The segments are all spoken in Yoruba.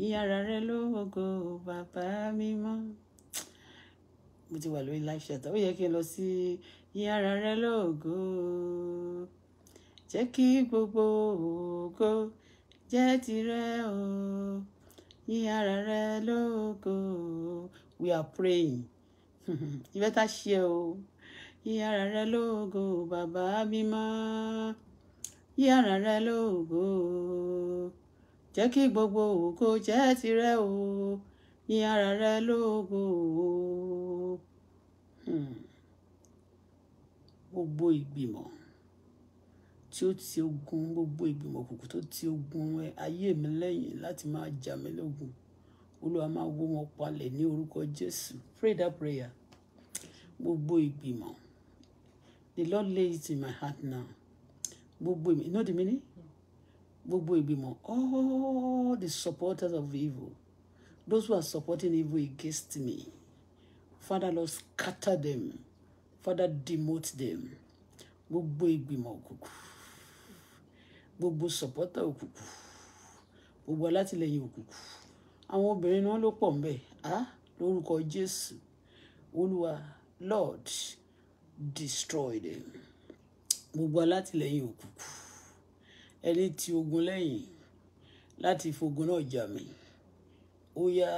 yíyára rẹ lógo bàbá mímọ́ mo ti wà lórí live chat ó yẹ kí n lọ sí yíyára rẹ lógo jẹ́ kí gbogbo ògo jẹ́ tirẹ o yíyára rẹ lógo we are praying You better ṣe o yíyára rẹ lógo bàbá mímọ́ yíyára rẹ lógo jẹ́ kí gbogbo ògo jẹ́ tirẹ̀ o yìn ara rẹ lógo o. Hmm. gbogbo ìgbìmọ̀ tí ó ti ogun gbogbo ìgbìmọ̀ òkùnkùn tó ti ogun ayé mi lẹ́yìn láti máa jà mí lógun olúwa máa wó wọn palẹ̀ ní orúkọ jésù pray that prayer gbogbo ìgbìmọ̀ the lord lay it in my heart now gbogbo ìgbìmọ̀ you know the meaning gbogbo ìgbìmọ̀ all the supporters of evil those who are supporting evil against me father lord scatter them father demote them gbogbo ìgbìmọ̀ òkùnkùn gbogbo supporter òkùnkùn gbogbo alátìlẹyìn òkùnkùn àwọn obìnrin ni wọn ló pọ̀ ńbẹ̀ á lórúkọ jésù olúwa lord destroy them gbogbo alátìlẹyìn òkùnkùn ẹni tí ogun lẹ́yìn láti fogun náà jà mí ó yá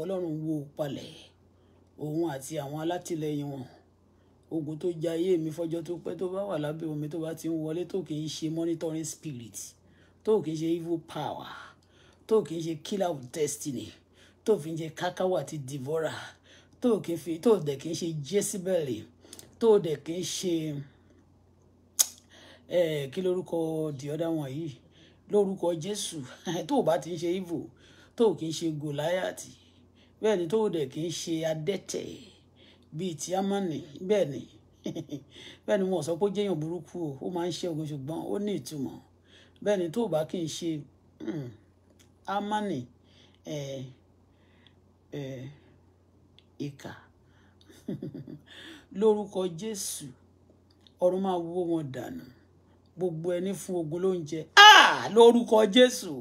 ọlọ́run wó palẹ̀ òun àti àwọn alátìlẹyìn wọn ogun tó ja ayé mi fọjọ́ tó pẹ́ tó bá wà lábẹ́ omi tó bá ti ń wọlé tó kì í ṣe monitoring spirit tó kì í ṣe evil power tó kì í ṣe killer of destiny tó fi ń ṣe kákáwá àti devourer tó kì í fi tó dẹ̀ kì í ṣe jezebel tó dẹ̀ kì í ṣe kí lórúkọ the other one yìí lórúkọ jésù tó o bá ti ń ṣe ivo tó o kì í ṣe gòláyàtì bẹ́ẹ̀ ni tó o dẹ̀ kì í ṣe adẹ́tẹ̀ bíi ti amani bẹ́ẹ̀ ni bẹ́ẹ̀ ni wọn sọ pé ó jẹ́yàn burúkú o ó máa ń ṣe ogun ṣùgbọ́n ó ní ìtumọ̀ bẹ́ẹ̀ ni tó o bá kì í ṣe hmm, amani ìkà lórúkọ jésù ọ̀run máa wó wọn dànù gbogbo ẹni fún ogun lóúnjẹ ah lórúkọ jésù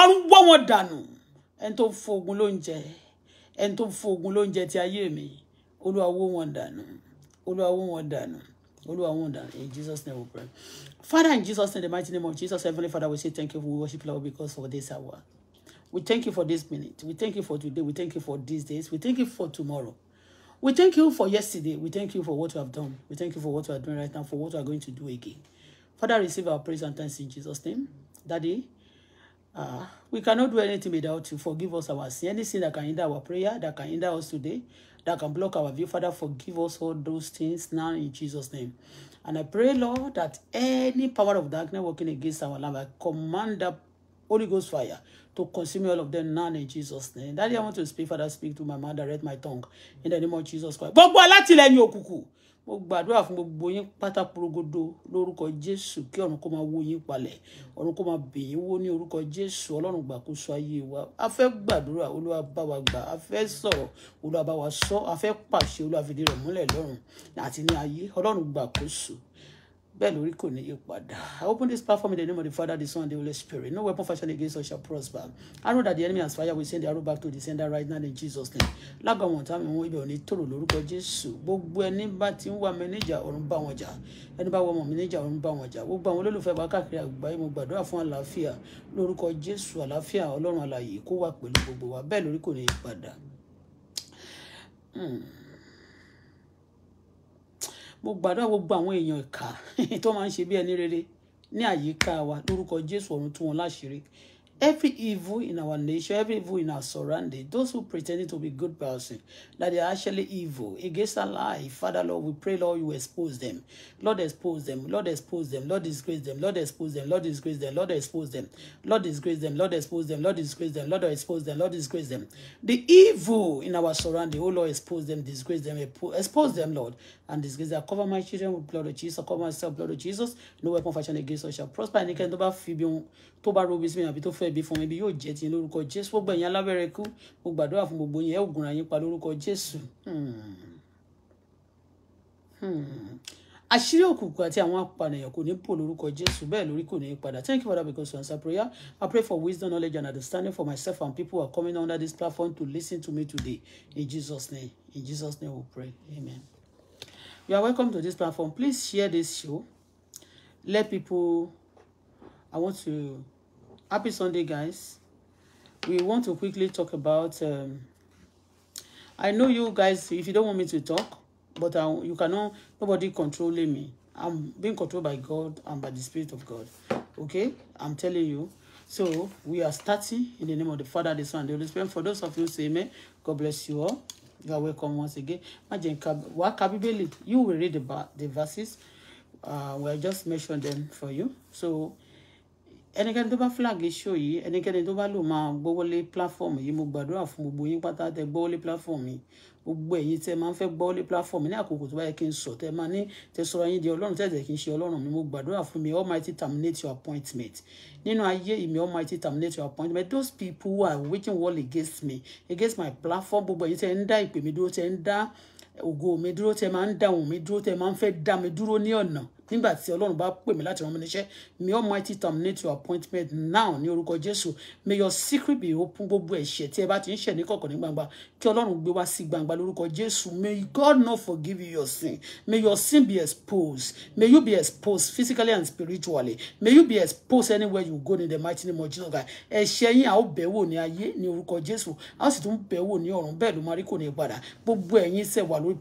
ọrùn wọ́ wọn dànù ẹni tó ń fún ogun lóúnjẹ ẹni tó fún ogun lóúnjẹ ti ayé mi olúwa wọ́ wọn dànù olúwa wọn dànù olúwa wọ́n dànù in jesus name we pray father in jesus name the mighty name of jesus heavenly father we say thank you for worship you because for this hour we thank you for this minute we thank you for today we thank you for these days we thank you for tomorrow. We thank you for yesterday. We thank you for what you have done. We thank you for what you are doing right now, for what you are going to do again. Father, receive our praise and thanks in Jesus' name. Daddy, uh, we cannot do anything without you. Forgive us our sin. Anything that can hinder our prayer, that can hinder us today, that can block our view. Father, forgive us all those things now in Jesus' name. And I pray, Lord, that any power of darkness working against our life, I command that Holy Ghost fire to consume all of them now in Jesus' name. Daddy, I want to speak, Father, speak to my mouth, direct my tongue. In the name of Jesus Christ mo gbàdúrà fún gbogbo yín pátá porogodo lórúkọ jésù kí ọ̀run kó máa wó yín palẹ̀ ọ̀run kó máa bè yín wó ní orúkọ jésù ọlọ́run gbàkóso ayé wa a fẹ́ gbàdúrà olúwa bá wa gbà a fẹ́ sọ̀rọ̀ olúwa sọ a fẹ́ pàṣẹ olúwa múlẹ̀ lọ́run àti ní ayé ọlọ́run gbàkóso bẹ́ẹ̀ lórí kò ní yípadà I open this platform in the name of the Father the Son and the Holy Spirit no weapon fashioned against us shall prosper I know that the enemy has fire we send the arrow back to the sender right now in Jesus name lágbàwọn tá àwọn ibẹ̀ ò ní tòrò lórúkọ Jésù gbogbo ẹni bá ti ń wá mi níjà ọ̀run bá wọn jà ẹni bá wọ ọmọ mi níjà ọ̀run bá wọn jà gbogbo àwọn olólùfẹ́ bá káàkiri àgbáyé mo gbàdúrà fún àlàáfíà lórúkọ Jésù àlàáfíà Ọlọ́run alààyè kó wà pẹ̀lú gbogbo wa bẹ́ẹ̀ lórí kò ní yípadà. Hmm mo gbàdúrà gbogbo àwọn èèyàn ìka tó máa ń ṣe bí ẹni rere ní àyíká wa lórúkọ jésù ọ̀run tú wọn láṣìírí every evil in our nation every evil in our surrounding those who pretend to be good person that they are actually evil against our life father lord we pray lord you expose them lord expose them lord expose them lord disgrace them lord expose them lord disgrace them lord expose them lord disgrace them lord expose them lord disgrace them lord expose them lord disgrace them the evil in our surrounding oh lord expose them disgrace them expose them lord and disgrace. I cover my children with blood of Jesus. I cover myself blood of Jesus. No weapon fashioned against us shall prosper. Ẹnikẹ́ni tó bá fi bí wọn tó bá robi síbi àbí tó fẹ́ bí fún mi bí yóò jẹ́ ti lórúkọ Jésù. Gbogbo ẹ̀yin alábẹ́rẹ́ ikú, mo gbàdúrà fún gbogbo yín, ẹ ògùn ra yín pa lórúkọ Jésù. Hmm. Hmm. Àṣírí òkùnkùn àti àwọn apànìyàn kò ní pò lórúkọ Jésù bẹ́ẹ̀ lórí kò ní í padà. Thank you for that because you answer prayer. I pray for wisdom, knowledge and understanding for myself and people who are coming under this platform to listen to me today. In Jesus' name, in Jesus' name we pray. Amen you are welcome to this platform please share this show let people i want to happy sunday guys we want to quickly talk about um, i know you guys if you don't want me to talk but I, you cannot nobody controlling me i'm being controlled by god and by the spirit of god okay i'm telling you so we are starting in the name of the father the son and the holy spirit for those of you say amen god bless you all you are welcome once again Imagine, jẹ́ nǹkan you will read the, the verses uh, we will just mention them for you so ẹnikẹ́ni tó bá flag show yìí ẹnikẹ́ni tó bá lò platform yìí mo gbàdúrà fún gbogbo yín pátá tẹ́ platform gbogbo ẹ̀yin tẹ́ máa ń fẹ́ gbọ́ lé platform ní àkókò tó bá yẹ kí n sọ tẹ́ máa ní tẹ́ sọ̀rọ̀ yín di ọlọ́run tẹ́tẹ́ kí n ṣe ọlọ́run mi mo gbàdúrà fún mi almighty terminate your appointment nínú ayé ìmì almighty terminate your appointment those people who are waging wall against me against my platform gbogbo ẹ̀yin tẹ́ ń dá ìpè mi dúró tẹ́ ń dá ògo mi dúró tẹ́ máa ń dá òun mi dúró tẹ́ máa ń fẹ́ dá mi dúró ní ọ̀nà nígbà tí ọlọ́run bá pè mí láti rán mi níṣẹ́ may almighty terminate your appointment now ní orúkọ jésù may your secret be open gbogbo ẹ̀ṣẹ̀ tí ẹ bá ti ń ṣẹ̀ ní kọ̀ọ̀kan ní gbangba kí ọlọ́run gbé wá sí gbangba lórúkọ jésù may god not forgive you your sin may your sin be exposed may you be exposed physically and spiritually may you be exposed anywhere you go in the mighty name of jesus christ ẹ̀ṣẹ̀ yín a ó bẹ̀ wò ní ayé ní orúkọ jésù a ó sì tún bẹ̀ wò ní ọ̀run bẹ́ẹ̀ ló máa rí kò ní padà gbogbo ẹ̀yin ṣẹ̀ wà lórí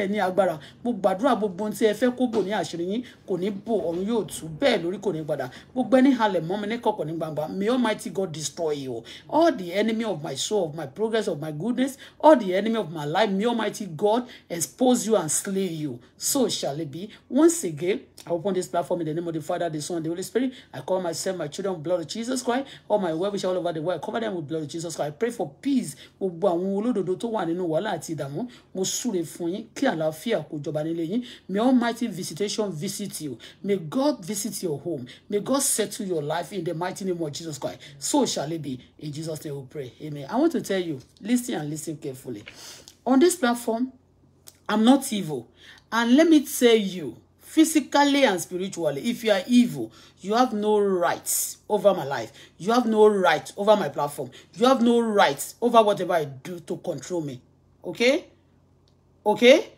yín ẹ ní agbára mo gbàdúrà gbogbo ohun tí ẹ fẹ́ kó bò ní àṣírí yín kò ní bò ọ̀run yóò tú bẹ́ẹ̀ lórí kò ní padà gbogbo ẹni halẹ̀ mọ́ ní kọ̀kọ̀ ní gbangba may almighty God destroy you all the enemy of my soul of my progress of my goodness all the enemy of my life may almighty God expose you and slay you so shall it be once again I open this platform in the name of the Father, the Son, and the Holy Spirit. I call myself, my children, blood of Jesus Christ. All my well wishes all over the world. I cover them with blood of Jesus Christ. I pray for peace. Gbogbo àwọn olódodo tó wà nínú wàhálà àti ìdààmú. Mo súre fún yín kí Alafia, kó jọba nílé yín may almighty visitation visit you may God visit your home may God settle your life in the mighty name of Jesus Christ so shall it be in Jesus name we pray amen I want to tell you listen and listen carefully on this platform I'm not evil and let me tell you physically and spiritually if you are evil you have no rights over my life you have no right over my platform you have no rights over whatever i do to control me okay okay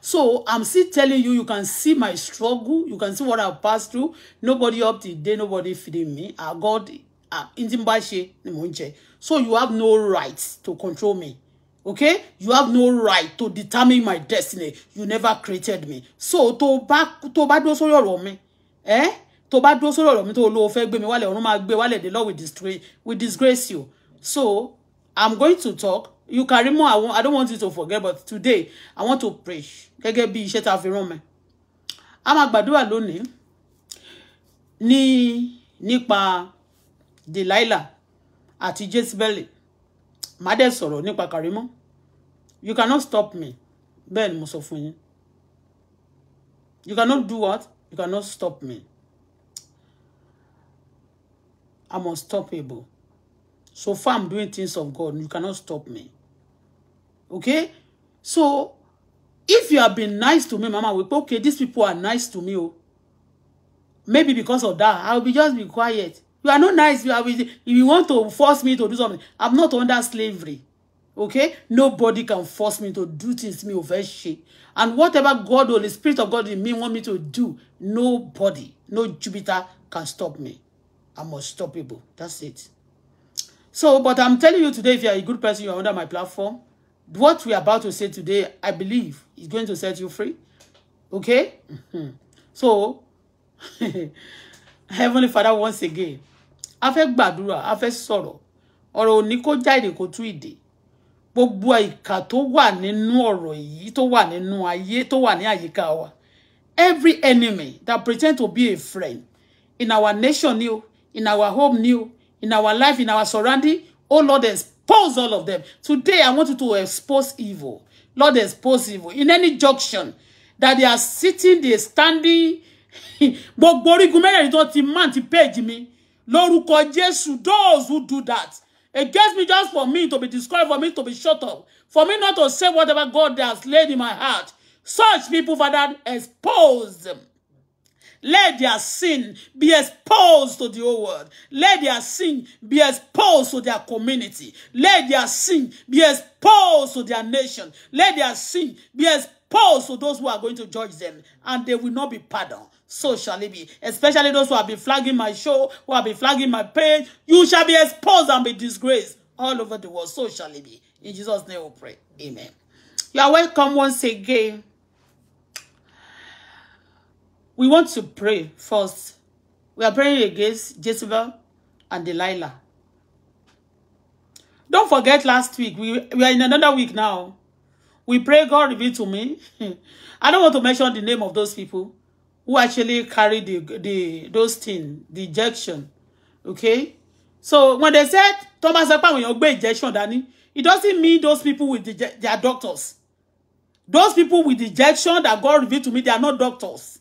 so i'm still telling you you can see my struggle you can see what i passed through nobody up till day nobody feeding me i ah, got ah, intimbashe nimunje so you have no right to control me okay you have no right to determine my destiny you never created me so tó bá tó bá so sórí ọ̀rọ̀ mi eh To bad dúró sórí ọ̀rọ̀ mi tó lọ fẹ́ gbé mi wálẹ̀ ọ̀run máa gbé wálẹ̀ the Lord will disgrace will disgrace you so i'm going to talk you carry more I, don't want you to forget but today I want to preach. gẹ́gẹ́ bí iṣẹ́ tá a fi rán mi a máa gbàdúrà lónìí ní nípa Delilah àti Jezebeli má dẹ̀ sọ̀rọ̀ nípa Karimo you cannot stop me bẹ́ẹ̀ ni mo sọ fún yín you cannot do what you cannot stop me I'm unstoppable so far I'm doing things of God you cannot stop me okay so if you have been nice to me mama we okay these people are nice to me oh maybe because of that I'll be just be quiet you are not nice you are with if you want to force me to do something i'm not under slavery okay nobody can force me to do things me over shit and whatever god or the spirit of god in me want me to do nobody no jupiter can stop me i'm unstoppable that's it so but i'm telling you today if you are a good person you are under my platform what we're about to say today, I believe, is going to set you free. Okay? Mm-hmm. So, Heavenly Father, once again, a fẹ́ gbàdúrà, a fẹ́ sọ̀rọ̀, ọ̀rọ̀ ò ní kó jáde kó tú ìdè. Gbogbo ìkà tó wà nínú ọ̀rọ̀ yìí, tó wà nínú ayé, tó wà ní àyíká wa. Every enemy that pretend to be a friend in our nation ni o, in our home ni o, in our life, in our surrounding, oh Lord, expose all of them. Today, I want you to expose evil. Lord, expose evil. In any junction that they are sitting, they are standing. Gbogbo orígun mẹ́rẹ̀ẹ̀rin tó ti man ti page me. Lord, who Jésù, those who do that against me just for me to be described, for me to be shut up, for me not to say whatever God has laid in my heart. Such people, Father, expose them. Let their sin be exposed to the whole world. Let their sin be exposed to their community. Let their sin be exposed to their nation. Let their sin be exposed to those who are going to judge them, and they will not be pardoned. So shall it be. Especially those who have been flagging my show, who have been flagging my page. You shall be exposed and be disgraced all over the world. So shall it be. In Jesus' name we pray. Amen. You are welcome once again We want to pray first. We are praying against Jezebel and Delilah. Don't forget last week. We, we are in another week now. We pray God reveal to me. I don't want to mention the name of those people who actually carry the, the those things, the injection. Okay? So when they said, Thomas when you go injection, Danny, it doesn't mean those people with the, they doctors. Those people with injection that God revealed to me, they are not doctors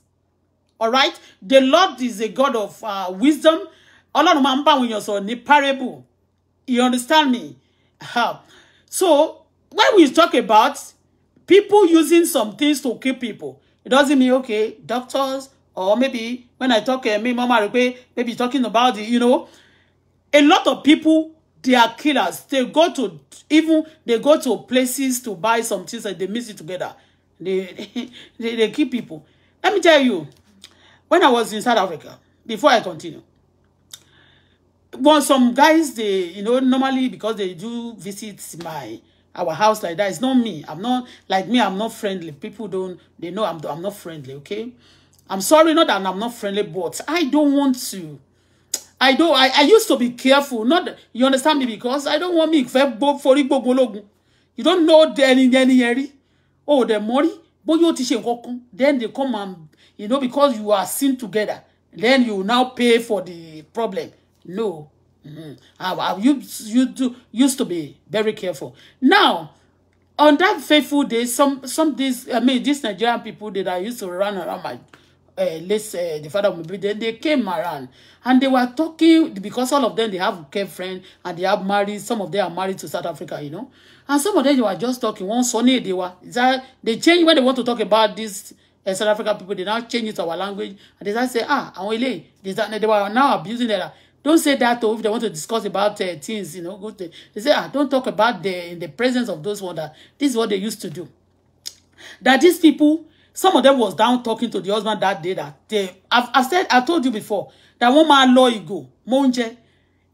all right the lord is a god of uh, wisdom ọlọ́run máa ń bá ni parable you understand me so when we talk about people using some things to kill people it doesn't mean okay doctors or maybe when i talk uh, mama maybe talking about the, you know a lot of people they are killers they go to even they go to places to buy some things and they mix it together they they, they kill people let me tell you when I was in South Africa, before I continue, when some guys, they, you know, normally because they do visit my, our house like that, it's not me. I'm not, like me, I'm not friendly. People don't, they know I'm, I'm not friendly, okay? I'm sorry, not that I'm not friendly, but I don't want to. I don't, I, I used to be careful. Not, you understand me? Because I don't want me, you don't know any, any, any, oh, the money, but you then they come and you know, because you are seen together, then you now pay for the problem. No. Mm-hmm. I, I, you you do, used to be very careful. Now, on that fateful day, some some these I mean these Nigerian people that I used to run around my uh, eh, late uh, eh, the father of my then they came around and they were talking because all of them they have girlfriend and they have married. Some of them are married to South Africa, you know, and some of them they were just talking. One Sunday they were they change when they want to talk about this and South African people, they now change it to our language. And they start say, ah, àwọn eléyìí, they, start, they were now abusing that. Don't say that though, if they want to discuss about uh, things, you know, go to, they say, ah, don't talk about the, in the presence of those one that this is what they used to do. That these people, some of them was down talking to the husband that day that they, I've, I've said, I told you before, that one man law ego, monje,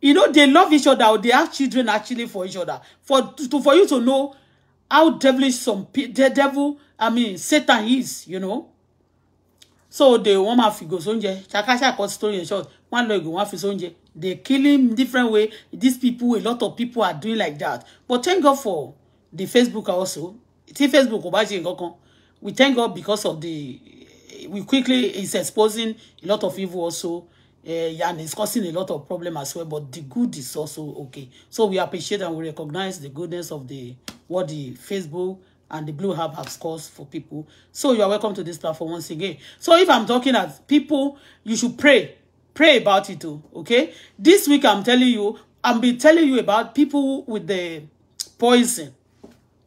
you know, they love each other, they have children actually for each other. For, to, for you to know how devilish some, the devil, I mean, Satan is, you know. So they wọ́n máa fìgò sóúnjẹ. Ṣàkàṣà kọ́ story in short. One leg, one figure so sóúnjẹ. They killing different way. These people, a lot of people are doing like that. But thank God for the Facebook also. See Facebook kò bá We thank God because of the we quickly is exposing a lot of evil also. Uh, eh, yeah, and it's causing a lot of problem as well. But the good is also okay. So we appreciate and we recognize the goodness of the what the Facebook and the blue herb have scores for people. So you are welcome to this platform once again. So if I'm talking at people, you should pray. Pray about it too, oh, okay? This week I'm telling you, I'm be telling you about people with the poison,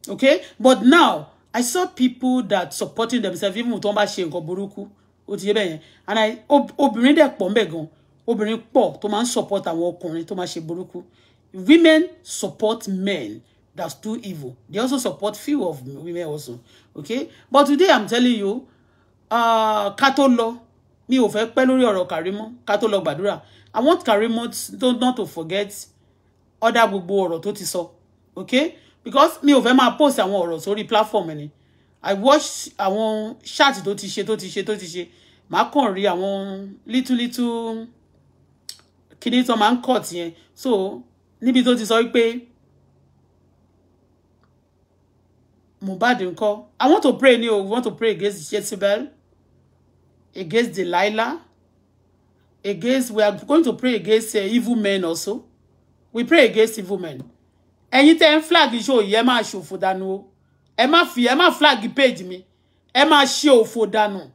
okay? But now, I saw people that supporting themselves even tó ń bá ṣe nǹkan And I, obìnrin dẹ̀ pọ̀ ńbẹ̀ gan-an, obìnrin pọ̀ tó máa ń support àwọn ọkùnrin tó máa ṣe Women support men that's too evil. They also support few of women also. Okay? But today I'm telling you, uh, ká tó lọ, mi ò Karimo, ká badura. I want Karimo to, not to forget other bubu or totiso, Okay? Because me over my máa post àwọn ọ̀rọ̀ sórí platform any. I watch I àwọn chat tó ti ṣe tó ti ṣe tó ti ṣe. Màá little little kíní tó máa ń So níbi tó ti sọ wípé Mohbad ńkọ́ I want to pray ni we want to pray against Jezebel against Delilah against we are going to pray against uh, evil men also we pray against evil men ẹ̀yin tẹ́ ń flag show yìí show for ṣòfò dànù o fi ẹ flag page me. ẹ show for òfò dànù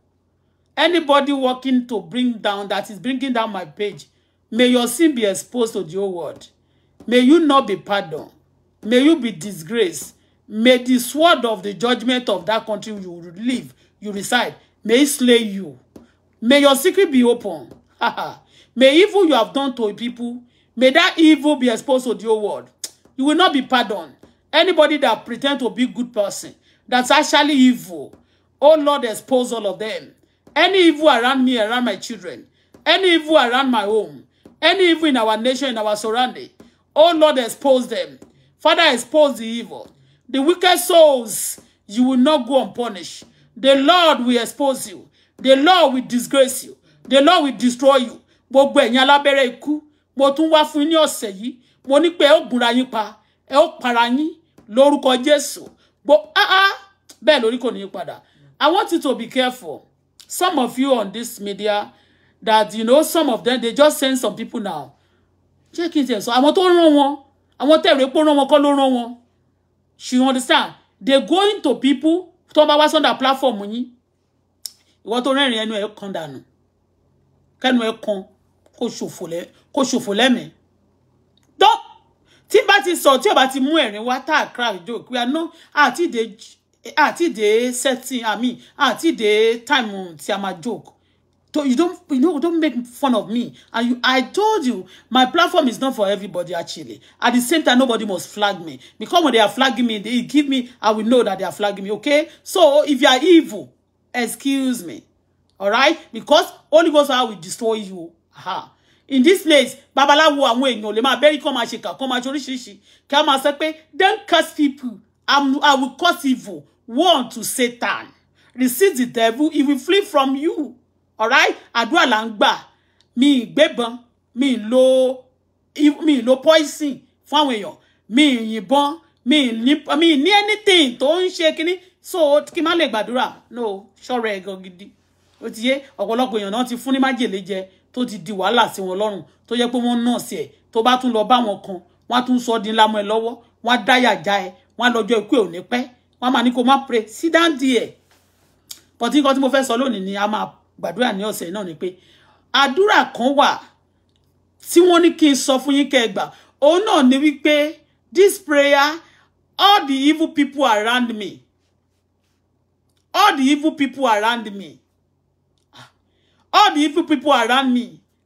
anybody working to bring down that is bringing down my page may your sin be exposed to the whole world may you not be pardoned may you be disgraced May the sword of the judgment of that country you live, you reside, may it slay you. May your secret be open. May evil you have done to people, may that evil be exposed to the whole world. You will not be pardoned. Anybody that pretend to be good person, that's actually evil. Oh Lord, expose all of them. Any evil around me, around my children, any evil around my home, any evil in our nation, in our surrounding. Oh Lord, expose them. Father, expose the evil. The wicked souls, you will not go unpunished. The Lord will expose you. The Lord will disgrace you. The Lord will destroy you. Gbogbo ẹ̀yin alábẹ́rẹ́ ikú, mo tún wá fún ní ọ̀sẹ̀ yìí. Mo ní pé ẹ ó gúnra yín pa, ẹ ó para yín lórúkọ Jésù. Gbo ah ah bẹ́ẹ̀ lórí kò ní padà. I want you to be careful. Some of you on this media that you know some of them they just send some people now. Check it out. So àwọn tó rán wọn, àwọn tẹ̀rẹ̀ pọ̀ rán wọn kọ́ ló rán wọn she understand they going to people tó bá wá sọ́ndà platform yín ìwọ tó rẹ́rìn ẹnu ẹ̀ kan dànù kẹ́nu ẹ̀ kan kó ṣòfò lẹ́mẹ̀ẹ́ tó me. bá ti sọ tí o bá ti mú ẹ̀rín wá tá a crack joke we are no àti ìdè àti ìdè setting àmì àti ìdè time tí a máa joke So you don't you know don't make fun of me. And you, I told you my platform is not for everybody actually. At the same time, nobody must flag me because when they are flagging me, they give me I will know that they are flagging me. Okay, so if you are evil, excuse me, all right? Because only Ghost I will destroy you. Aha. In this place, babaláwo àwọn èèyàn lè máa bẹ́rí kán máa ṣe kà kán máa ṣe oríṣiríṣi kí a máa don't curse people I'm, I will cause evil one to Satan resist the devil he will flee from you alright àdúrà là ń gbà mi ì gbébọn mi ì lo mi ì lo poison fún àwọn èèyàn mi ì yìnbọn mi ì ní mi ì ní anything tó ń ṣe kínní so kí n má lè gbàdúrà no ṣọ́ra ẹ̀ gan gidi ó ti yé ọ̀pọ̀lọpọ̀ èèyàn náà ti fún ní májèlé jẹ tó ti di wàhálà sí wọn lọ́rùn tó yẹ pé wọ́n nà sí ẹ̀ tó bá tún lọ bá wọn kan wọ́n á tún sọ dín lámọ́ ẹ lọ́wọ́ wọ́n á dáyà já ẹ wọ́n á lọ́jọ́ ikú ẹ ò ní pẹ́ wọ́n á máa ní kó má pray sit down there tí mo fẹ́ sọ lónìí ni a máa gbàdúrà ní ọ̀sẹ̀ náà ni pé àdúrà kan wà tí wọ́n ní kí n sọ fún yín kẹgbà òun náà ni wípé this prayer all the evil people around me all the evil people around me all the evil people around me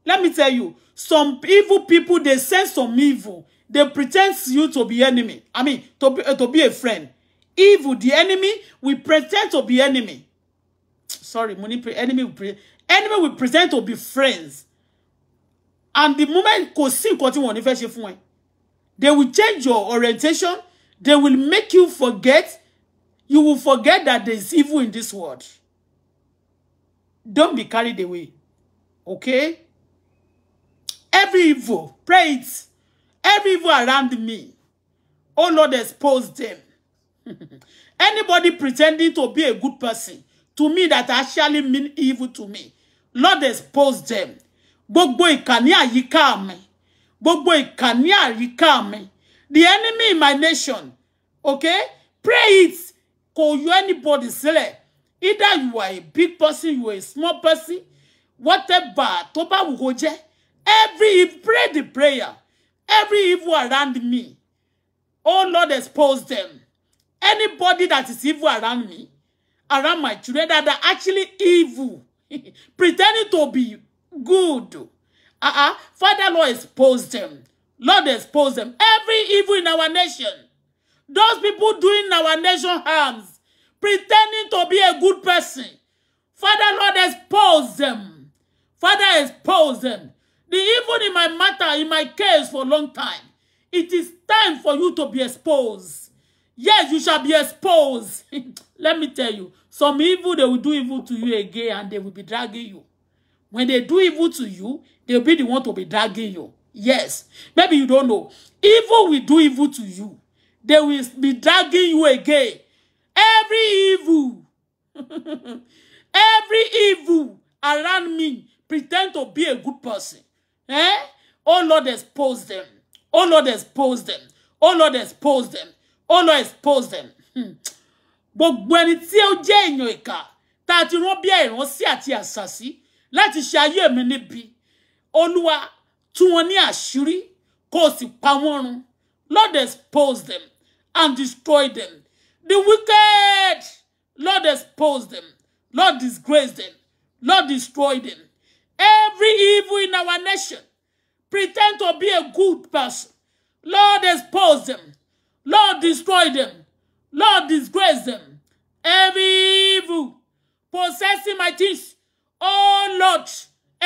let me tell you some evil people dey send some evil dey pretend you to be enemy i mean to be, uh, to be a friend evil the enemy will pretend to be enemy sorry mo ní enemy will pre enemy will present to be friends and the moment kò sí nǹkan tí wọ́n ní fẹ́ ṣe they will change your orientation they will make you forget you will forget that there is evil in this world don't be carried away okay every evil pray it every evil around me oh Lord expose them anybody pretending to be a good person to me that actually mean evil to me. Lord expose them. Gbogbo ìkà ní àyíká mi. Gbogbo ìkà ní mi. The enemy in my nation. Okay? Pray it. Call you anybody sílẹ̀. Either you are a big person, you are a small person, whatever, tó bá Every pray the prayer. Every evil around me. Oh Lord, expose them. Anybody that is evil around me, around my children that are actually evil, pretending to be good. Uh-uh. Father, Lord, expose them. Lord, expose them. Every evil in our nation, those people doing our nation harms, pretending to be a good person. Father, Lord, expose them. Father, expose them. The evil in my matter, in my case for a long time, it is time for you to be exposed. Yes, you shall be exposed. Let me tell you, some evil, they will do evil to you again and they will be dragging you. When they do evil to you, they'll be the one to be dragging you. Yes. Maybe you don't know. Evil will do evil to you. They will be dragging you again. Every evil, every evil around me pretend to be a good person. Eh? Oh Lord, expose them. Oh Lord, expose them. Oh Lord, expose them. Oh Lord, expose them. Hmm gbogbo ẹni tí ó jẹ́ èèyàn ìkà tá a ti rán bí ìránṣí àti àṣàṣí láti ṣe ayé mi níbi olúwa tú wọn ní àṣírí kó o sì pa wọ́n run lord expose them and destroy them the wicked lord expose them lord disgrace them lord destroy them every evil in our nation pretend to be a good person lord expose them lord destroy them Lord, disgrace them. Every evil possessing my things, oh Lord,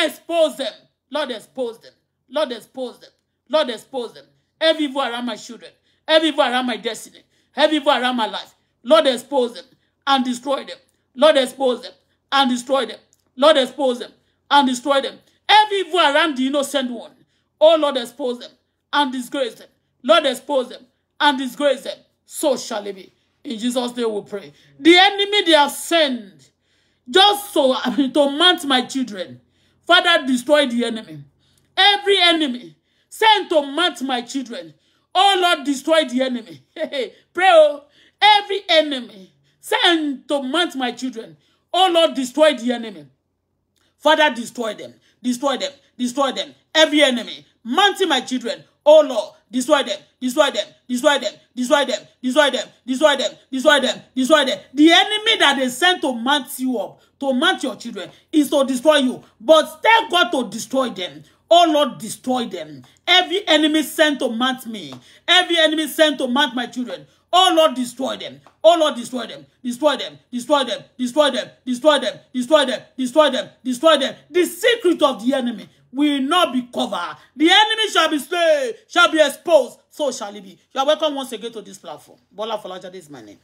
expose them. Lord, expose them. Lord, expose them. Lord, expose them. Every evil around my children, every evil around my destiny, every evil around my life. Lord, expose them and destroy them. Lord, expose them and destroy them. Lord, expose them and destroy them. Every evil around the innocent one, oh Lord, expose them and disgrace them. Lord, expose them and disgrace them. So shall it be. In Jesus' name we pray. The enemy they have sent just so to mount my children. Father, destroy the enemy. Every enemy sent to mount my children. Oh Lord, destroy the enemy. Pray, oh, every enemy sent to mount my children. Oh Lord, destroy the enemy. Father, destroy them. Destroy them. Destroy them. Every enemy mounting my children. Oh Lord, destroy them, destroy them, destroy them, destroy them, destroy them, destroy them, destroy them, destroy them. The enemy that they sent to mount you up, to mount your children, is to destroy you. But tell God to destroy them. Oh Lord, destroy them. Every enemy sent to mount me, every enemy sent to mount my children. Oh Lord, destroy them. Oh Lord, destroy them. Destroy them. Destroy them. Destroy them. Destroy them. Destroy them. Destroy them. Destroy them. The secret of the enemy will not be covered. The enemy shall be slain, shall be exposed. So shall it be. You are welcome once again to this platform. Bola Falajade is my name.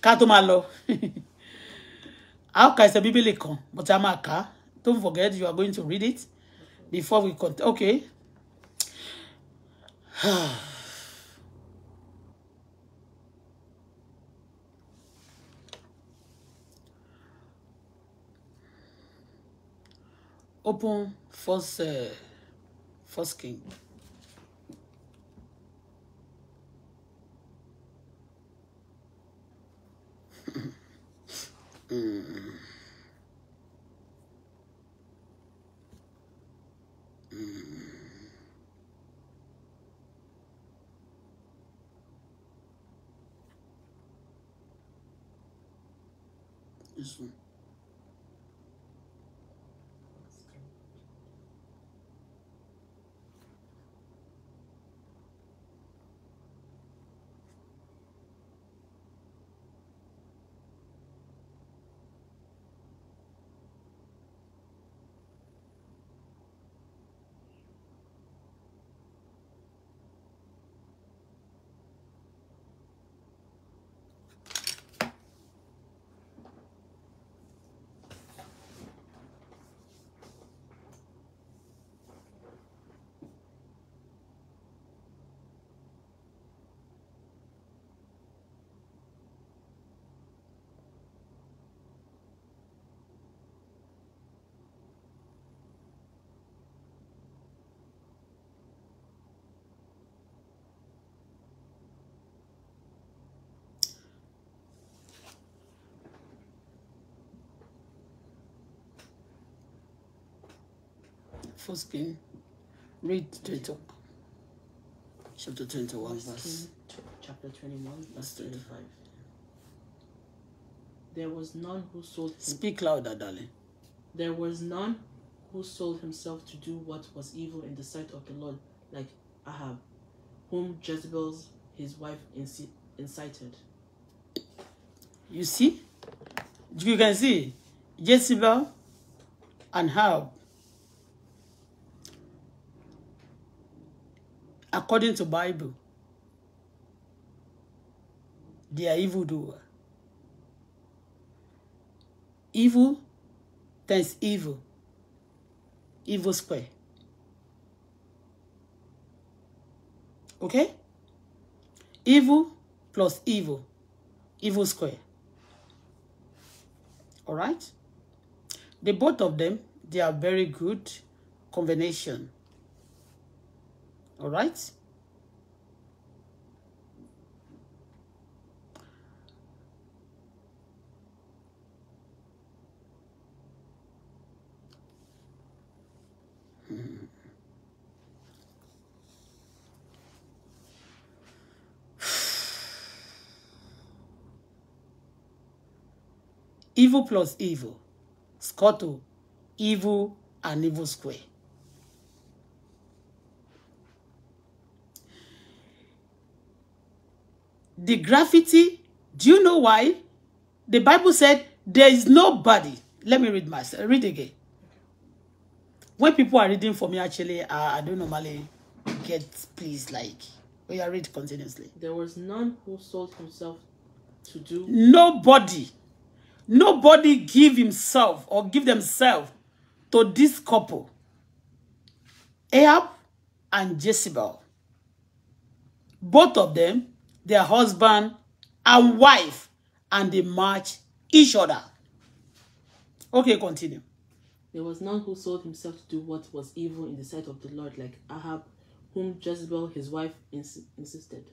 Katumalo. How can I say Bíbélì But I'm a car. Don't forget you are going to read it before we continue. Okay. open force uh, king mm. Mm. Isso. First, King. Read 20, chapter 21, verse. Chapter 21, verse 25. There was none who sold him. Speak louder, darling. There was none who sold himself to do what was evil in the sight of the Lord, like Ahab, whom Jezebel, his wife, incited. You see? You can see Jezebel and Ahab according to Bible. They are evildoer. Evil times evil. Evil square. Okay? Evil plus evil. Evil square. Alright? The both of them, they are very good combination all right evil plus evil scotto, evil and evil square the graffiti. Do you know why? The Bible said there is nobody. Let me read myself. Read again. When people are reading for me, actually, uh, I don't normally get pleased. like. We oh, are read continuously. There was none who sold himself to do. Nobody, nobody give himself or give themselves to this couple, Ahab and Jezebel. Both of them their husband and wife, and they match each other. Okay, continue. There was none who sold himself to do what was evil in the sight of the Lord, like Ahab, whom Jezebel, his wife, ins insisted.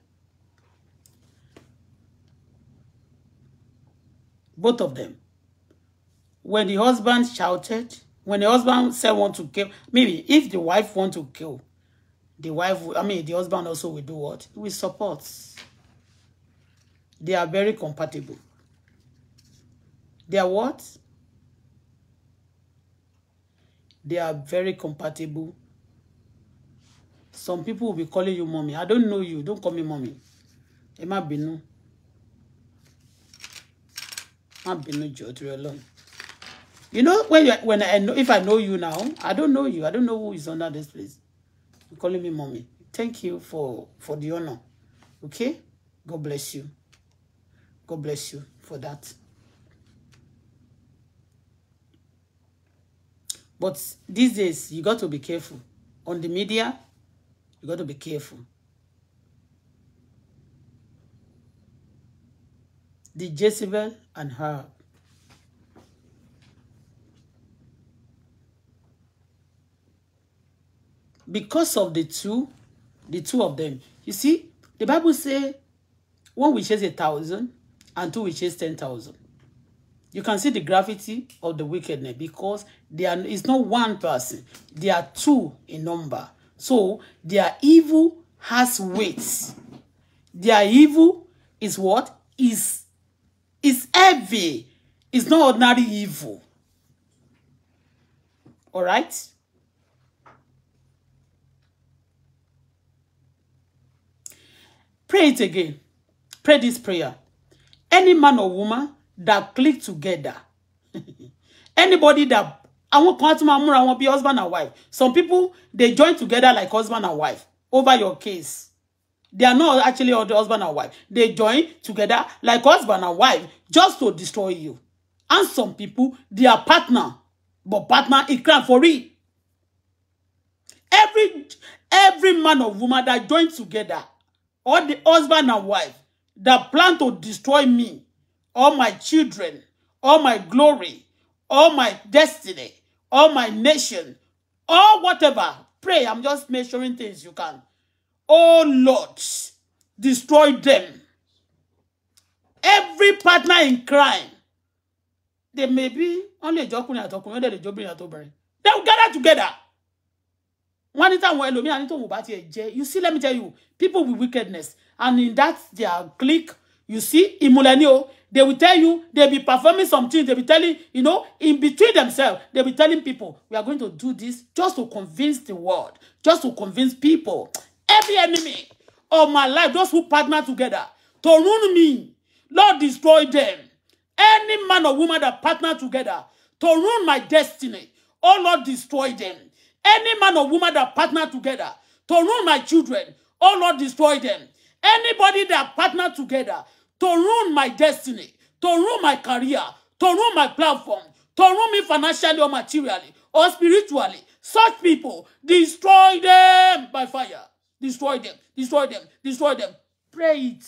Both of them. When the husband shouted, when the husband said want to kill, maybe if the wife want to kill, the wife, I mean, the husband also will do what? He will support. They are very compatible. They are what? They are very compatible. Some people will be calling you mommy. I don't know you. Don't call me mommy. Emma má bínú. Má bínú jọ̀ọ́ torí Ọlọ́run. You know when you when I know if I know you now, I don't know you. I don't know who is under this place. You're calling me mommy. Thank you for for the honor. Okay? God bless you. God bless you for that. But these days, you got to be careful. On the media, you got to be careful. The Jezebel and her. Because of the two, the two of them. You see, the Bible says, one will chase a thousand, Until we chase 10,000. You can see the gravity of the wickedness because they are, it's not one person. They are two in number. So their evil has weights. Their evil is what? Is, is heavy. It's not ordinary evil. All right? Pray it again. Pray this prayer. any man or woman that click together anybody that I àwọn kan to my máa I wọn be husband and wife some people they join together like husband and wife over your case they are not actually all the husband and wife they join together like husband and wife just to destroy you and some people they are partner but partner is crime for real every every man or woman that join together all the husband and wife that plan to destroy me, all my children, all my glory, all my destiny, all my nation, all whatever. Pray, I'm just measuring things you can. Oh Lord, destroy them. Every partner in crime, they may be only jọkùnrin àtọkùnrin ọdẹ lè jọbìnrin àtọbìnrin they will gather together you see let me tell you people with wickedness and in that their clique you see imulenio they will tell you they be performing something they be telling you know in between themselves they be telling people we are going to do this just to convince the world just to convince people every enemy of my life those who partner together to ruin me Lord destroy them any man or woman that partner together to ruin my destiny oh Lord destroy them any man or woman that partner together to ruin my children oh Lord destroy them Anybody that partner together to ruin my destiny, to ruin my career, to ruin my platform, to ruin me financially or materially or spiritually, such people, destroy them by fire. Destroy them, destroy them, destroy them. Pray it.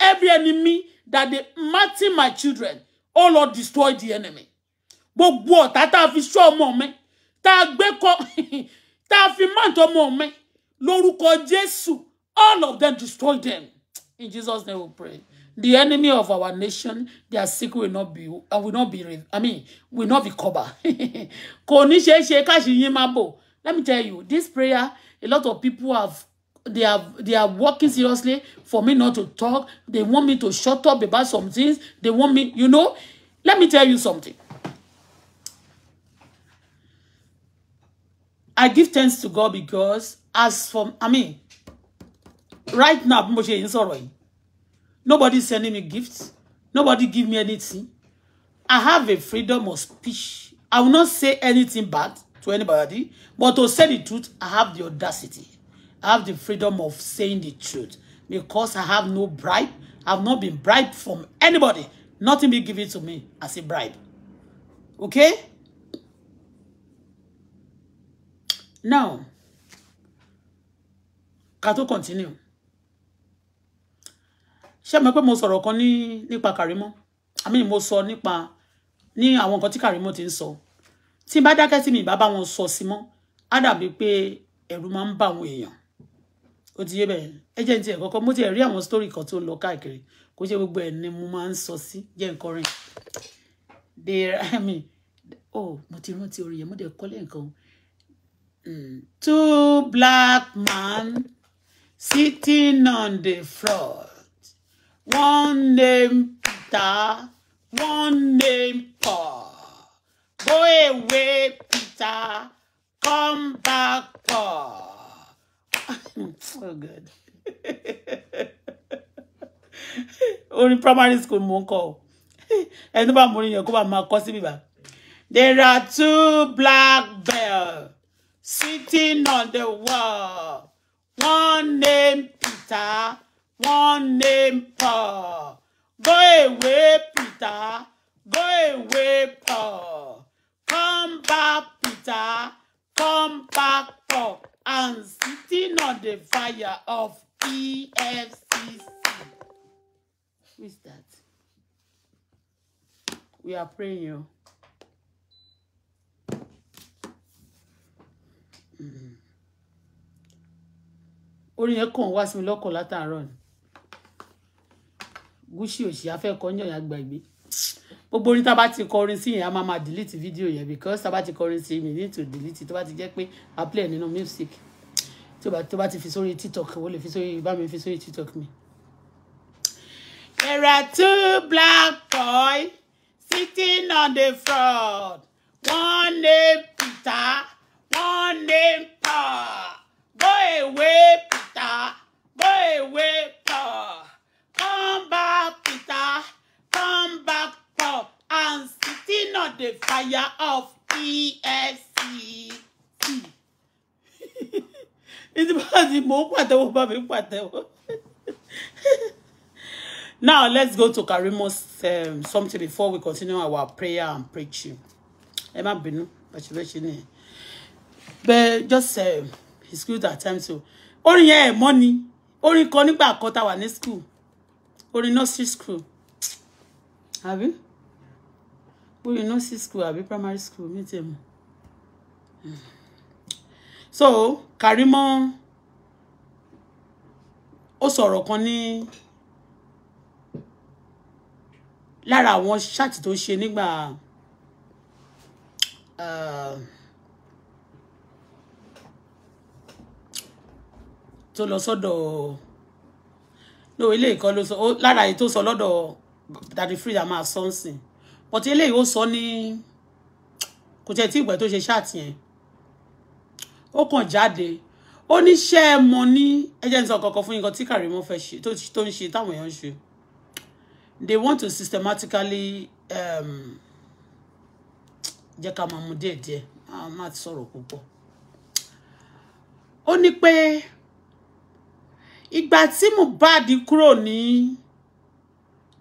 Every enemy that they martin my children, oh Lord, destroy the enemy. Gbogbo ọ̀tá tá a fi moment. ọmọ mi, tá a gbé kọ́, tá a lórúkọ Jésù all of them destroy them in Jesus name we pray the enemy of our nation their sick will not be uh, will not be I mean will not be covered kò ní ṣeé ṣe káṣí yín máa bò let me tell you this prayer a lot of people have they are they are working seriously for me not to talk they want me to shut up about some things they want me you know let me tell you something I give thanks to God because as for i mean right now bí mo sorry. nobody sending me gifts nobody give me anything i have a freedom of speech i will not say anything bad to anybody but to say the truth i have the audacity i have the freedom of saying the truth because i have no bribe i have not been bribed from anybody nothing be given to me as a bribe okay now ká tó continue ṣé mo pé mo sọ̀rọ̀ kan ní karimo. I mean mo sọ nípa ní àwọn nǹkan tí Kàrímọ́ ti ń sọ tí bá dákẹ́ mi baba bá wọn sọ sí mọ́ á dàbí pé ẹ̀rù máa ń bá àwọn èèyàn ó ti yé bẹ́ẹ̀ ẹ jẹ́ ní tiẹ̀ kọ́kọ́ mo ti rí àwọn story kan tó ń lọ káàkiri kò ṣe gbogbo ẹ̀ ni mo máa ń sọ sí jẹ́ nǹkan there i mean oh mo ti rántí orin yẹn mo de kọ́lé nǹkan hmm, two black man sitting on the front, One name Peter, one name Paul. Go away, Peter. Come back, Paul. so good. Only primary school mo ń kọ o. Ẹni tó bá mú orin yẹn kó bá There are two black bears sitting on the wall. One name Peter, one name Paul. Go away, Peter, go away, Paul. Come back, Peter, come back, Paul. And sitting on the fire of EFCC. Who is that? We are praying. you. orin yẹn kàn wá sí mi lọ́kàn látàárọ̀ ni gúúsì òsì afẹ́kọ̀ọ́ yàn yàn gbàgbé gbogbo orin tá ti kọ orin sí yẹn a máa máa delete fídíò yẹn because tá ti kọ orin sí mi need to delete tó bá ti jẹ́ pé a play nínú music tó bá ti fi sórí tiktok wọ́n lè fi sórí bá mi fi sórí tiktok mi. There are two black boys sitting on the front. One named Peter, one named Paul. Go away, Peter. Peter, go away, Paul. Come back, Peter, come back, Paul. And sitting on the fire of ESC. E it's because the more pàtẹ́wọ́ bá mi Now let's go to Karimo's um, something before we continue our prayer and preaching. Emma má bínú, but she she need. But just uh, it's good at times to. So, orin yẹn ẹ̀ mọ́ ni orin kan nígbà kan tá a wà ní school orin nursery school àbí orin nursery school àbí primary school mi tẹ̀ mọ́ so Karimo ó sọ̀rọ̀ kan ní lára àwọn ṣáàtì tó ṣe nígbà. Uh, tó lọ sọ́dọ̀ no ilé ìkọ́ ló sọ lára èyí tó sọ lọ́dọ̀ dadi frida máa sọ ń sìn but eléyìí ó sọ ní kò tẹ̀ tí ìgbà tó ṣe ṣáàtì yẹn ó kàn jáde ó ní ṣẹ́ ẹ mọ ní ẹjẹ́ ń sọ kankan fún nǹkan tí Karimo fẹ́ ṣe tó ń ṣe táwọn èèyàn ń ṣe they want to systematically um, jẹ́ ká máa mú díẹ̀díẹ̀ máa sọ̀rọ̀ púpọ̀ ó ní pé ìgbà tí Mohbad kúrò ní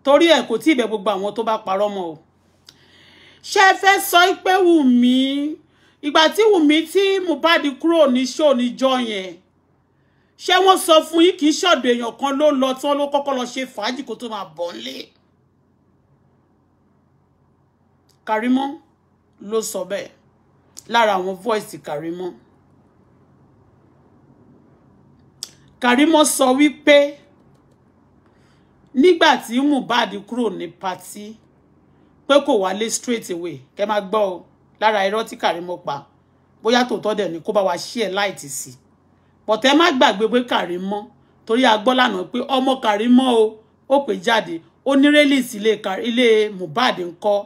torí ẹ̀ kò tí ì bẹ gbogbo àwọn tó bá parọ́ mọ́ o ṣé ẹ fẹ́ sọ pé Wùmí ìgbà tí Wùmí tí Mohbad kúrò ní ṣó níjọ yẹn ṣé wọ́n sọ fún yín kì í ṣọ̀dọ̀ èèyàn kan ló lọ tí wọ́n ló kọ́kọ́ lọ ṣe fàájì kó tó máa bọ̀ nílé Karimo ló sọ bẹ́ẹ̀ lára àwọn voice Karimo. Karimo sọ wípé nígbà tí Mohbad kúrò ní pati pé kò wálé straight away kẹ máa gbọ́ ọ lára irọ́ tí Karimo pa bóyá tòótọ́ dẹ̀ ni kó bá wa ṣí ẹ̀ láìtì sí pọ̀tẹ́ má gbàgbé pé Karimo torí a gbọ́ lánàá pé ọmọ Karimo o ó pè jáde ó ní rélìsì ilé Mohbad ń kọ́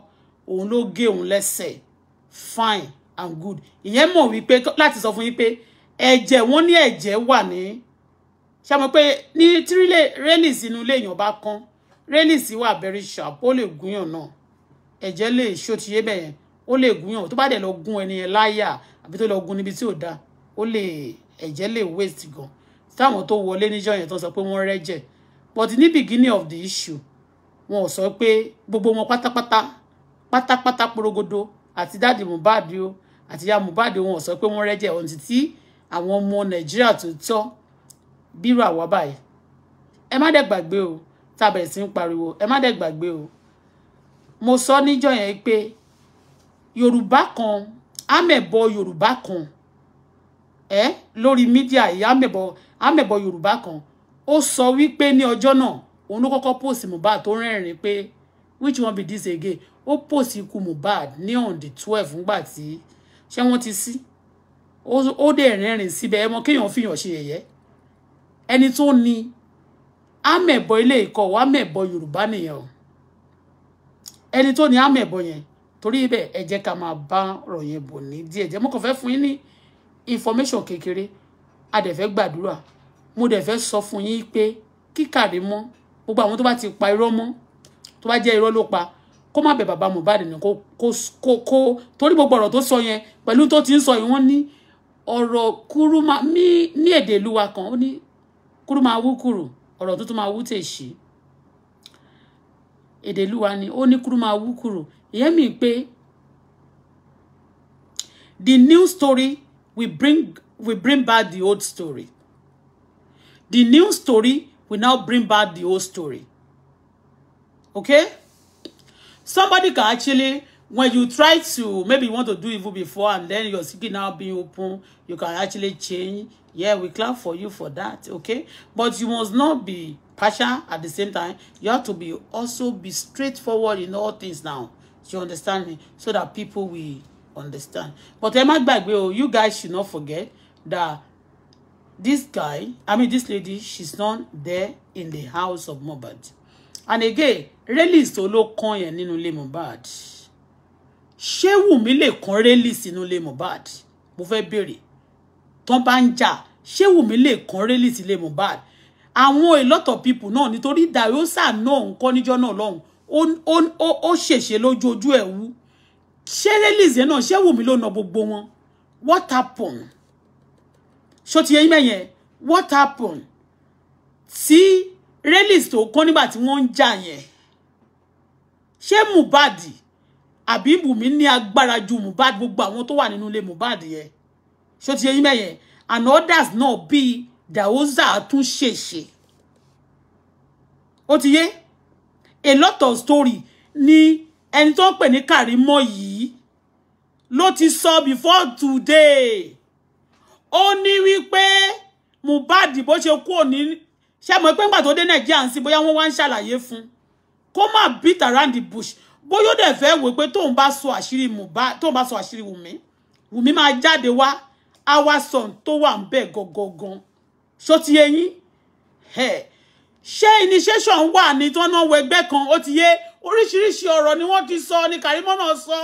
òun ló gé òun lẹ́sẹ̀ fine and good ìyẹn mọ̀ wípé láti sọ fún yín pé ẹ̀jẹ̀ wọ́n ní ẹ̀jẹ̀ wà ní ṣe mọ̀ pé ní tírílé rélìsì inú ilé èèyàn bá kán rélìsì wà bẹ̀rẹ̀ ṣàpó lè gúnyàn náà ẹ̀jẹ̀ lè ṣòtìyé bẹ̀yẹn ó lè gúnyàn tó bá dẹ̀ lọ gún ẹni yẹn láyà àbí tó lọ gún níbi tí ò dáa ó lè ẹ̀jẹ̀ lè waste gan táwọn tó wọlé níjọ́ yẹn tó sọ pé wọ́n rẹ́jẹ̀ but ní beginning of the issue wọn ò sọ pé gbogbo wọn pátápátá pátápátá porogodo àti dáàdì Mohbad o àti ìyá Mohbad wọn ò sọ pé wọ́n rẹ́jẹ̀ ọ̀n títí àwọn ọmọ Nàìjíríà tó tọ́ bírò àwa báyìí ẹ má dẹ̀ gbàgbé o tá a bẹ̀rẹ̀ sí ń pariwo ẹ má dẹ̀ gbàgbé o mo sọ níjọ́ yẹn pé yorùbá kan àmẹ̀bọ yorùbá kan ẹ lórí mídíà yìí àmẹ̀bọ àmẹ̀bọ yorùbá kan ó sọ wípé ní ọjọ́ náà òun ló kọ́kọ́ post Mohbad tó rẹ́rìn pé which one be this again ó post ikú Mohbad ní on the twelve ńgbà tí ṣé wọ́n ti sí ó dẹ̀ rẹ́rìn síbẹ̀ ẹ mọ kéèyàn fìyàn ṣe yẹ̀yẹ́ ẹni tó ní àmẹ̀bọ ilé ìkọ̀ wà mẹ̀bọ yorùbá nìyẹn o ẹni tó ní àmẹ̀bọ yẹn torí ibẹ̀ ẹ jẹ́ ká máa bá ọ̀rọ̀ yẹn bọ̀ ní díẹ̀ jẹ́ mo kàn fẹ́ fún yín ní information kékeré a dẹ̀ fẹ́ gbàdúrà mo dẹ̀ fẹ́ sọ fún yín pé kíkàrí mọ́ gbogbo àwọn tó bá ti pa irọ́ mọ́ tó bá jẹ́ irọ́ ló pa kó má bẹ bàbá Mohbad ní kó kó torí gbogbo ọ̀rọ̀ tó sọ yẹn pẹ̀lú tó ti ń sọ yìí wọ́n ní ọ̀rọ̀ kúrúmà ní èdè ìlú wa kan ó ní kúrú máa wú kúrú ọ̀rọ̀ tuntun máa wú tèṣí èdè ìlú ni ó ní kúrú máa wú kúrú ìyẹn mi pé the new story will bring will bring back the old story the new story will now bring back the old story okay somebody can actually when you try to maybe you want to do evil before and then your skin now being open you can actually change Yeah, we clap for you for that, okay? But you must not be partial at the same time. You have to be also be straightforward in all things now. Do you understand me? So that people will understand. But Emma Bagbe, you guys should not forget that this guy, I mean this lady, she's not there in the house of Mohbad. And again, release tó ló kàn yẹn nínú ilé Mohbad. Ṣé Wùmí lè kan release nínú ilé Mohbad? Mo fẹ́ tán bá ń jà ṣé Wùmí lè kàn rélì sílé Mohbad àwọn a lot of people náà nítorí dàrósà náà ń kọ́ níjọ́ náà lọ́hùn ó ṣèṣe lójú ojú ẹ̀ wú ṣé rélìsì náà ṣé Wùmí ló na gbogbo wọn what happen ṣó ti yẹ yín mẹ́yẹn what happened? tí rélìsì tó kọ́ nígbà tí wọ́n ń jà yẹn ṣé Mohbad àbí Wùmí ní agbára ju Mohbad gbogbo àwọn tó wà nínú ilé Mohbad yẹn So ti yẹ yín mẹ́yẹn and others not be Daoza tún ṣèṣe ó ti yé a lot of story ni ẹni tó ń pè ní Kàrímọ́ yìí ló ti sọ before today ó ní wípé Mohbad bó ṣe kú òní ṣe mọ̀ mo ńgbà tó dé Nàìjíríà ń sin bóyá wọ́n wá ń ṣàlàyé fún kó beat around the bush bóyá ó dẹ̀ fẹ́ wò pé tóun bá sọ àṣírí Mohbad tóun bá sọ àṣírí Wùmí Wùmí máa jáde wá our son tó wà ń bẹ̀ gangan ṣó ti yé yín ṣé initiation wà ní tọ́nà wẹgbẹ́ kan ó ti yé oríṣiríṣi ọ̀rọ̀ ni wọ́n ti sọ ni Kàrímọ́ náà sọ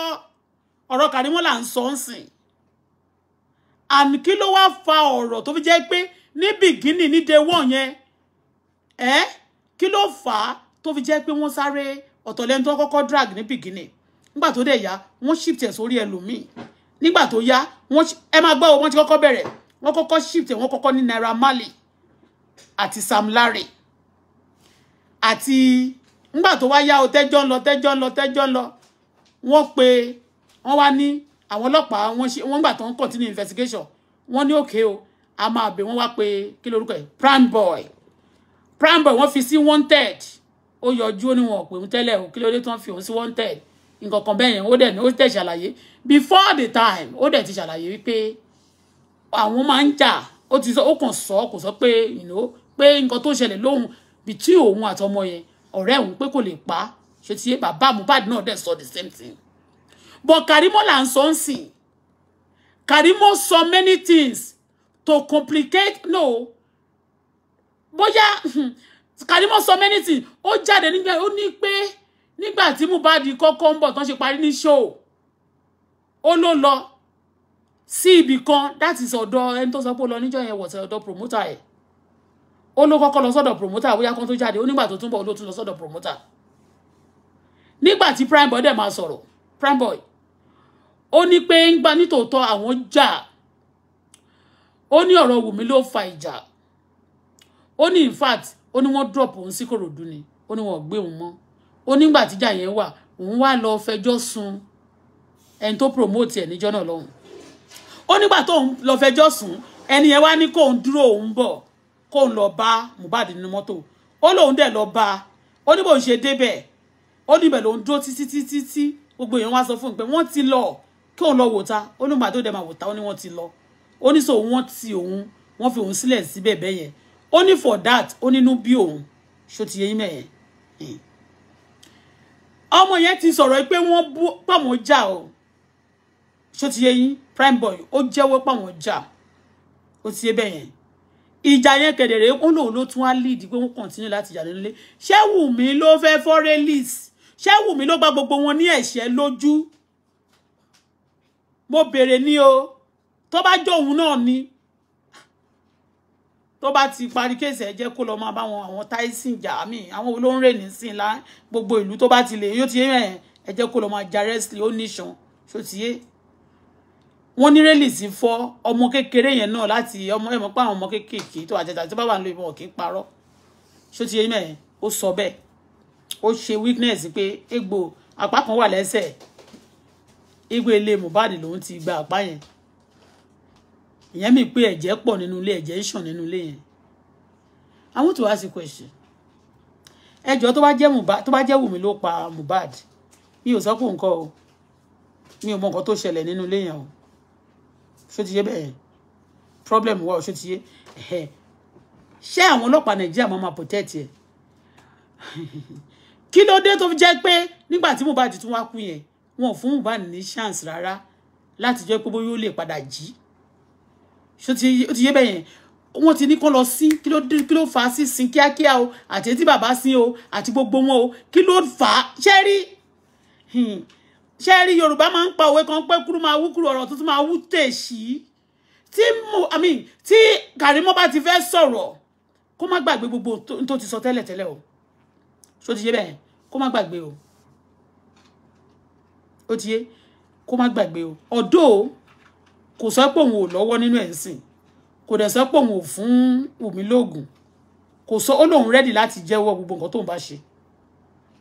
ọ̀rọ̀ Kàrímọ́ là ń sọ ń sìn and kí ló wá fa ọ̀rọ̀ tó fi jẹ́ pé ní bìgínì ní day one yẹn ẹ́ kí ló fà á tó fi jẹ́ pé wọ́n sáré ọ̀tọ̀lẹ́ni tó kọ́kọ́ drag ní bìgínì nígbà tó dẹ̀ yá wọ́n shift ẹ̀ sórí ẹlòmíì nígbà tó yá wọ́n ẹ máa gbọ́ wọ́n ti kọ́kọ́ bẹ̀rẹ̀ wọ́n kọ́kọ́ shift wọ́n kọ́kọ́ ní Naira Marley àti Sam Larry àti nígbà tó wá yá o tẹ́jọ́ ń lọ tẹ́jọ́ ń lọ tẹ́jọ́ ń lọ wọ́n pe wọ́n wá ní àwọn ọlọ́pàá wọ́n ṣe wọ́n gbà tó ń continue investigation wọ́n ní òkè o a máa bẹ̀ wọ́n wá pe kí lorúkọ ẹ̀ prime boy prime boy wọ́n fi sí wanted ó yọjú ó ní wọn ò pè ń tẹ́lẹ̀ o kí ló tó ń fi òun sí wanted nǹkan kan bẹ́ẹ̀ yẹn ó dẹ̀ ó dẹ̀ ṣàlàyé before the time ó dẹ̀ ti ṣàlàyé wípé àwọn máa ń jà ó ti sọ ó kàn sọ kò sọ pé pé nǹkan tó ṣẹlẹ̀ lóhun bìtí òun àtọmọ yẹn ọ̀rẹ́ òun pé kò lè pa á ṣe ti yé bàbá Mohbad náà dẹ̀ sọ the same thing but Karimo là ń sọ ń sìn Karimo sọ many things to complicate no bóyá hmm, Karimo sọ many things ó jáde nígbà ó ní pé nígbà tí Mohbad kọ́kọ́ ń bọ̀ tán ṣe parí ní show ó ló lọ sí ibì kan that is ọ̀dọ̀ ẹni tó sọ pé ó lọ níjọ́ yẹn wọ̀sẹ̀ ọ̀dọ̀ promoter ẹ̀ ó ló kọ́kọ́ lọ sọ́dọ̀ promoter bóyá kan tó jáde ó nígbà tó túnbọ̀ ó ló tún lọ sọ́dọ̀ promoter nígbà tí prime boy dẹ̀ máa sọ̀rọ̀ prime boy ó ní pé ń gba nítòótọ́ àwọn jà ó ní ọ̀rọ̀ wùmí ló fa ìjà ó ní in fact ó ní wọ́n drop òun sí kòròdú ni ó ní wọ́n gbé òun mọ́ ó nígbà tíjà yẹn wà òun wá lọ fẹjọ́ sùn ẹni tó promote ẹ̀ níjọ́ náà lọ́hùn ó nígbà tóun lọ fẹjọ́ sùn ẹni yẹn wá ní kóun dúró òun bọ̀ kóun lọ bá Mohbad nínú mọ́tò ó lóun dẹ̀ lọ bá ó ní bóun ṣe débẹ̀ ó níbẹ̀ lòun dúró títí títí tí gbogbo èèyàn wá sọ fún un pé wọ́n ti lọ kí òun lọ wò ta ó ní gbà tó dẹ̀ máa wò ta ó ní wọ́n ti lọ ó ní sọ wọ́n ti òun wọ́n fi òun sílẹ̀ síbẹ̀ bẹ́yẹn ó ní for that ó nínú bí òun ṣó ti yẹ yín mẹ́yẹn. Hmm ọmọ yẹn ti sọ̀rọ̀ pé wọ́n bú pàwọn jà o ṣó ti yé yín prime boy ó jẹ́wọ́ pàwọn jà ó ti yé bẹ́ẹ̀ yẹn ìjà yẹn kedere ó lòun ló tún wá lead pé wọ́n continue láti jà nílé ṣé Wùmí ló fẹ́ fọ́ release ṣé Wùmí ló gba gbogbo wọn ní ẹ̀ṣẹ́ lójú mo béèrè ní o tó bá jọ òun náà ni tó bá ti parí kéèsì ẹ jẹ́ kó lọ máa bá wọn àwọn táìsì jà mí àwọn olóńrè nísìn lá gbogbo ìlú tó bá ti lè yóò ti yẹ ẹ jẹ́ kó lọ máa ja rẹsìlì ó nìṣan ṣó ti yé wọ́n ní rélì sí fọ́ ọmọ kékeré yẹn náà láti ọmọ ẹmọ pa àwọn ọmọ kékèké tó àjẹjà tó bá wà nílò ìbọn kì í parọ́ ṣó ti yé mẹ ó sọ bẹ́ẹ̀ ó ṣe weakness pé egbò apá kan wà lẹ́sẹ̀ egbò ilé Mohbad lòún ti gba àpá yẹn ìyẹn mi pé ẹ̀jẹ̀ pọ̀ nínú ilé ẹ̀jẹ̀ ń ṣàn nínú ilé yẹn I want to ask a question ẹjọ́ tó bá jẹ́ Mohbad tó bá jẹ́ Wùmí ló pa Mohbad mi ò sọ pé nǹkan o mi ò mọ nǹkan tó ṣẹlẹ̀ nínú ilé yẹn o ṣó ti yé bẹ́ẹ̀ problem wà o ṣó ti yé ẹ̀hẹ́ ṣé àwọn ọlọ́pàá Nàìjíríà máa ma protect ẹ̀ kí ló dé tó fi jẹ́ pé nígbà tí Mohbad tún wá kú yẹn wọn ò fún Mohbad ní chance rárá láti jẹ́ pé bóyá ó lè padà jí ṣó ti yé bẹ́yẹn wọ́n ti ní kán lọ sí kí ló kí ló fà á sí sin kíákíá o àti etí bàbá sí o àti gbogbo wọn o kí ló fà á ṣé rí hmm. ṣé rí yorùbá máa ń pa òwe kan pé kúrú máa wú kúrú ọ̀rọ̀ tuntun máa wú tèṣí tí mo i mean tí Karimo bá ti fẹ́ sọ̀rọ̀ kó má gbàgbé gbogbo tó ti sọ tẹ́lẹ̀ tẹ́lẹ̀ o ṣó ti yé bẹ́ẹ̀ kó má gbàgbé o ó ti yé kó má gbàgbé o ọ̀dọ́ o kò sọ pé òun ò lọ́wọ́ nínú ẹ̀ ń sìn kò dẹ̀ sọ pé òun ò fún omi lóògùn kò sọ ó lóun rẹ́dì láti jẹ́wọ́ gbogbo nǹkan tóun bá ṣe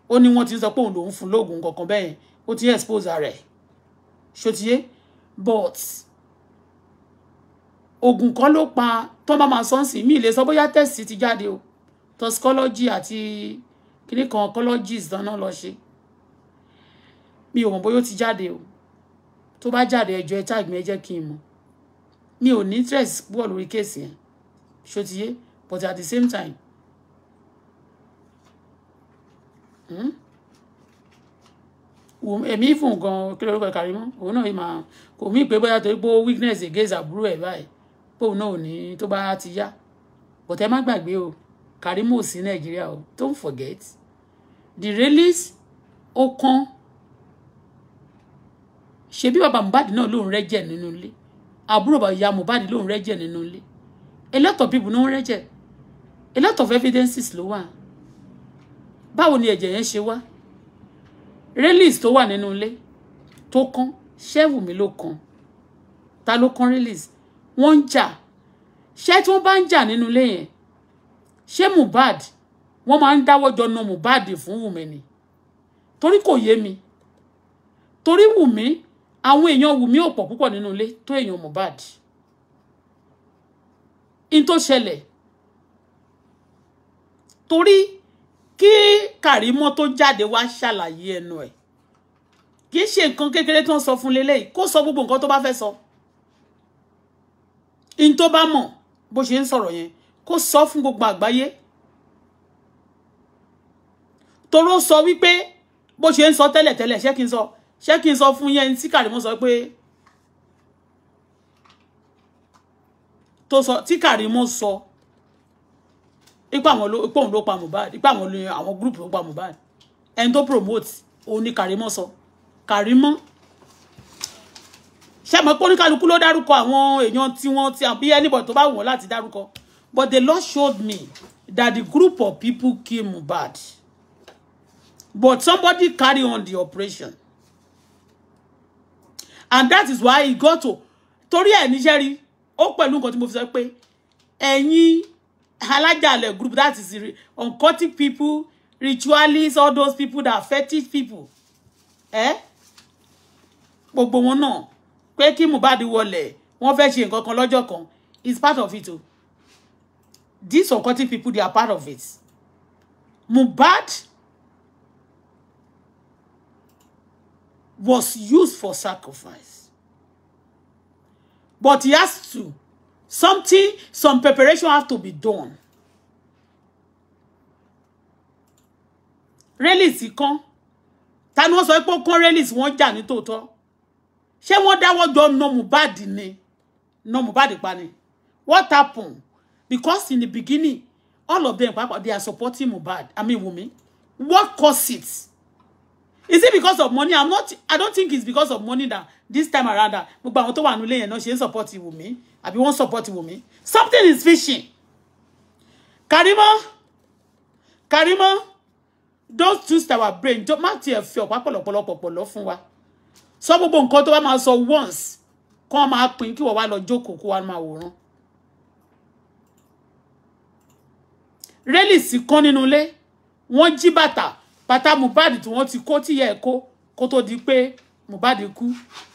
ó ní wọ́n ti sọ pé òun lòun fún lóògùn kankan bẹ́ẹ̀ ó ti expose ara ṣòtiyé but oògùn kan ló pa tó bá máa sọ ń sìn mí lè sọ bóyá test ti jáde o toxicology àti kíní kan oncologist dáná lọ ṣe mi ò mọ̀ bóyá ó ti jáde o tó bá jáde ẹjọ́ ẹ tag mi ẹ jẹ́ kí n mọ̀ mi ò ní interest púpọ̀ lórí kéèsì yẹn ṣòtiyé but at the same time èmi hmm? fún gan kí lórúkọ ìkàrí mọ́ òun náà máa kò mí pé bóyá torí pé weakness against àbúrò ẹ̀ báyìí póun náà ò ní tó bá ti yá but ẹ má gbàgbé o Kàrímù ò sí Nàìjíríà o don't forget the release ó kán ṣebí bàbá Mohbad náà ló ń rẹ́jẹ̀ nínú ilé àbúrò bàyà Mohbad ló rẹ́jẹ̀ nínú ilé a lot of people ló ń rẹ́jẹ̀ a lot of evidences ló wà báwo ni ẹ̀jẹ̀ yẹn ṣe wá release tó wà nínú ilé tó kán ṣẹ́ẹ̀wù mi ló kàn ta ló kán release wọ́n ń jà ṣé tí wọ́n bá ń jà nínú ilé yẹn ṣé Mohbad wọ́n máa ń dáwọ́ jọ na Mohbad fún Wùmí torí kò yé mi torí Wùmí àwọn èèyàn Wùmí ò pọ̀ púpọ̀ nínú ilé tó èèyàn Mohbad in tó ṣẹlẹ̀ torí kí Kàrímọ́ tó jáde wá ṣàlàyé ẹnu ẹ̀ kì í ṣe nǹkan kékeré tó ń sọ fún lélẹ́yìí kó sọ gbogbo nǹkan tó bá fẹ́ sọ in tó bá mọ̀ bó ṣe ń sọ̀rọ̀ yẹn kó sọ fún gbogbo àgbáyé toró sọ wípé bó ṣe ń sọ tẹ́lẹ̀tẹ́lẹ̀ ṣé kí n sọ ṣé kí n sọ fún yẹn tí Karimo sọ pé tí Karimo sọ ipa àwọn ló ló pa Mohbad ipa àwọn ló àwọn gúrùpù ló pa Mohbad ẹni tó promote òun ni Karimo sọ Karimo ṣe mọ̀ pé oníkálukú ló dárúkọ àwọn èèyàn tí wọ́n ti àbí anybody tó bá wù wọ́n láti dárúkọ but the Lord showed me that the group of people kill Mohbad but somebody carry on the operation and that is why he got to torí ẹ̀ níṣẹ́ rí ó pẹ̀lú nǹkan tí mo fi sọ pé ẹ̀yin alájàlẹ̀ group that is uncultic people ritualists all those people that fetish people ẹ eh? gbogbo wọn náà pé kí Mohbad wọlẹ̀ wọ́n fẹ́ ṣe nǹkan kan lọ́jọ́ kan is part of it o these uncultic people they are part of it Mohbad was used for sacrifice. But he has to. Something, some preparation have to be done. Release kan. Ta ni wọ́n sọ pé kan release wọ́n jà ní tòótọ́. Ṣé wọ́n dáwọ́ jọ no Mohbad ni? No Mohbad pa ni. What happen? Because in the beginning, all of them, they are supporting Mohbad. I mean, Wunmi. What caused it? is it because of money i'm not i don't think it's because of money that this time around that gbogbo àwọn tó wà nílé yẹn náà ṣe ń support Wùmí àbí wọ́n support Wùmí something is fishing Karimo Karimo don't two that brain Don't má tiẹ̀ fi ọ̀pá pọ̀lọ̀pọ̀lọ̀ pọ̀lọ̀ fún wa sọ gbogbo nǹkan tó wá máa sọ once kọ́ máa pín kí wọ́n wá lọ jókòó kó wá máa wòran. rélì sí kán nínú ilé wọ́n jí bàtà bàtà Mohbad tí wọ́n ti kó tíyẹ̀ kó kó tó di pé Mohbad kú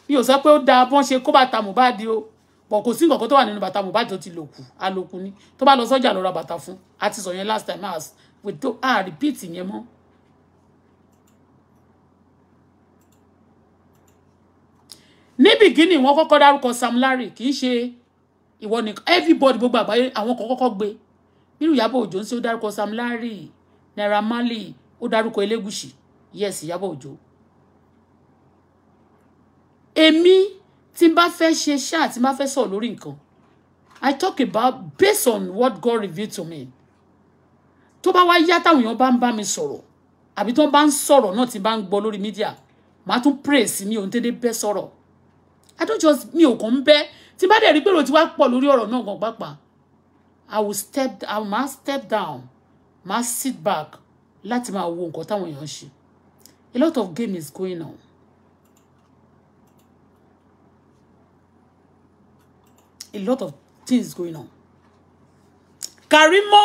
mi ò sọ pé ó da bọ́n ṣe kó bàtà Mohbad o bọ̀ kò sí nǹkan tó wà nínú bàtà Mohbad tó ti lò kù alòkù ni tó bá lọ sọ́jà lọ ra bàtà fún a ti sọ yẹn last time as we do a repeat yẹn mọ́. ní bìgínì wọ́n kọ́kọ́ dárúkọ Sam Larry kì í ṣe ìwọ nìkan everybody gbogbo àgbáyé àwọn kan kọ́kọ́ gbé nínú Ìyábọ̀ Òjó ń ṣe ó dárúkọ Sam Larry Naira Marley ó dárúkọ Elégùṣì yes Ìyábọ̀ Òjó èmi tí n bá fẹ́ ṣe ṣáà tí n bá fẹ́ sọ̀rọ̀ lórí nǹkan I talk about based on what God revealed to me tó bá wá yá táwọn èèyàn bá ń bá mi sọ̀rọ̀ àbí tó bá ń sọ̀rọ̀ náà ti bá ń gbọ́ lórí mídíà màá tún praise mi ò ń dédé bẹ́ sọ̀rọ̀ I don't just mi ò kàn ń bẹ́ tí bá dẹ̀ rí pé èrò wá pọ̀ lórí ọ̀rọ̀ náà gan pàápàá I will step I will ma step down ma sit back láti máa wo nǹkan táwọn èèyàn ṣe a lot of game is going on. a lot of things going on. Karimo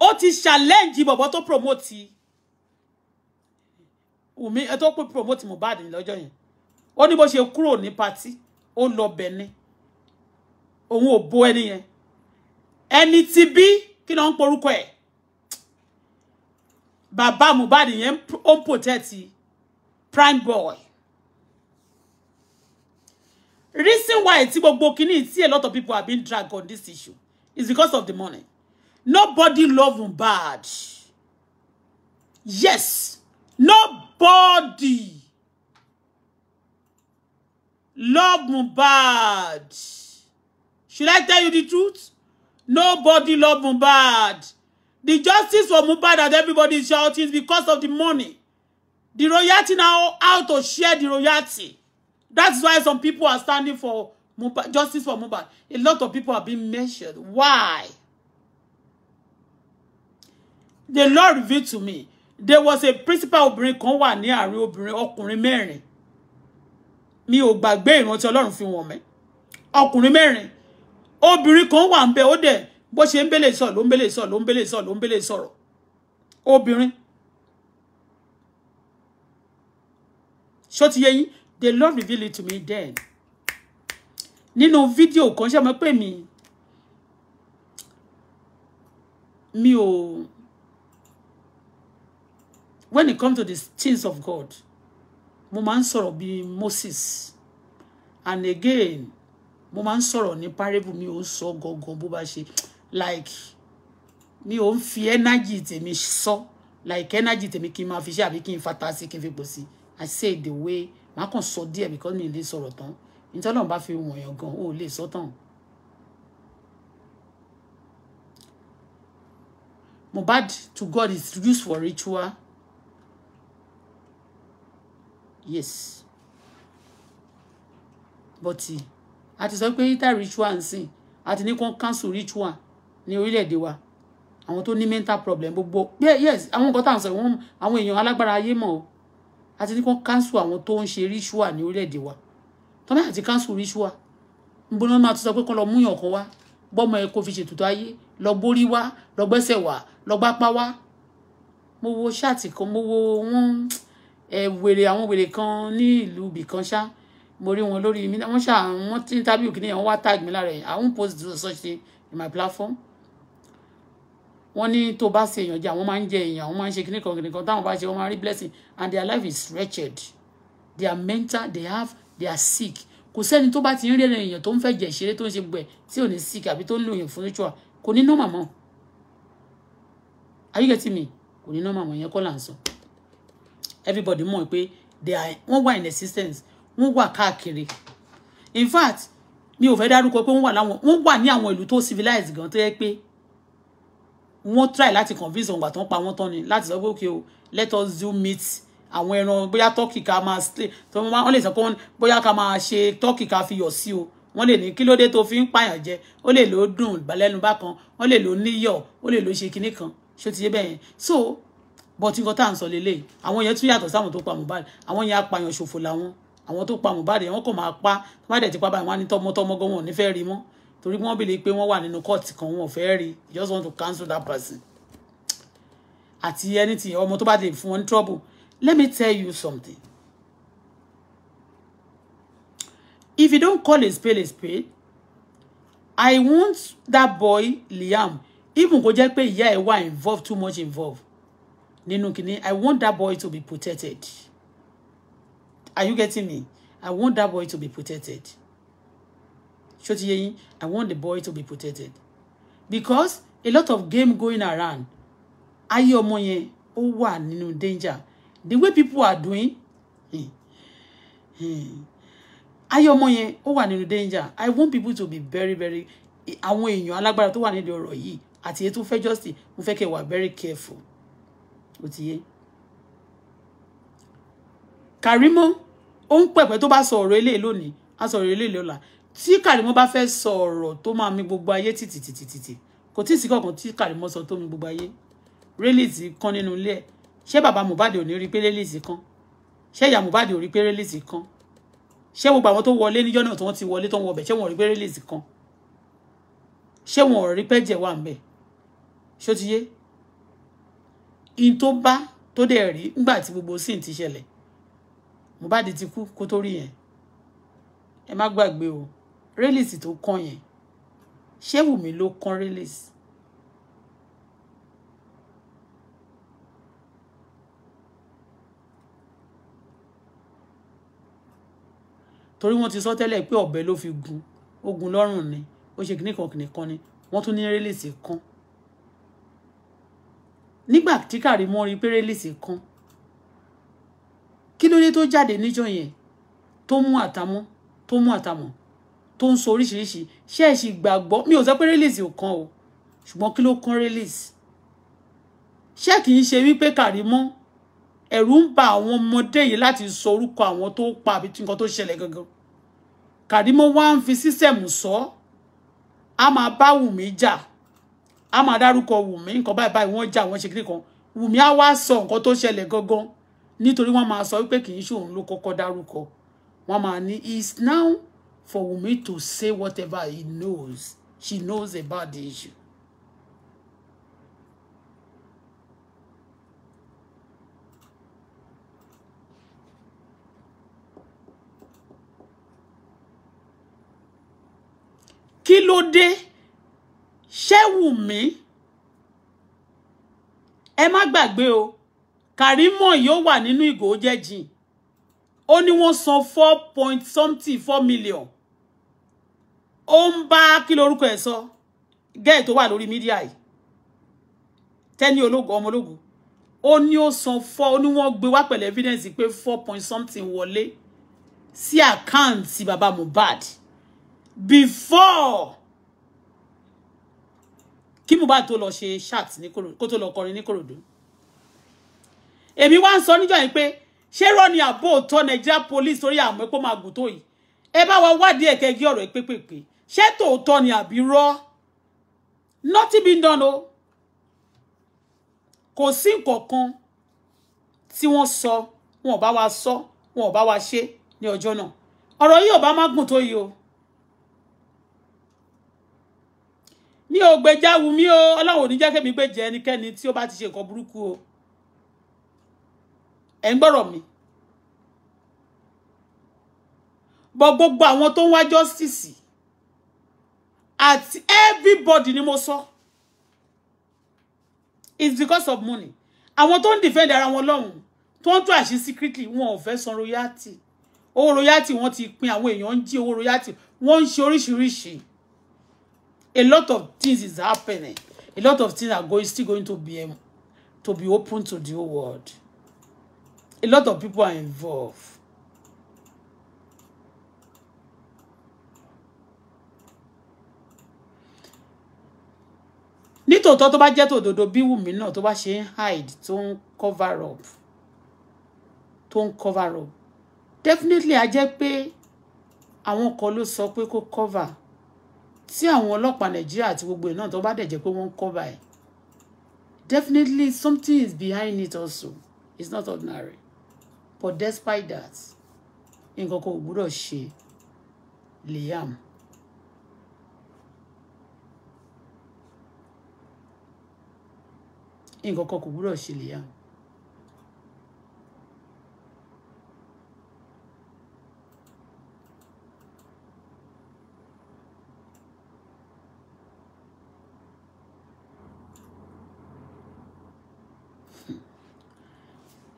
ó ti challenge bọ̀bọ̀ tó promote Wùmí ẹ tó pé promote Mohbad lọ́jọ́ yẹn ó ní bó ṣe kúrò ní party ó lọ bẹ̀ ni òun ò bo ẹni yẹn ẹni tí bí kí ló ń porúkọ ẹ̀ bàbá Mohbad yẹn ó ń protect prime boy reason why tí gbogbo kìíní tí a lot of people have been dragged on this issue is because of the money nobody love Mohbad yes nobody love Mohbad should I tell you the truth nobody love Mohbad. The justice for Mohbad that everybody is shouting is because of the money. The royalty now how to share the royalty. That's why some people are standing for Mohbad, justice for Mubad. A lot of people are being measured. Why? The Lord revealed to me there was a principal obìnrin kan wà ní àárín obìnrin ọkùnrin mẹ́rin mi ò gbàgbé ìrántí Ọlọ́run fi wọ̀n mí ọkùnrin mẹ́rin obìnrin kan wà ń bẹ ó bó ṣe ń bélè sọ ló ń bélè sọ ló ń bélè sọ ló ń ti yẹ the Lord revealed it to me then nínú fídíò kan ṣe mọ̀ pé mi mi ò when it comes to the things of God mo máa ń sọ̀rọ̀ Moses and again mo máa ń sọ̀rọ̀ ní parable mi ò sọ gangan bó bá ṣe like mi ò ń fi energy temi so like energy temi kí n máa fi ṣe àbí kí n fata sí kí n fi pò i say the way ma kàn sọ díẹ̀ because mi le soro sọ̀rọ̀ tán nítorí Ọlọ́run bá fi wọ̀nyàn gan o ò lè sọ Mohbad to God is used for ritual yes but ati ti sọ pé ita ritual nsìn a ti ní kàn cancel ritual ní orílẹ̀-èdè wa àwọn tó ní mental problem gbogbo yes àwọn nǹkan tá à ń sọ wọn àwọn èèyàn alágbára ayé mọ̀ o àti ní kàn cancel àwọn tó ń ṣe ritual ní orílẹ̀-èdè wa tọ́lá àti cancel ritual ń bọ́n máa tún sọ pé kọ́ lọ múyàn kan wá bọ́mọ ẹ kó fi ṣètùtù ayé lọ gbórí wá lọ gbẹ́sẹ̀ wá lọ gbápá wá mo wo ṣáàtì kan mo wo wọn ẹ wèrè àwọn wèrè kan ní ìlú ibì kan ṣá mo rí wọn lórí mi wọn ṣá wọn tí interview kìnìyàn wọn wá tag mi lára ẹ i won't post such thing in my platform wọ́n ní tó bá ṣe èèyàn jẹ àwọn máa ń jẹ èèyàn àwọn máa ń ṣe kíní kan kíní kan táwọn bá ṣe wọ́n máa rí blessing and their life is wretched they are mental they have they are sick kò sẹ́ni tó bá ti ń rẹ́rìn èèyàn tó ń fẹ́ jẹ̀ ṣeré tó ń ṣe gbẹ̀ tí ò ní sick àbí tó ń lò yàn fún ritual kò ní normal mọ́ are you getting me kò ní normal mọ́ yẹn kọ́ là ń sọ everybody mọ̀ pé they are wọ́n wà in existence wọ́n wà káàkiri in fact mi ò fẹ́ dárúkọ pé wọ́n wà láwọn wọ́n wà ní àwọn ìlú tó civilized gan tó yẹ pé wọ́n try láti convince òǹgbà tó pa wọ́n tán ni láti sọ pé okay o let us do meat àwọn ẹran bóyá turkey ká máa slay tó wọ́n lè sọ pé bóyá ká máa ṣe turkey ká fi yọ̀ sí o wọ́n lè ní kí ló dé tó fi ń pààyàn jẹ ó lè ló dùn lẹ́nu bákan ó lè ló níyọ̀ ó lè ló ṣe kinní kan ṣó ti yé bẹ́ẹ̀ yẹn so but nǹkan tá à ń sọ lélẹ̀ àwọn yẹn tún yàtọ̀ sáwọn tó pa Mohbad àwọn yẹn apààyàn ṣòfò làwọn àwọn tó pa Mohbad yẹn wọ́n kàn máa pa tó bá dẹ̀ ti pa báyìí wọ́n á ní tọmọtọmọ gan wọn ò ní fẹ́ rí mọ́ torí wọ́n bèèrè pé wọ́n wà nínú kọ́ọ̀tì kan wọn ò fẹ́ rí just want to cancel that person àti anything ọmọ tó bá dé fún wọn ní trouble let me tell you something if you don't call a spade a spade I want that boy Liam even kò jẹ́ pé ìyá ẹ̀ wà involved too much involved nínú kìíní I want that boy to be protected are you getting me I want that boy to be protected ṣó ti i want the boy to be protected because a lot of game going around ayé ọmọ yẹn ó wà danger the way people are doing hmm, hmm, ayé ọmọ yẹn ó wà danger i want people to be very very àwọn èèyàn alágbára tó wà nídìí ọ̀rọ̀ yìí Ati etu fe justice mo fẹ́ kẹ́ wà very careful ó ti Karimo ó ń pẹ̀pẹ́ tó bá sọ ọ̀rọ̀ eléyìí lónìí á sọ ọ̀rọ̀ eléyìí tí Karimo bá fẹ́ sọ ọ̀rọ̀ tó máa mi gbogbo ayé tìtìtìtìtì kò tí ì sí kankan tí Karimo sọ tó mi gbogbo ayé rélìtì kan nínú ilé ẹ̀ ṣé bàbá Mohbad ò ní rí pé rélìtì kan ṣé ìyá Mohbad ò rí pé rélìtì kan ṣé gbogbo àwọn tó wọlé níjọ́ náà tí wọ́n ti wọlé tó ń wọbẹ̀ ṣé wọ́n rí pé rélìtì kan ṣé wọ́n rí pé jẹ̀ wà ń ṣó ti yé in tó bá tó dẹ̀ rí nígbà tí gbogbo sì ti ṣẹlẹ̀ Mohbad ti kú kó tó rí yẹn ẹ má gbàgbé o rélìsì tó kàn yẹn ṣé ló kàn rélìsì. torí wọ́n ti sọ tẹ́lẹ̀ pé ọ̀bẹ ló fi gun ogun lọ́rùn ni ó ṣe kìnnìkan kìnnìkan ni wọ́n tún ní rélìsì kan nígbà tí Karimo rí pé rélìsì kan kí ló dé tó jáde níjọ́ yẹn tó mú àtàmú tó mú àtàmú tó ń sọ oríṣiríṣi ṣẹ́ẹ̀ṣì gbàgbọ́ mi ò sọ pé release ò kan o ṣùgbọ́n kí ló kún release ṣé kì í ṣe wípé Kàrímọ́ ẹ̀rù ń ba àwọn ọmọdé yìí láti sọ orúkọ àwọn tó pa àbí nǹkan tó ṣẹlẹ̀ gangan Kàrímọ́ wá ń fi sísẹ̀mù sọ a máa bá Wùmí jà a máa dárúkọ Wùmí nǹkan báyìí báyìí wọ́n jà wọ́n ṣe kiri kan Wùmí á wá sọ nǹkan tó ṣẹlẹ̀ gangan nítorí wọ́n máa sọ wípé kì í ṣe òun ló kọ́kọ́ dárúkọ wọ́n máa ní is now for Wunmi to say whatever he knows. She knows about the issue. Kí ló dé? Ṣé Wunmi? Ẹ má gbàgbé o, Kàrímọ̀ yóò wà nínú ìgò ó ní wọ́n san four point something four million ó ń bá kí lorúkọ ẹ̀ sọ gẹ́ẹ̀ tó wà lórí mídíà yìí tẹ́ni ológun ọmọ ológun ó ní ó san four ó ní wọ́n gbé wá pẹ̀lú evidence pé four point something wọlé sí àkáǹtì bàbá Mohbad before kí Mohbad tó lọ ṣe chat kó tó lọ kọrin ní Kòròdú èmi wá ń sọ níjọ́ yìí pé ṣé rọ ni àbò òótọ́ Nigeria police torí àmọ́ pé máa gùn tó yìí ẹ bá wa wádìí ẹ̀kẹ́ gé ọ̀rọ̀ pépèpé ṣé tòótọ́ ni àbí rọ́ nothing been done o kò sí nǹkan kan tí wọ́n sọ wọn ò bá wa sọ wọn ò bá wa ṣe ní ọjọ́ náà ọ̀rọ̀ yìí ò bá má gùn tó yìí o mi ò gbèjà o Ọlọ́run ò ní jẹ́ kémi gbèjà ẹnikẹ́ni tí ó bá ti ṣe nǹkan burúkú o ẹ̀ ń gbọ́rọ̀ mi bọ gbogbo àwọn tó ń wá justice àti everybody ni mo sọ it's because of money àwọn tó ń defend ara wọn lọ́hùn tó ń tún àṣì secretly wọn ò fẹ́ san royalty owó royalty wọn ti pin àwọn èèyàn ń jí owó royalty wọn ń ṣe oríṣiríṣi a lot of things is happening a lot of things are going still going to be um, to be open to the whole world a lot of people are involved. nítòótọ́ tó bá jẹ́ tòdodo bí Wùmí náà tó bá ṣe ń hide tó ń cover up tó ń cover up definitely a jẹ́ pé àwọn kan ló sọ pé kó cover tí àwọn ọlọ́pàá Nàìjíríà àti gbogbo ẹ̀ náà tó bá dẹ̀ jẹ́ pé wọ́n ń cover ẹ̀ definitely something is behind it also it's not ordinary but despite that nǹkan kan ò gbúdọ̀ ṣe Liam. nǹkan kan kò gbúdọ̀ ṣe Liam. Hmm.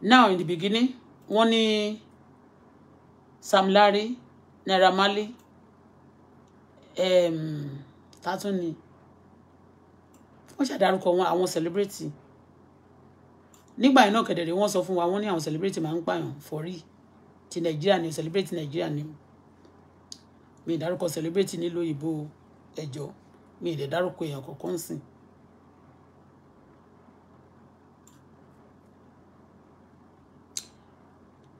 Now in the beginning wọ́n ní Sam Larry Naira Marley um, tatun wọ́n ṣàdárúkọ wọn àwọn celebrity nígbà yẹn náà kẹ̀dẹ̀rẹ̀ wọ́n sọ fún wa wọ́n ní àwọn celebrity máa ń pààyàn fọ́rí ti nàìjíríà ni celebrity nàìjíríà ni mi ìdárúkọ celebrity nílùú òyìnbó ẹjọ mi ìdẹ dárúkọ èèyàn kọ̀ọ̀kan sìn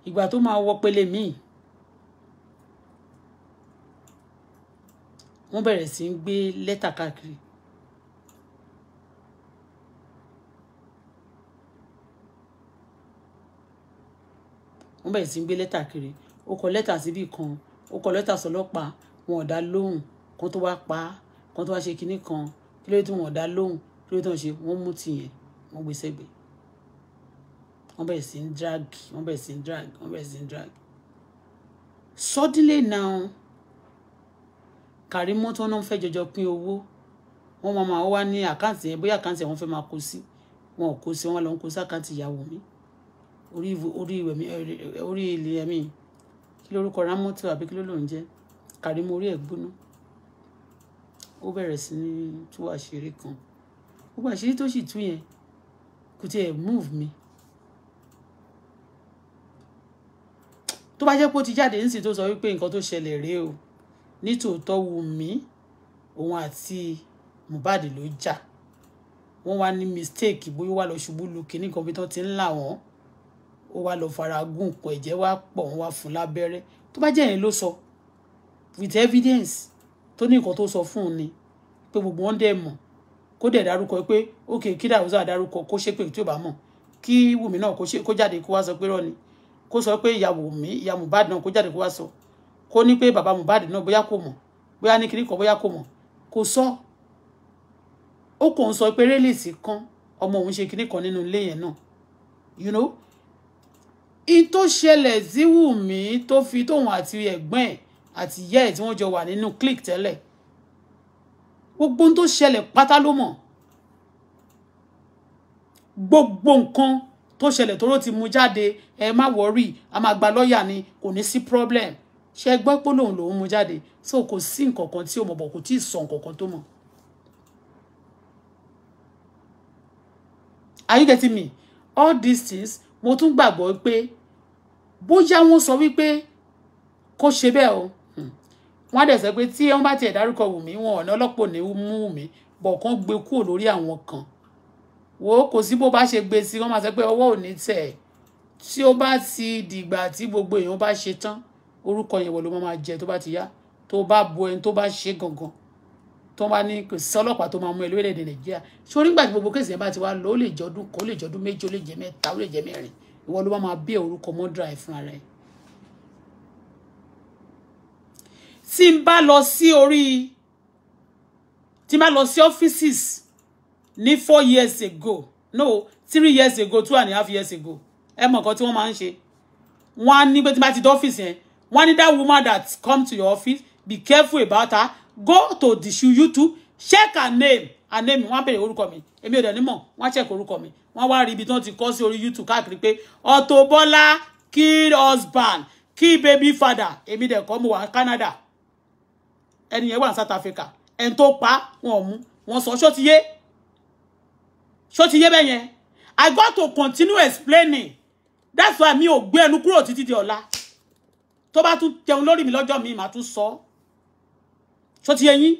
ìgbà tó máa wọ pele míì wọ́n bẹ̀rẹ̀ sí ń gbé lẹ́tà káàkiri wọ́n bẹ̀rẹ̀ sí ń gbé lẹ́tà kiri ó kọ lẹ́tà síbì kan ó kọ lẹ́tà sọlọ́pàá wọn ò dá lóhùn kan tó wá pa á kan tó wá ṣe kinní kan kí ló dé tí wọn ò dá lóhùn kí ló dé tí wọn ṣe wọn mú tìyẹn wọn gbé sẹ́gbẹ̀ẹ́ wọ́n bẹ̀rẹ̀ sí ń drag wọ́n bẹ̀rẹ̀ sí ń drag wọ́n bẹ̀rẹ̀ sí ń drag suddenly now Karimo tí wọ́n náà fẹ́ jọjọ pín owó wọ́n máa máa wá ní àkáǹtì yẹn bóyá àkáǹtì yẹn wọ́n fẹ́ máa kó sí wọn ò kó sí wọn lọ ń kó sí àkáǹtì ìyàwó mi orí orí ìwẹ̀ mi orí ilé mi kí lórúkọ Rámọ́tò àbí kí ló lòún jẹ́ Karimo orí ẹ̀ gbóná ó bẹ̀rẹ̀ sí ní tú àṣírí kan gbogbo àṣírí tó sì tú yẹn kò tiẹ̀ move mi tó bá jẹ́ pé ó ti jáde nísìnyí tó sọ wípé nǹkan tó ṣẹlẹ̀ rèé o nítòótọ́ Wùmí òun àti Mohbad ló jà wọ́n wá ní mistake bóyá wà lọ ṣubú lu kínní kan bí tán ti ń là wọ́n ó wá lọ faragún nǹkan ẹ̀jẹ̀ wá pọ̀ wọ́n wá fún lábẹ́rẹ́ tó bá jẹ́ yẹn ló sọ with evidence tó ní nǹkan tó sọ fún un ni pé gbogbo wọn dẹ̀ mọ̀ kó dẹ̀ dárúkọ pé ok kí dàrúzà dárúkọ kó ṣépè tí ò bá mọ̀ kí Wùmí náà kó jáde kó wá sọ pé rọ kó sọ pé ìyàwó mi ìyá Mohbad náà kó jáde kó wá sọ kó ní pé bàbá Mohbad náà bóyá kò mọ̀ bóyá ní kiri kan bóyá kò mọ̀ kò sọ ó kò ń sọ pé rélìsì kan ọmọ òun ṣe kiri kan nínú ilé yẹn náà you know in tó ṣẹlẹ̀ sí Wùmí tó fi tóun àti ẹ̀gbọ́n ẹ̀ àti ìyá ẹ̀ tí wọ́n jọ wà nínú click tẹ́lẹ̀ gbogbo ohun tó ṣẹlẹ̀ pátá ló mọ̀ gbogbo nǹkan tó ṣẹlẹ̀ tóró ti mú jáde ẹ má wọ́rì a máa gba lọ́ọ̀yà ni kò ní sí problem ṣe gbọ́ pé lòun lòun mú jáde so kò sí nǹkan kan tí ò mọ̀ bọ̀ kò tí ì sọ nǹkan kan tó mọ̀. are you getting me all these things mo tún gbàgbọ́ pé bóyá wọ́n sọ wípé kó ṣe bẹ́ẹ̀ o hmm. wọ́n á dẹ̀ sọ pé tí wọ́n bá tiẹ̀ dárúkọ Wùmí wọn ọ̀nà ọlọ́pọ̀ ní mú Wùmí bọ̀ kán gbé kúrò lórí àwọn kan wò ó kò sí bó bá ṣe gbé sí wọ́n máa sọ pé ọwọ́ ò ní tẹ̀ tí ó bá ti dìgbà tí gbogbo èèyàn bá ṣe tán orúkọ yẹn wọ̀ ló máa jẹ tó bá ti yá tó bá bo ẹni tó bá ṣe gangan tó bá ní kò sí ọlọ́pàá tó máa mú ẹ lórílẹ̀‐èdè nàìjíríà ṣé onígbà tí gbogbo kéèsì yẹn bá ti wá lọ ó lè jọdún kan ó lè jọdún méjì ó lè jẹ mẹ́ta ó lè jẹ mẹ́rin ìwọ ló máa bí orúkọ mọ́dúrà ẹ̀ fúnra rẹ̀. tí n bá lọ sí orí tí n bá lọ sí offices ní four years ago no three years ago two and a half years ago ẹ mọ̀ nǹkan tí wọ́n máa ń ṣe wọ́n á ní pé tí bá ti dé ọ́fíìsì yẹn wọ́n ní that woman that come to your office be careful about her go to the YouTube check her name her name wọ́n á bèrè orúkọ mi èmi ò dẹ̀ ní mọ̀ wọ́n check orúkọ mi wọ́n wá rí ibi tí wọ́n ti kọ́ sí orí YouTube káàkiri pé Auto Bola kill husband kill baby father èmi dẹ̀ kọ́ mo wà Canada ẹni yẹn wà ní South Africa ẹni tó pa wọn ò mú wọn sọ ṣó ti yé So ti yé bẹ́ẹ̀ yẹn i got to continue explaining that's why mi ò gbé ẹnu kúrò títí di ọ̀la tó bá tún jẹun lórí mi lọ́jọ́ mi màá tún So ṣó ti yé yín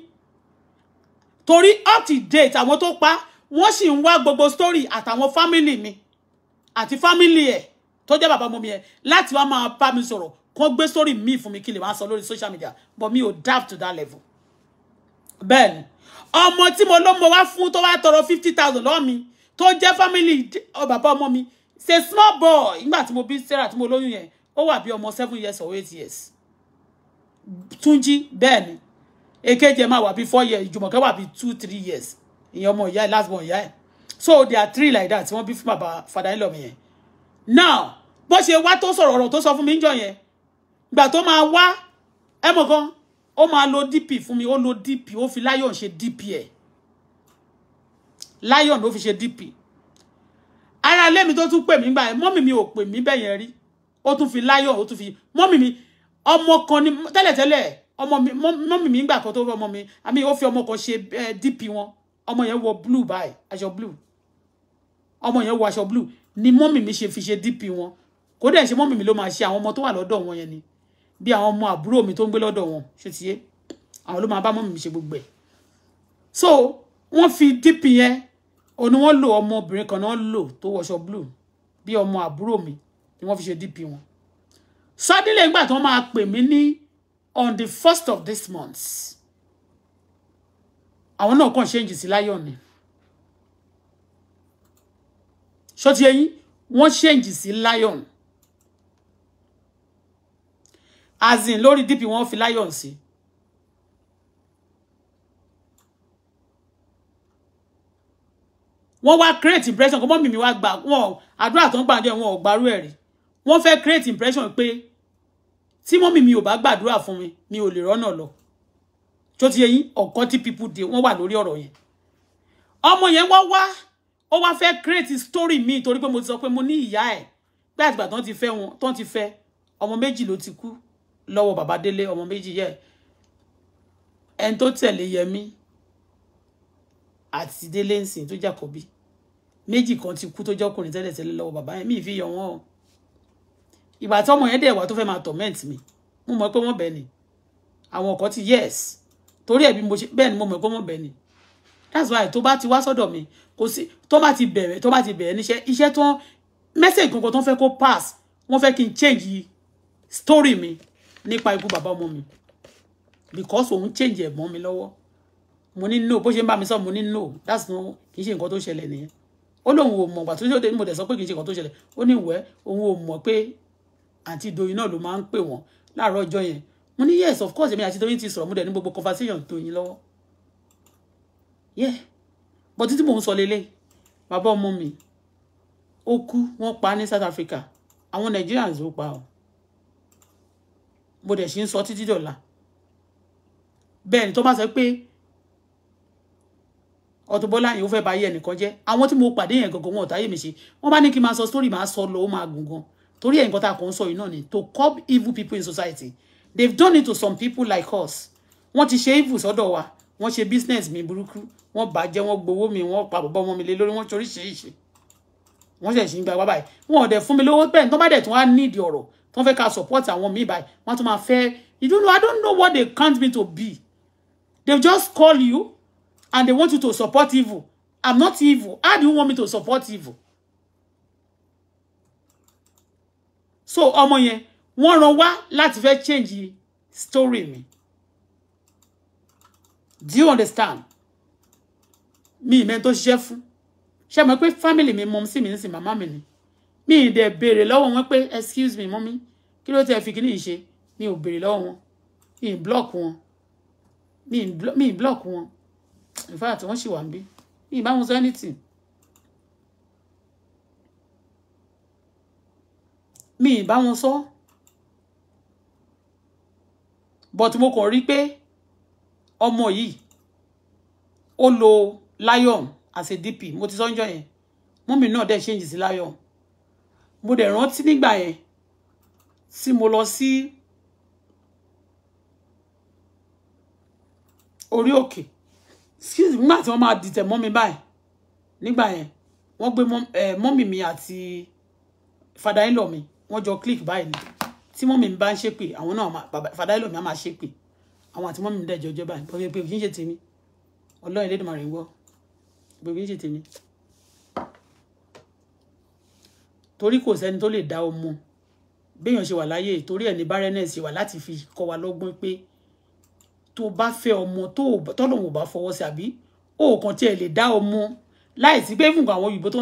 up to date àwọn tó pa wọ́n sì ń wá gbogbo story àtàwọn family mi àti family ẹ̀ tó jẹ́ bàbá ọmọ mi ẹ̀ láti wá máa bá mi sọ̀rọ̀ kó gbé story mi fún mi kí lè wá sọ social media but mi ò daft to that level Ben ọmọ tí mo lọ́mọ wá fún tó wá tọrọ fifty thousand lọ́wọ́ mi tó jẹ́ family bàbá ọmọ mi ṣe small boy nígbà tí mo bí sarah tí mo lóyún yẹn ó wà bí ọmọ seven years or eight years túnjí bẹ́ẹ̀ ni èkejì ẹ̀ máa wà bí four years ìjùmọ̀kẹ́ wà bí two three years ìyẹn ọmọ ìyá ẹ̀ last born ìyá ẹ̀ so there are three like that tí wọ́n bí fún bàbá fàdà ńlọ mi yẹn now bó ṣe wá tó sọ̀rọ̀ ọ̀rọ̀ tó sọ fún mi ń jọ yẹn gbà tó máa wá ẹ mọ̀ gan ó máa lo dp fún mi o lo dp ó fi lion ṣe dp ẹ̀ lion ló fi ṣe dp ara ilé mi tó tún pè mí gbà ẹ mọ́mì mi ò pè mí bẹ́ẹ̀ yẹn rí ó tún fi lion ó tún fi mọ́mì mi ọmọ kan ni tẹ́lẹ̀tẹ́lẹ̀ ọmọ mi mọ́mì mi gbà kan tó fi mi àmì ó fi ọmọ kan ṣe eh, dp wọn ọmọ yẹn wọ blue bye, aso blue ọmọ yẹn wọ aṣọ blue ni mọ́mì mi ṣe fi ṣe dp wọn kódà ṣe mọ́mì mi ló máa ṣe àwọn ọmọ tó wà lọ́dọ̀ wọn yẹn ni bí àwọn ọmọ àbúrò mi tó ń gbé lọ́dọ̀ wọn ṣe ti yé àwọn ló máa bá mọ́mì mi ṣe gbogbo ẹ̀ so wọ́n fi dp yẹn òní wọ́n lò ọmọbìnrin kan náà lò tó wọṣọ blue bí ọmọ àbúrò mi ni wọ́n fi ṣe dp wọn suddenly ìgbà tí wọ́n máa pè mí ní on the first of this month àwọn náà kàn change sí láyọ̀ ni ṣó ti yé yín wọ́n change sí lion as in lórí DP wọ́n fi lion sí wọ́n wá create impression kó mọ́ mìmí wá gbà wọ́n àdúrà tó ń gbàjọ wọn ò gbárù ẹ̀rí wọ́n fẹ́ create impression pé tí mọ́ mìmí ò bá gbàdúrà fún mi mi ò lè rọ́nà lọ tó ti yẹyìn ọ̀kan tí people dey wọ́n wà lórí ọ̀rọ̀ yẹn ọmọ yẹn wá wá ó wá fẹ́ create story mi torí pé mo ti sọ pé mo ní ìyá ẹ̀ gbàgbà tán ti fẹ́ wọn tán ti fẹ́ ọmọ méjì ló ti kú lọ́wọ́ bàbá délé ọmọ méjì yẹ ẹni tó tẹ̀lé yẹmí àti délé nsìn tó jàkọ́bí méjì kan ti kú tó jọkùnrin tẹ́lẹ̀ tẹ́lẹ̀ lọ́wọ́ bàbá yẹn mi ì fi yọ wọn o ìgbà tí ọmọ yẹn dẹ̀ wá tó fẹ́ máa torment mi mo mọ̀ pé wọ́n bẹ̀ ni àwọn ọkọ̀ ti yes torí ẹ̀bí mo ṣe bẹ́ẹ̀ ni mo mọ̀ pé wọ́n bẹ̀ ni that's why tó bá ti wá sọ́dọ̀ mi kò sí tó bá ti bẹ̀rẹ̀ tó bá ti bẹ̀rẹ̀ níṣẹ́ iṣẹ́ tó message kankan tó fẹ́ kó pass wọ́n fẹ́ kí n change story mi nípa ikú bàbá ọmọ mi because òun change ẹ̀gbọ́n mi lọ́wọ́ mo ní no bó ṣe ń bá mi sọ mo ní no that's no kì í ṣe nǹkan tó ṣẹlẹ̀ nìyẹn ó lóun ò mọ̀ gbà tó ṣe ó tẹ́lẹ̀ mo dẹ̀ sọ pé kì í ṣe nǹkan tó ṣẹlẹ̀ ó ní ìwẹ́ òun ò mọ̀ pé àǹtí Doyin náà ló máa ń pè wọ́n láàárọ̀ ọjọ́ yẹn mo ní yes of course èmi àti Doyin ti sọ̀rọ̀ mo dẹ̀ ní gbogbo conversation Doyin lọ́wọ́ yeah but títí mò ń sọ lélẹ̀ bàbá ọmọ mi ó kú wọ́n pa ní South Africa àwọn Nigerians ló pa ọ́ mo dẹ̀ ṣe ń sọ títí dọ̀la bẹ́ẹ̀ ni tó bá sọ pé Auto Bola yìí ó fẹ́ bá yẹ ẹnìkan jẹ́ àwọn tí mo pàdé yẹn gangan wọn ò táyé mi ṣe wọ́n bá ní kí n máa sọ story máa sọ lọ ó máa gùn gan torí ẹ̀yìn kan tá a kàn ń sọ yìí náà ni to curb evil people in society they've done it to some people like us wọ́n ti ṣe evil sọ́dọ̀ wa wọ́n ṣe business mi burúkú wọ́n bàjẹ́ wọ́n gbowó mi wọ́n pa bọ̀bọ́ ọmọ mi lé lórí wọ́n ṣe oríṣiríṣi wọ́n ṣẹ̀ ṣì ń gba wá báyìí wọn ò dẹ̀ fún mi lówó bẹ́ẹ̀ tó bá dẹ̀ tún wá nídìí ọ̀rọ̀ tọ́n fẹ́ ká support àwọn míì báyìí wọ́n tún máa fẹ́ you don't know i don't know what they count me to be they just call you and they want you to support evil i'm not evil how do you want me to support evil so ọmọ yẹn wọ́n rán wá láti fẹ́ change story mi do you understand mi ìmẹ́ tó ṣiṣẹ́ fún ṣe mọ̀ pé family mi mọ̀ sí mi ń sìn màmá mi ni mi ì dẹ̀ béèrè lọ́wọ́ wọn pé excuse me mọ́mí kí ló tẹ́ fi kíní yìí ṣe mi ò béèrè lọ́wọ́ wọn mi ì block wọn mi ì block wọn in fact wọ́n ṣì wà ń bí mi ì bá wọn sọ anything mi ì bá wọn sọ but mo kàn rí pé ọmọ yìí ó lo lion as a dp mo ti sọ ń jọ yẹn mọ́mì náà dẹ̀ change sí lion mo dẹ̀ rántí nígbà yẹn tí mo lọ sí orí òkè excuse me nígbà tí wọ́n máa dìtẹ̀ mọ́ mi báyìí nígbà yẹn wọ́n gbé mọ́mì mi àti fada in law mi wọ́n jọ click báyìí ni tí mọ́mì mi bá ń ṣépè àwọn náà fada in law mi á máa ṣépè àwọn àti mọ́mì mi dẹ̀ jọjọ́ báyìí pé kì í ṣe tèmi ọlọ́run elédùnmarè ń gbọ́ pé kì í ṣe tèmi. torí kò sẹ́ni tó lè dá ọmọ béèyàn ṣe wà láyé torí ẹ̀ ní barrenness ṣe wà láti fi kọ́ wa lọ́gbọ́n pé tó bá fẹ́ ọmọ tọ́lọ́hún ò bá fọwọ́ sí àbí ó kàn tiẹ̀ lè dá ọmọ láìsí pé fún àwọn òyìnbó tó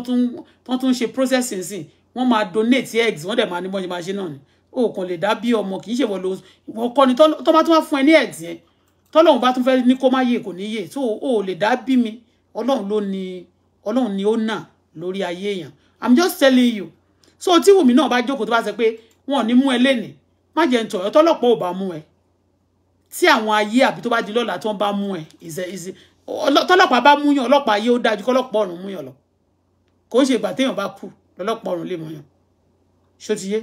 tún ṣe processing sí wọ́n máa donate eggs wọ́n dẹ̀ máa ní bọ́n ṣe máa ṣe náà ni ó kàn lè dá bí ọmọ kì í ṣèwọ́ ló wọ́n kọ́ ni tó bá tún wá fún ẹ ní eggs yẹn tọ́lọ́hún bá tún fẹ́ ní kó má yè kò ní yè tó ó lè dá bí mi ọlọ́run ló ni ọlọ́run ni ó nà lórí ayé èèyàn i'm just telling you so tí Wùmí náà bá jókòó tó bá sọ pé wọn ò ní mú ẹ lénìí má jẹ́ ń tọ̀ ọ́ tọ́lọ́pọ̀ ò bá mú ẹ tí àwọn ayé àbí tó bá di lọ́la tó ń bá mú ẹ ìzẹ tọ́lọ́pàá bá múyàn ọlọ́pàá ayé ó dájú kọ́lọ́pàá ọ̀run múyàn lọ kò ń ṣe ìgbà téèyàn bá kú lọ́lọ́pàá ọ̀run lè múyàn ṣó ti yé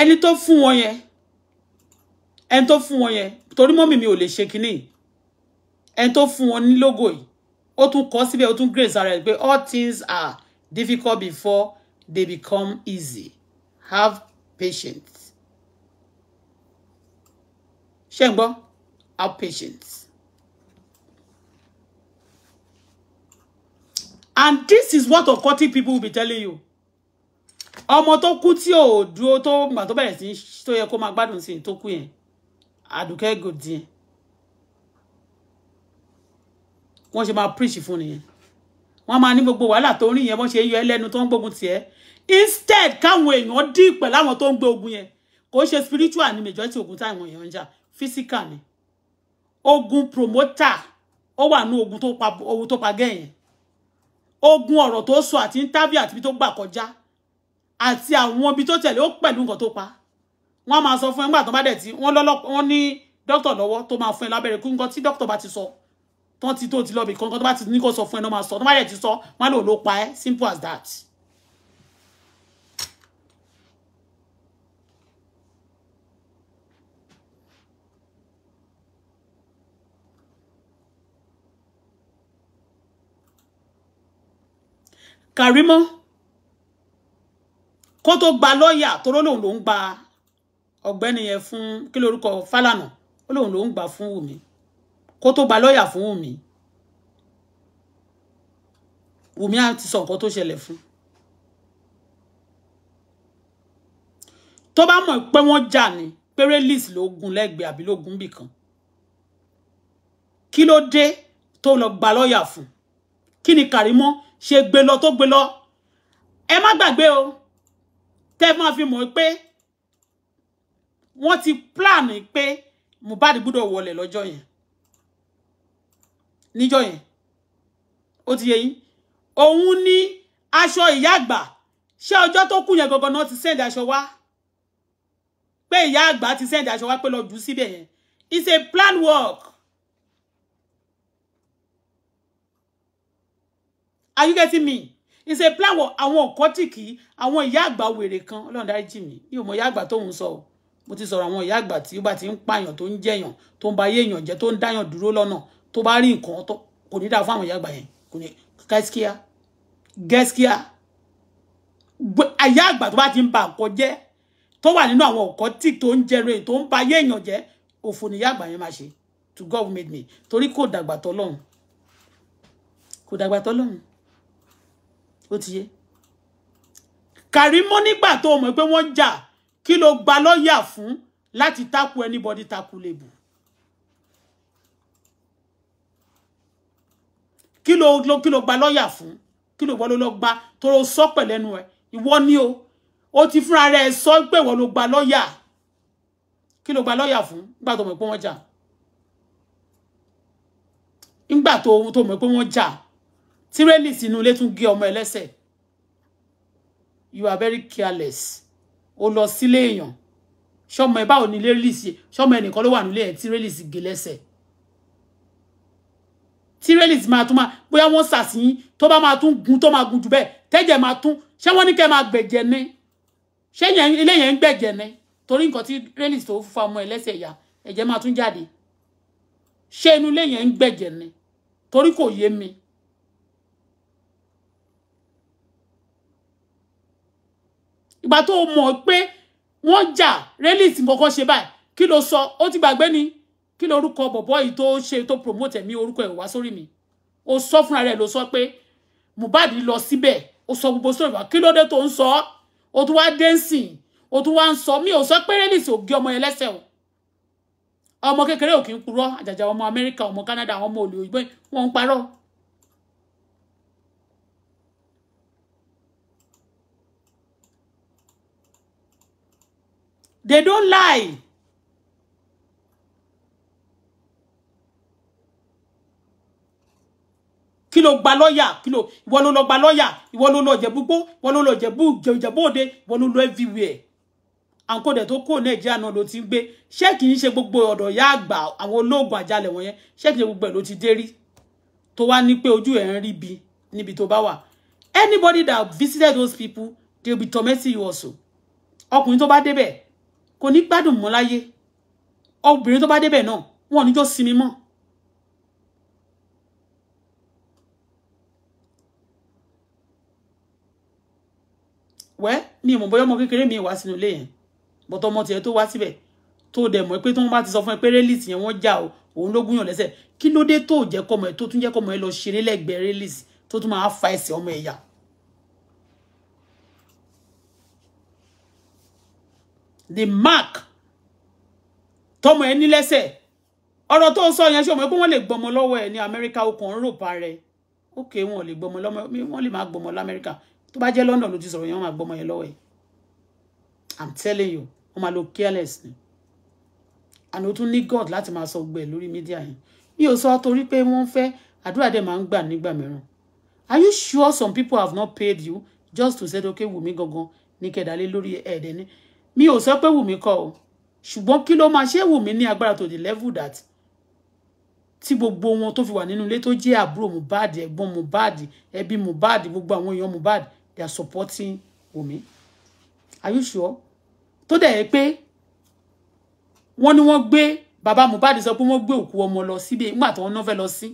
ẹni tó fún wọn yẹn ẹni tó fún wọn yẹn torí mọ́mì mi ò lè ṣe kínní ẹni tó fún wọn ní lógo yìí ó tún kọ́ síbẹ̀ ó tún grace ara ẹ̀ pé all things are difficult before they become easy have patience ṣé ń gbọ́ have patience and this is what occultic people will be telling you ọmọ tó kú tí ò dúró tó gbà tó bẹ̀rẹ̀ sí tó yẹ kó máa gbádùn sí tó kú yẹn àdùkẹ́ gòdì yẹn wọ́n ṣe máa preach fún nìyẹn wọ́n máa ní gbogbo wàhálà tó ń rìn yẹn wọ́n ṣe yọ ẹlẹ́nu tó ń gbógun tiẹ̀ instead káwọn èèyàn dí pẹ̀lú àwọn tó ń gbé ogun yẹn kò ṣe spiritual ni majority ogun táwọn èèyàn ń jà physical ni ogun promoter ó wà ní ogun tó pa ogun tó pa gẹ́yìn ogun ọ̀rọ̀ tó sọ àti interview àti ibi tó gbà kọjá àti àwọn ibi tó tẹ̀lé ó pẹ̀lú nǹkan tó pa wọ́n máa sọ fún ẹ nígbà tó bá dẹ̀ tí wọ́n lọ́lọ́pọ̀ wọ́n ní dókítà lọ́wọ́ tó máa fún ẹ lábẹ́rẹ́ kí nǹkan tí dókítà bá ti sọ tán ti tó ti lọ́bì kan tó bá ti ní kó sọ fún ẹ náà máa sọ tó bá dẹ̀ ti sọ wọ́n lò ló pa ẹ́ simple as that. Karimo kó tó gba lọ́ọ̀yà tó ló lòun ló ń gba ọ̀gbẹ́ni yẹn fún kí lórúkọ Fálànà ó lòun ló ń gbà fún Wùmí kó tó gba lọ́ọ̀yà fún Wùmí Wùmí á ti sọ nǹkan tó ṣẹlẹ̀ fún tó bá mọ̀ pé wọ́n jà ní péré list ló gun lẹ́gbẹ̀ẹ́ àbí ló gun bìkan kí ló dé tó lọ gba lọ́ọ̀yà fún kí ni Kàrímọ́ ṣe gbé lọ tó gbé lọ ẹ má gbàgbé o tẹ́ máa fi mọ̀ pé wọ́n ti plan pé Mohbad gbọ́dọ̀ wọlé lọ́jọ́ yẹn níjọ́ yẹn ó ti yé yín òun ní aṣọ ìyá àgbà ṣé ọjọ́ tó kù yẹn gangan náà ti send aṣọ wá pé ìyá àgbà ti send aṣọ wá pé lọ jù ú síbẹ̀ yẹn it's a plan work are you getting me ìṣe plan wọ àwọn ọ̀kọ́tìkì àwọn ìyá àgbà wèrè kan ọlọ́run dárí jì mí yóò mọ ìyá àgbà tóun sọ mo ti sọ̀rọ̀ àwọn ìyá àgbà tí ó bá ti ń pààyàn tó ń jẹ̀yàn tó ń ba ayé èèyàn jẹ́ tó ń dáyàn dúró lọ́nà tó bá rí nǹkan tó kò ní dáa fún àwọn ìyá àgbà yẹn kò ní gẹ́síkíá gẹ́síkíá ìyá àgbà tó bá ti ń ba nǹkan jẹ́ tó wà nínú àwọn ọ̀kọ́tìkì tó ń jẹrè tó ń ba ayé èèyàn jẹ́ òfò ni ìyá àgbà yẹn máa ṣe to God made me torí kò dàgbà tọ́lọ́run kò dàgbà tọ́lọ́run ó ti yé Karimo nígbà tó mọ̀ pé wọ́n jà kí ló gba lọ́ọ̀yà fún láti takú anybody takú lébù kí ló kí ló gba lọ́ọ̀yà fún kí ló wọ́n ló gba tó ló sọ pẹ̀lẹ́nu ẹ̀ ìwọ ni o ó ti fúnra rẹ̀ sọ pé wọ́n ló gba lọ́ọ̀yà kí ló gba lọ́ọ̀yà fún nígbà tó mọ̀ pé wọ́n jà nígbà tó mọ̀ pé wọ́n jà tírélì sínú ilé tún gé ọmọ ẹlẹ́sẹ̀ you are very careless o lọ sílé èèyàn ṣọmọ ẹ báwo ni ilé rìlì sí ṣọmọ ẹnìkan ló wà nílé ẹ tírélì sì gé lẹ́sẹ̀ tírélì sì máa tún máa bóyá wọ́n sàsíyín tó bá máa tún gun tó máa gun jù bẹ́ẹ̀ tẹ́jẹ̀ máa tún ṣé wọ́n ní kẹ́ máa gbẹ̀jẹ̀ ni ṣé ilé yẹn ń gbẹ̀jẹ̀ ni torí nǹkan tí tírélì tó fa ọmọ ẹ ya ẹ̀jẹ̀ máa tún jáde ṣé inú ilé yẹn ń gbẹ̀jẹ̀ ni torí kò yé mi ìgbà tó mọ̀ pé wọ́n jà relic kọ̀ọ̀kan ṣe báyìí kí ló sọ ó ti gbàgbé ni kí ló orúkọ bọ̀bọ́ yìí tó ṣe tó promote ẹ̀mí orúkọ ẹ̀ wá sórí mi ó sọ fúnra rẹ̀ ló sọ pé Mohbad lọ síbẹ̀ ó sọ gbogbo sórí wa kí ló dé tó ń sọ ó tún wá dé ń sìn ó tún wá ń sọ mí ò sọ pé relic ò gé ọmọ yẹn lẹ́sẹ̀ o ọmọ kékeré ò kí ń purọ́ àjàjà ọmọ Amẹ́ríkà ọmọ Canada àwọn ọmọ olè wọn ń parọ́ They don't lie. Kilo ló gba lọ́ọ̀yà kí ló ìwọ ló lọ gba lọ́ọ̀yà ìwọ ló lọ jẹ̀bú gbó ìwọ ló lọ jẹ̀bú jẹ̀bú òde ìwọ ló lọ everywhere àǹkóòdẹ̀ tó kó nàìjíríà náà ló ti ń gbé ṣé kì í gbogbo ọ̀dọ̀ ìyá àgbà àwọn olóògùn àjálẹ̀ wọ̀nyẹn ṣé kì í gbogbo ẹ̀ ti dé rí tó wá ní pé ojú ẹ̀ bi níbi tó bá wà anybody that visited those people they will be tormenting you also ọkùnrin tó bá débẹ̀ kò ní gbádùn mọ́ láyé obìnrin tó bá débẹ̀ náà wọn ò ní jọ sinmi mọ́ wẹ́ mi ìmọ̀ bóyá ọmọ kékeré mi wá sínú ilé yẹn bọ́tọ̀ ọmọ tiẹ̀ tó wá síbẹ̀ tó dẹ̀ mọ̀ pé tó wọ́n bá ti sọ fún ẹ pé rélìsì yẹn wọ́n já o òun ló gúnyàn lẹ́sẹ̀ kí ló dé tó jẹ́ kọ́mọ ẹ tó tún jẹ́ kọ́mọ ẹ lọ ṣeré lẹ́gbẹ̀ẹ́ rélìsì tó tún máa fa ẹsẹ̀ ọmọ ẹ̀yà the mark Tomo eni lese. lẹ́sẹ̀ ọ̀rọ̀ tó sọ yẹn ṣe ọmọ ẹ pé wọ́n lè gbọmọ lọ́wọ́ ẹ ní amẹ́ríkà okùn ń rò pa rẹ ókè wọn ò lè gbọmọ lọ́mọ wọ́n lè máa gbọmọ lamẹ́ríkà tó London ló ti sọ̀rọ̀ yẹn wọ́n máa gbọmọ yẹn lọ́wọ́ i'm telling you wọ́n máa lo careless ni àná ó tún ní God lati máa sọ gbẹ lórí mídíà yẹn mi ò sọ torí pé wọ́n fẹ́ àdúrà dẹ̀ máa ń gbà nígbà are you sure some people have not paid you just to say okay Wùmí gangan ní kẹdàlé lórí ẹ̀ẹ́dẹ̀ ní mi ò sọ pé Wùmí kọ́ o ṣùgbọ́n kí ló máa ṣe Wùmí ní agbára to the level that tí gbogbo wọn tó fi wà nínú ilé tó jẹ́ àbúrò Mohbad ẹ̀gbọ́n Mohbad ẹbí Mohbad gbogbo àwọn èèyàn Mohbad they are supporting Wùmí are you sure tó dẹ̀ yẹ pé wọ́n ní wọ́n gbé bàbá Mohbad sọ pé wọ́n gbé òkú ọmọ lọ síbi nígbà tí wọ́n náà fẹ́ lọ sí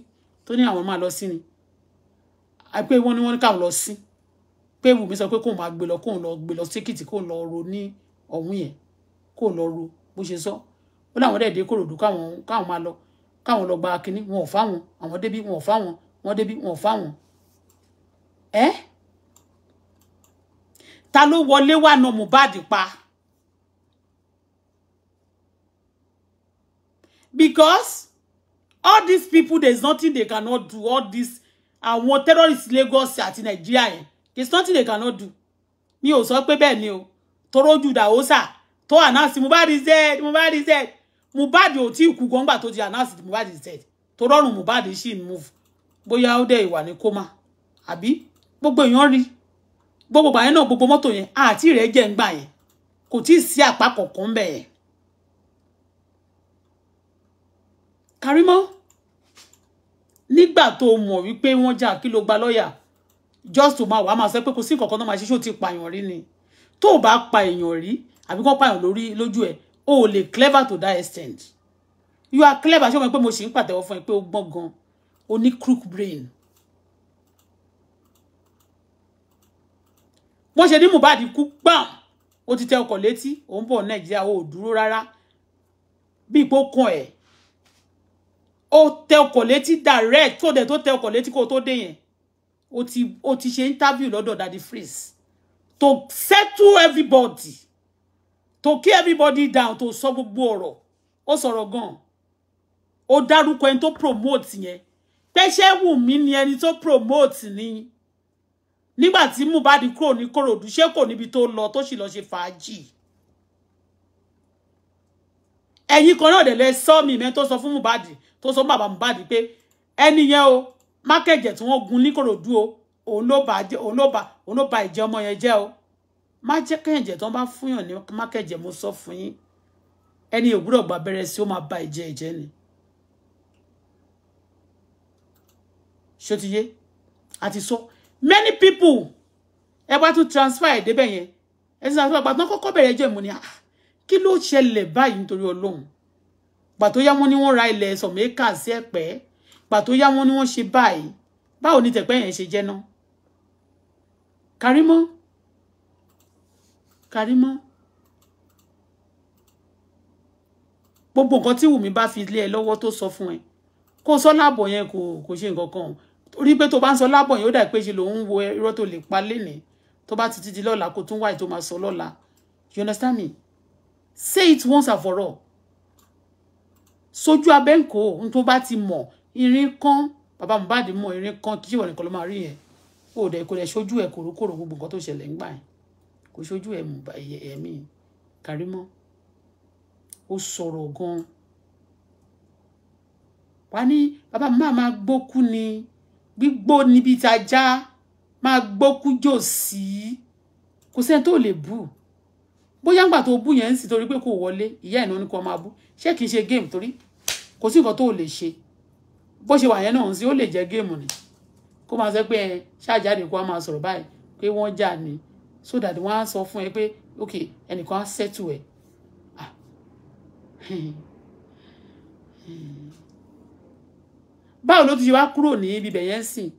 tó ní àwọn máa lọ sí ni àpé wọ́n ní wọ́n ní káwọn lọ sí pé Wùmí sọ pé kóun máa gbé lọ kóun lọ gbé lọ sékìtì kóun lọ ro ní ọ̀hún yẹn kó lọ ro bó ṣe sọ ó láwọn dẹ̀ dé kòròdú káwọn káwọn máa lọ káwọn lọ gba kínní wọn ò fáwọn àwọn débí wọn ò fáwọn wọn débí wọn ò fáwọn ẹ ta ló wọlé wà nà Mohbad pa because all these people there is nothing they cannot do all these àwọn terrorists Lagos àti Nigeria yẹn there is nothing they cannot do mi ò sọ pé bẹ́ẹ̀ ni o torójú dàwọ́sà tó ànáàsì Mohbad is dead Mohbad is dead Mohbad ò tí ì kú gan gbà tó ti ànáàsì Mohbad is dead tó rọrùn Mohbad ṣì ń move bóyá ó dẹ̀ ìwà ní kómà àbí gbogbo èèyàn rí gbogbo bàyẹn náà gbogbo mọ́tò yẹn àti rẹ̀ jẹ́ ń gbà yẹn kò tí ì sí àpá kọ̀ọ̀kan Karimo nígbà tó mọ̀ wípé wọ́n jà kí ló gba lọ́ọ̀yà just to máa wà á máa sọ pé kò sí nǹkan kan náà máa ṣe ṣó ti pààyàn ni tó o bá pa èèyàn rí àbí Pa pààyàn lórí lójú ẹ o ò lè clever to that extent you are clever ṣé o mọ̀ pé mo ṣì ń pàtẹ́wọ́ fún ẹ pé o gbọ́n gan o ní crook brain wọ́n ṣe ní Mohbad kú gbàm ó ti tẹ ọkọ̀ létí òun bọ̀ Nàìjíríà ó dúró rárá bí ipò kan ẹ̀ ó tẹ ọkọ̀ létí direct tó dẹ̀ tó tẹ ọkọ̀ létí kó tó dé yẹn ó ti ó ti ṣe interview lọ́dọ̀ Daddy Freeze to settle everybody to keep everybody down to sọ gbogbo ọ̀rọ̀ ó sọ̀rọ̀ gan-an ó dárúkọ ẹni tó promote yẹn pẹ́ṣẹ́ wù mí ni ẹni tó promote ni nígbà tí Mohbad kúrò ní Kòròdú ko kò níbi tó lọ tó sì lọ ṣe fàájì ẹ̀yin kan náà dẹ̀lẹ́ so mi mẹ́ tó sọ fún Mohbad tó sọ fún bàbá Mohbad pé ẹni yẹn o mákẹ́jẹ̀ tí wọ́n gun ní Kòròdú o òun ló bà òun ló bà òun ló bà ìjẹ ọmọ yẹn jẹ́ o má jẹ́ kẹ́yìnjẹ́ tó ń bá fún yàn ní mákẹ́jẹ́ mo sọ fún yín ẹni òwúrọ̀ gba abẹ́rẹ́ sí ó máa bà ìjẹ ìjẹ́ ni ṣótiyé àti sọ many people ẹ bá tún transfer ẹ̀ débẹ̀ yẹn ẹ ti sọ àtúbọ̀ àgbàtàn kọ́kọ́ bẹ̀rẹ̀ ẹjọ́ ìmúni ah, kí ló ṣẹlẹ̀ báyìí nítorí ọlọ́run gbà tó yá wọn ni wọ́n ra ilẹ̀ sọ̀mẹ́kà sí ẹ̀pẹ́ gbà tó yá wọn ni wọ́n ṣe báyìí báwo ni tẹ̀pẹ́ yẹn ṣe jẹ́ náà Karimo Karimo gbogbo nǹkan tí Wùmí bá fi lé ẹ lọ́wọ́ tó sọ fún ẹ kó sọ láàbọ̀ yẹn kò kò ṣe nǹkan kan torí to tó bá ń sọ láàbọ̀ yẹn ó dà pé ṣe lòun ń wo irọ́ tó lè pa lénìí tó bá ti di lọ́la kó tún wá to tó máa sọ lọ́la you understand me say it once and for all sójú abẹ́ǹkó ohun tó bá ti mọ̀ irin kan bàbá Mohbad mọ̀ irin kan kí ṣèwọ̀n nìkan ló máa rí yẹn kò dẹ̀ kò dẹ̀ ṣojú ẹ̀ kòrókòrò gbogbo nǹkan tó ṣẹlẹ̀ ńgbà yẹn kò ṣojú ẹ̀ mú ẹ̀mí Karimo ó sọ̀rọ̀ gan-an wá ní bàbá mi máa máa gbókú ni gbígbó níbi tajá máa gbókú jò sí kò sẹ́ni tó lè bù bóyá ńgbà tó bú yẹn ń sì torí pé kò wọlé ìyá ìnáwó ni kò máa bú ṣé kìí ṣe géèmù torí kò sí nǹkan tó lè ṣe bó ṣe wà yẹn náà ń sí ó lè jẹ́ géèmù ni kó máa sọ pé ẹ ṣáàjáde kó máa sọ̀rọ̀ báyìí pé wọ́n jà ní so that wọ́n á sọ fún ẹ pé ok ẹnìkan á ṣẹ́tù ẹ̀ báwo ló ti ṣe wá kúrò ní ibibẹ̀ yẹn sìn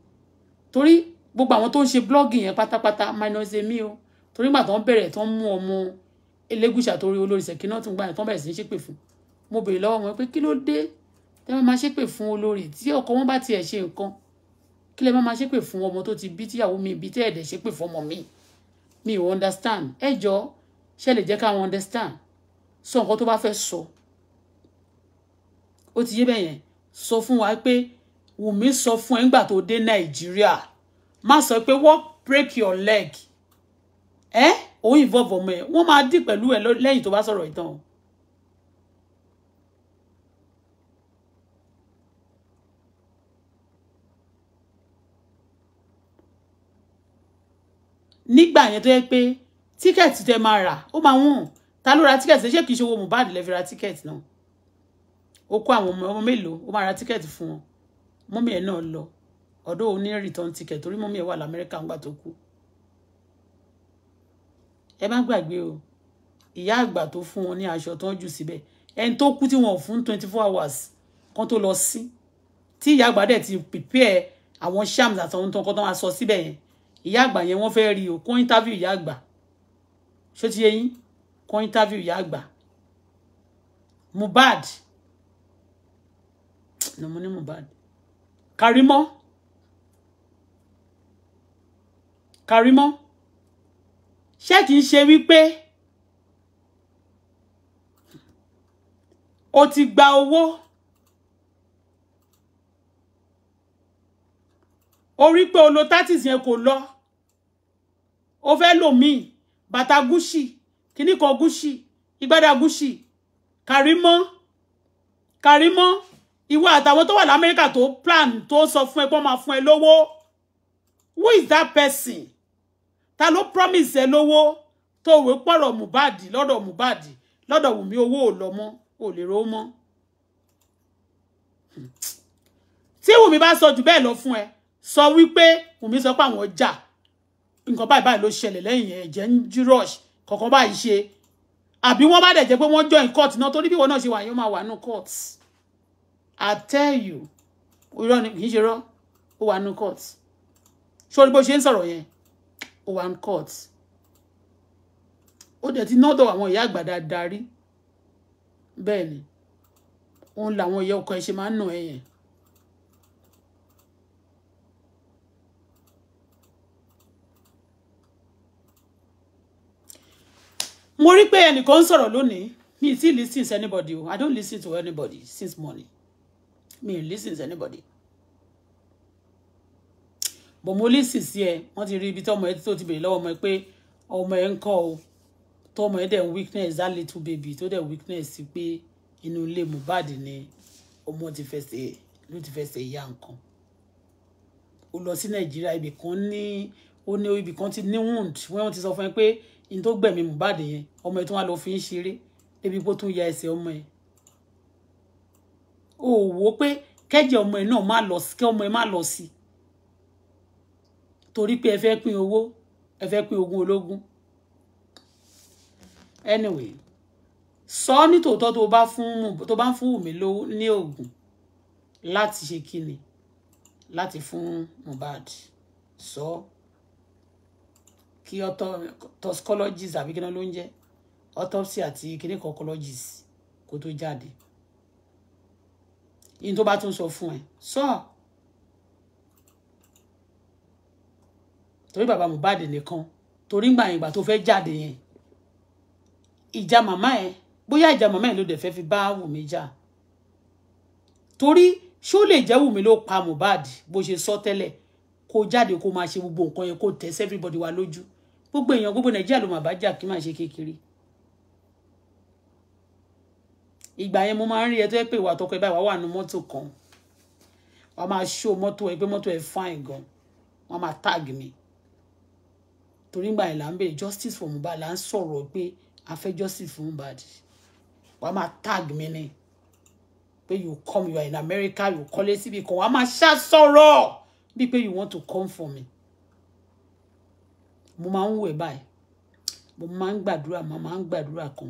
torí gbogbo àwọn tó ń ṣe blogging. yẹn pátápátá minus emi o torí gbà tó ń bẹ̀rẹ̀ tó ń mú ọmọ elégùsà torí olórí ṣèkí náà tó ń gbà yẹn tó ń bẹ̀rẹ̀ sí í ṣépè fún mo béèrè lọ́wọ́ wọn pé kí ló dé tẹ́ wọ́n máa ṣépè fún olórí tí ọkọ wọn bá tiẹ̀ ṣe nǹkan kí lẹ máa máa ṣépè fún ọmọ tó ti bí tíyàwó mi bí tẹ́ ẹ̀dẹ̀ ṣépè fún ọmọ mi mi ò understand ẹ jọ ṣe lè jẹ́ káwọn understand sọ nǹkan tó bá fẹ́ sọ ó ti yé bẹ́ẹ̀ yẹn sọ fún wa pé Wùmí sọ fún ẹ ńgbà tó dé Nàìjíríà má sọ pé wọ́n break your leg ẹ òun involve ọmọ ẹ wọ́n máa dì pẹ̀lú ẹ lẹ́yìn tó bá sọ̀rọ̀ ìtàn o nígbà yẹn tó yẹ pé tíkẹ́ẹ̀tì tẹ máa rà ó máa wọ̀n ta ló ra tíkẹ́ẹ̀tì ṣé kì í ṣe owó Mohbad lẹ́fi ra tíkẹ́ẹ̀tì náà ó kó àwọn ọmọ mélòó ó máa ra tíkẹ́ẹ̀tì fún wọn mọ́mí ẹ̀ náà lọ ọ̀dọ́ òun ní return ticket torí mọ́mí ẹ̀ wà lamẹ́ríkà ńgbà tó kú ẹ má gbàgbé o ìyá àgbà tó fún wọn ní aṣọ tó ń jù síbẹ̀ ẹni tó kú tí wọn ò fún twenty four hours kan tó lọ sí tí ìyá àgbà dẹ̀ ti prepare àwọn shams àtàwọn tó ń kọ́ tó máa sọ síbẹ̀ yẹn ìyá àgbà yẹn wọ́n fẹ́ẹ́ rí o kó interview ìyá àgbà ṣó ti yé kó interview ìyá àgbà Mohbad ni mo ní Mohbad Karimọ Karimọ ṣé kìí ṣe wípé o ti gba owó o rí pé o yẹn kò lọ ó fẹ́ lò míì bàtà gúúsì kíní kan gúúsì ìgbádà gúúsì kàrímọ́ kàrímọ́ ìwọ àtàwọn tó wà lamẹ́ríkà plan to sọ fún ẹ pé wọ́n máa fún ẹ who is that person ta lo promise ẹ lówó tó wé pọ̀rọ̀ Mohbad lọ́dọ̀ Mohbad lọ́dọ̀ Wùmí owó ò lọ mọ́ ò lè rówó mọ́ tí Wùmí bá sọ jù bẹ́ẹ̀ lọ fún ẹ sọ wípé Wùmí sọ pé àwọn jà nǹkan báyìí báyìí ló ṣẹlẹ̀ lẹ́yìn ẹ̀jẹ̀ ń jí rush kọ̀ọ̀kan báyìí ṣe àbí wọ́n bá dẹ̀ jẹ́ pé wọ́n join court náà torí bí wọ́n náà ṣe wà yóò máa wà nù court i tell you irọ́ ni kì í ṣe rọ́ ó wà nù court sórí bó ṣe ń sọ̀rọ̀ yẹn ó wà nù court ó dẹ̀ ti nọ́dọ̀ àwọn ìyá àgbà dáadáa rí bẹ́ẹ̀ ni òun làwọn ìyá ọkọ ẹ ṣe máa ń nà ẹ mo rí pé ẹnìkan ń sọ̀rọ̀ lónìí mi ti listen to anybody o i don't listen to anybody since morning mi listen to anybody bò mo listen sí ẹ wọ́n ti rí ibi tí ọmọ ẹ tó ti bèrè lọ́wọ́ ọmọ ẹ pé ọmọ ẹ ń kọ́ o tó ọmọ ẹ dẹ̀ ń weakness that little baby tó dẹ̀ weakness sí pé inú ilé Mohbad ni ọmọ ti fẹ́ ṣe ló ti fẹ́ ṣe ìyá nǹkan ó lọ sí Nàìjíríà ibì kan ní ó ní ibì kan ti ní wound wọ́n ti sọ fún ẹ pé In tó gbẹ̀mí Mohbad yẹn ọmọ ẹ̀ tó wá lọ fi ń ṣeré débi pé tún ya ẹsẹ̀ ọmọ ẹ̀ o wò pé kẹ́jẹ̀ ọmọ ẹ̀ náà má lọ sí kẹ́ ọmọ ẹ̀ má lọ sí torí pé ẹ fẹ́ pín owó ẹ fẹ́ pín ogún ológun anyway sọ ọ́ nítòótọ́ tó bá fún tó bá ń fún Wùmí lówó ní oògùn láti ṣe kíni láti fún Mohbad sọ. So, kí toxicologist àbí kí náà ló ń jẹ́ autopsy àti clinic oncologist kó tó jáde yìí tó bá tún sọ fún ẹ sọ torí bàbá Mohbad nìkan torí gbà yẹn ìgbà tó fẹ́ jáde yẹn ìjà màmá ẹ bóyá ìjà màmá ẹ ló dẹ̀ fẹ́ fi bá Wùmí jà torí ṣé ó lè jẹ́ Wùmí ló pa Mohbad bó ṣe sọ tẹ́lẹ̀ kó jáde kó máa ṣe gbogbo nǹkan yẹn kó tẹ́ everybody wa lójú gbogbo èèyàn gbogbo nàìjíríà ló mà bá jà kí má ṣe kékeré ìgbà yẹn mo máa ń rí ẹ tó yẹ pé ìwà tọkọ ẹ báyìí wà wà nù mọ́tò kan wà máa ṣó mọ́tò ẹ pé mọ́tò ẹ fine gan wọ́n máa tag mi torí ìgbà yẹn là ń bèrè justice for Mohbad là ń sọ̀rọ̀ pé a fẹ́ justice for Mohbad wà máa tag mi ni pé you come you are in America you kọ́lé síbi kan wà máa ṣá sọ̀rọ̀ bíi pé you want to come for me mo máa ń wẹ̀ báyìí mo máa ń gbàdúrà mo máa ń gbàdúrà kan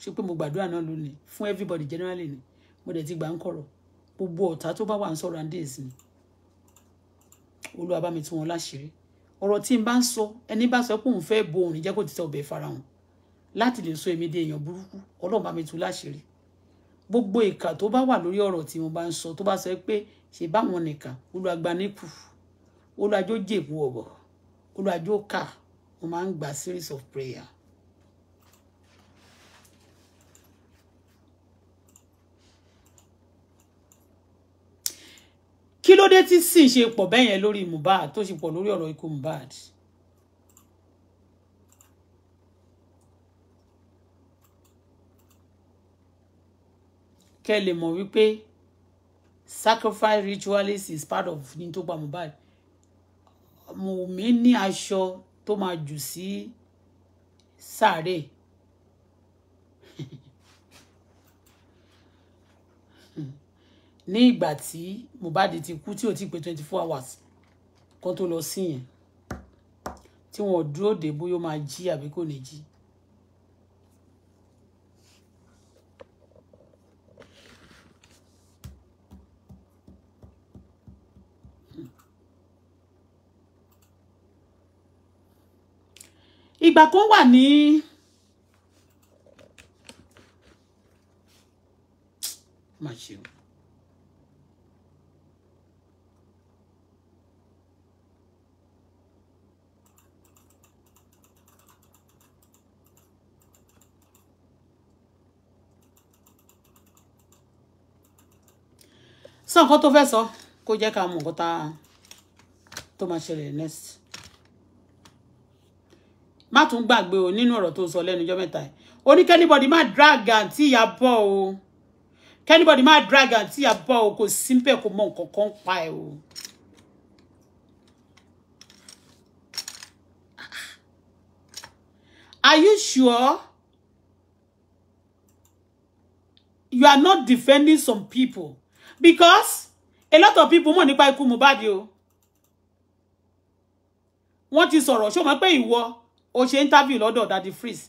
ṣé pé mo gbàdúrà náà lónìí fún everybody generally ni mo dẹ̀ ti gbà ń kọ̀rọ̀ gbogbo ọ̀tá tó bá wà ń sọ̀rọ̀ àǹdí èsì ni olúwa bá mi tú wọn láṣìírí ọ̀rọ̀ tí n bá ń sọ ẹni bá sọ pé òun fẹ́ bo òrìn jẹ́ kó ti tẹ ọbẹ̀ farahàn láti lè so èmi di èèyàn burúkú ọlọ́run bá mi tú láṣìírí gbogbo ìkà tó bá wà lórí ọ̀rọ̀ tí mo bá ń sọ tó bá sọ pé ṣe báwọn nìkan olùwàgbà níkù olùwàjò jèbú ọ̀bọ̀ olùwàjòkà mo máa ń gba series of prayer. kí ló dé tí sì ṣe pọ̀ bẹ́ẹ̀ yẹn lórí Mohbad tó ṣe pọ̀ lórí ọ̀rọ̀ ikú Mohbad. kẹ́ lè mọ̀ wípé sacrifice ritualist is part of ní tó pa Mohbad Wùmí ní aṣọ tó máa jù sí sàárè ní ìgbà tí Mohbad ti kú tí ò ti pé twenty four hours kó tó lọ sí yẹn tí wọn dúró dé bóyá ó máa jí àbí kò ní jí ìgbà kan wà ní má ṣe o. sọ nǹkan tó fẹ́ sọ kó jẹ́ ká mọ̀ nǹkan tó máa ṣẹlẹ̀ next má tún gbàgbé o nínú ọ̀rọ̀ tó sọ lẹ́nu ọjọ́ mẹ́ta yìí ó ní kẹ́nìbọ̀dì má drag àǹtí ìyá bọ̀ o kẹ́nìbọ̀dì má drag àǹtí ìyá bọ̀ o kò sí ń bẹ̀ kó pa ẹ̀ o. Are you sure? You are not defending some people because a lot of people mọ̀ nípa ikú Mohbad o. Wọ́n ti sọ̀rọ̀ ṣé o mọ̀ pé O ṣe interview lọ́dọ̀ Daddy Freeze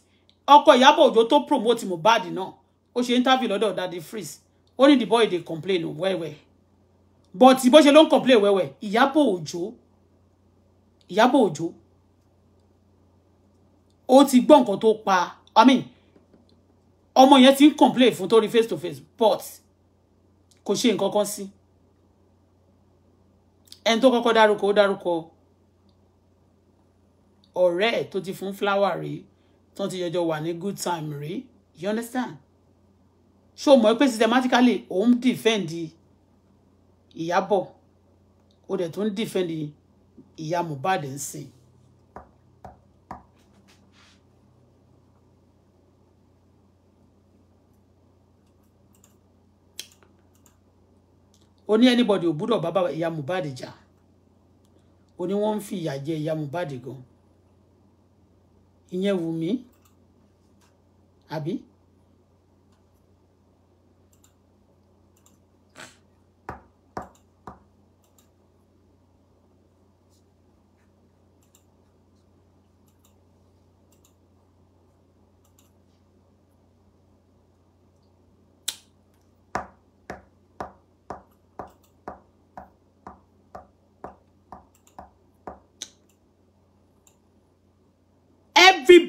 Oko Ìyábọ̀ ojo to promote Mohbad náà O ṣe interview lọ́dọ̀ Daddy Freeze Only the boy they complain o wẹ́wẹ́ but bó ṣe ló ń complain wẹ́wẹ́ Ìyábọ̀ ojo. Ìyábọ̀ ojo. O ti gbọ́ nǹkan tó pa i mean Omo yẹn ti complain fún to face to face but kò ṣe nǹkan kan sí ẹni tó kọ́kọ́ dárúkọ ó dárúkọ ọ̀rẹ́ ẹ̀ tó ti fún flower rí tó ti jọjọ wà ní good time rí you understand so mọ̀ pé systematically òun defend Ìyábọ̀ ó dẹ̀ tó ń defend ìyá Mohbad ń sìn. ó ní anybody ò gbúdọ̀ bá bá ìyá Mohbad jà ó ní wọ́n ń fi ìyà jẹ ìyá Mohbad gan-an ìyẹn wù mí àbí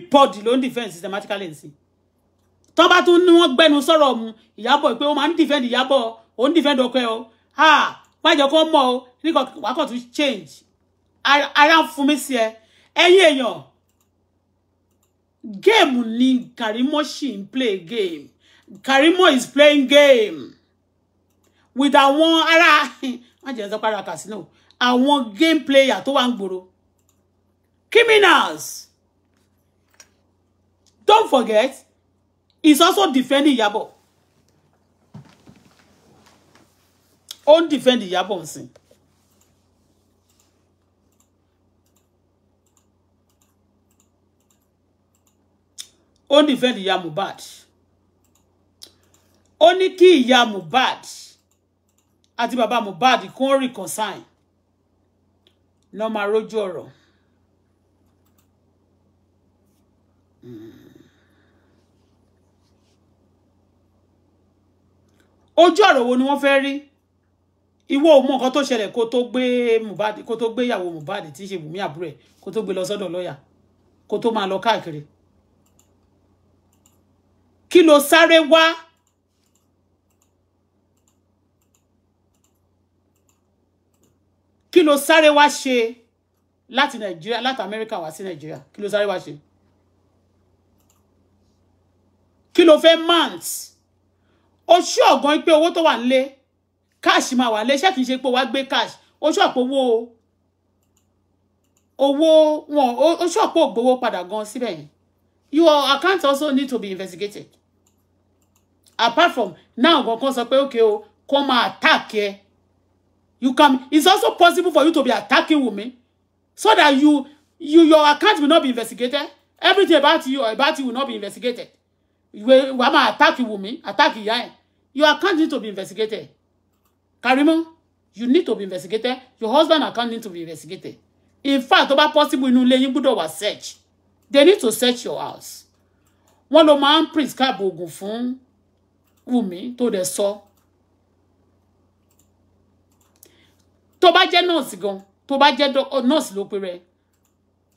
everybody ló ń defend systematically nsìn tán bá tún ní wọ́n gbẹ́nu sọ̀rọ̀ mu Ìyábọ̀ pé ó máa defend Ìyábọ̀ ó ń defend oko ẹ o ha má jẹ́ kó mọ̀ o nígbà wàá kàn tún change ara ń fún mi sí ẹ ẹ̀yin game ni Karimo ṣì ń play game Karimo is playing game with àwọn ará má jẹ́ sọ́pàá ara casino àwọn game player to wà ń gbòòrò criminals. Don't forget, he's also defending Yabo. On defending Yabo, Iyabo nsìn. Ó ń defend ìyá Mohbad. Ó ní kí ìyá Mohbad àti bàbá reconcile. Lọ́ máa rójú Mm. ojú ọ̀rọ̀ wo ni wọ́n fẹ́ rí ìwọ ò mọ nǹkan tó ṣẹlẹ̀ kó tó gbé Mohbad kó tó gbé ìyàwó Mohbad tí í ṣe Wùmí àbúrò ẹ̀ kó tó gbé lọ sọ́dọ̀ lọ́ọ̀yà kó tó máa lọ káàkiri kí ló sáré wá kí ló sáré wá ṣe láti Nàìjíríà láti Amẹ́ríkà wá sí Nàìjíríà kí ló sáré wá ṣe kí ló fẹ́ mount oṣù ọ̀gán pé owó tó wà nílé cash máa wà nílé ṣé kìí ṣe pé wàá gbé cash oṣù ọ̀pọ̀ owó owó wọn oṣù ọ̀pọ̀ ògbówó padà gan síbẹ̀ yẹn your account also need to be investigated apart from now kankan sọ pé okay o kó máa attack ẹ you can it's also possible for you to be attacking Wunmi so that you you your account will not be investigated everything about you about you will not be investigated wàá máa attack Wunmi attack ìyá ẹ̀ Your account need to be investigated. Karimo, you need to be investigated. Your husband account need to be investigated. In fact, about possible inú ilé yín gbọ́dọ̀ wà search. They need to search your house. Wọ́n ló máa ń prescribe oògùn fún Wùmí tó dẹ̀ sọ. Tó bá jẹ́ nurse gan, tó bá jẹ́ oh, nurse ló pe rẹ̀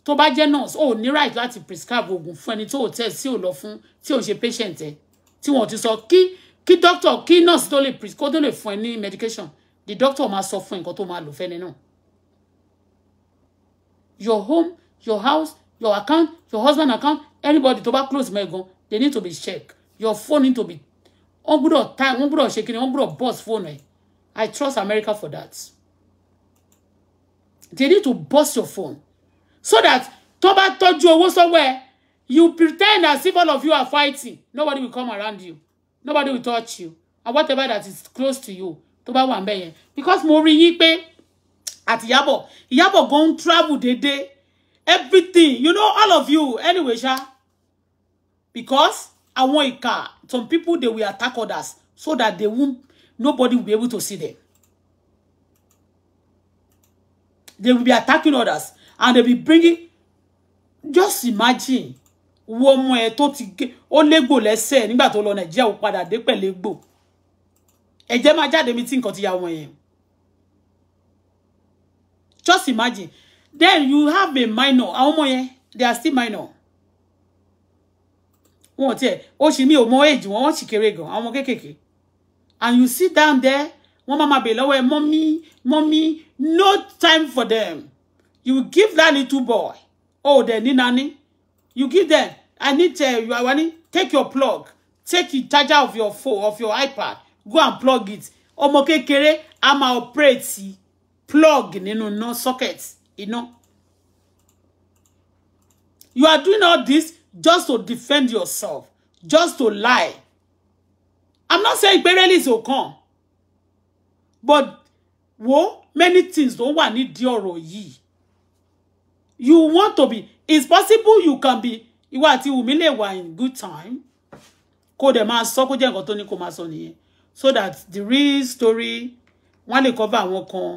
tó bá jẹ́ nurse ó ní right láti prescribe oògùn fún ẹni tó ò tẹ̀ sí ò lọ fún tí ò patient ẹ̀ tí wọ́n ti sọ kí kí doctor kí nurse tó lè kó tó lè fún ẹ ní medication the doctor máa sọ fún nǹkan tó máa lò fẹ́ni náà your home your house your account your husband account anybody tó bá close mẹ́gan they need to be checked your phone need to be wọ́n gbúdọ̀ time wọ́n gbúdọ̀ ṣe kí ni wọ́n gbúdọ̀ burst phone ẹ̀ I trust America for that they need to burst your phone so that tó bá tọ́jú owó sọ́wọ́ ẹ you pretend as if all of you are fighting nobody will come around you nobody will touch you and whatever that is close to you to bá wà ń bẹ̀ because mo rí yín pé àti Ìyábọ̀ Ìyábọ̀ go ń travel déédéé everything you know all of you anyway ṣá because àwọn ìkà some people they will attack others so that they won't nobody will be able to see them they will be attacking others and they be bringing just imagine wo ọmọ ẹ tó ti gé ó légbò lẹ́sẹ̀ nígbà tó lọ nàìjíríà ó padà dé pẹ̀lẹ́gbò ẹ̀jẹ̀ máa jáde mi tí nǹkan ti ya wọn yẹn just imagine then you have a minor àwọn ọmọ yẹn they are still minor wọn tiẹ̀ ó ṣì mí ò mọ èjì wọn wọn sì kéré gan àwọn ọmọ and you sit down there wọn mama máa bè lọ́wọ́ mommy, mọ́mí no time for them you give that little boy oh they ní nani you give them I need uh, you. I need take your plug. Take the charger of your phone, of your iPad. Go and plug it. Ọmọ kékeré a máa operate plug nínú iná socket know. You are doing all this just to defend yourself, just to lie. I'm not saying barely is okan. But wo many things don't wà nídìí ọ̀rọ̀ ye. You want to be it's possible you can be ìwọ àti Wùmí lè wà in good time kó dẹ̀ máa sọ kó jẹ́ nǹkan tó ní kó máa sọ nìyẹn so that the real story wọ́n lè cover àwọn kan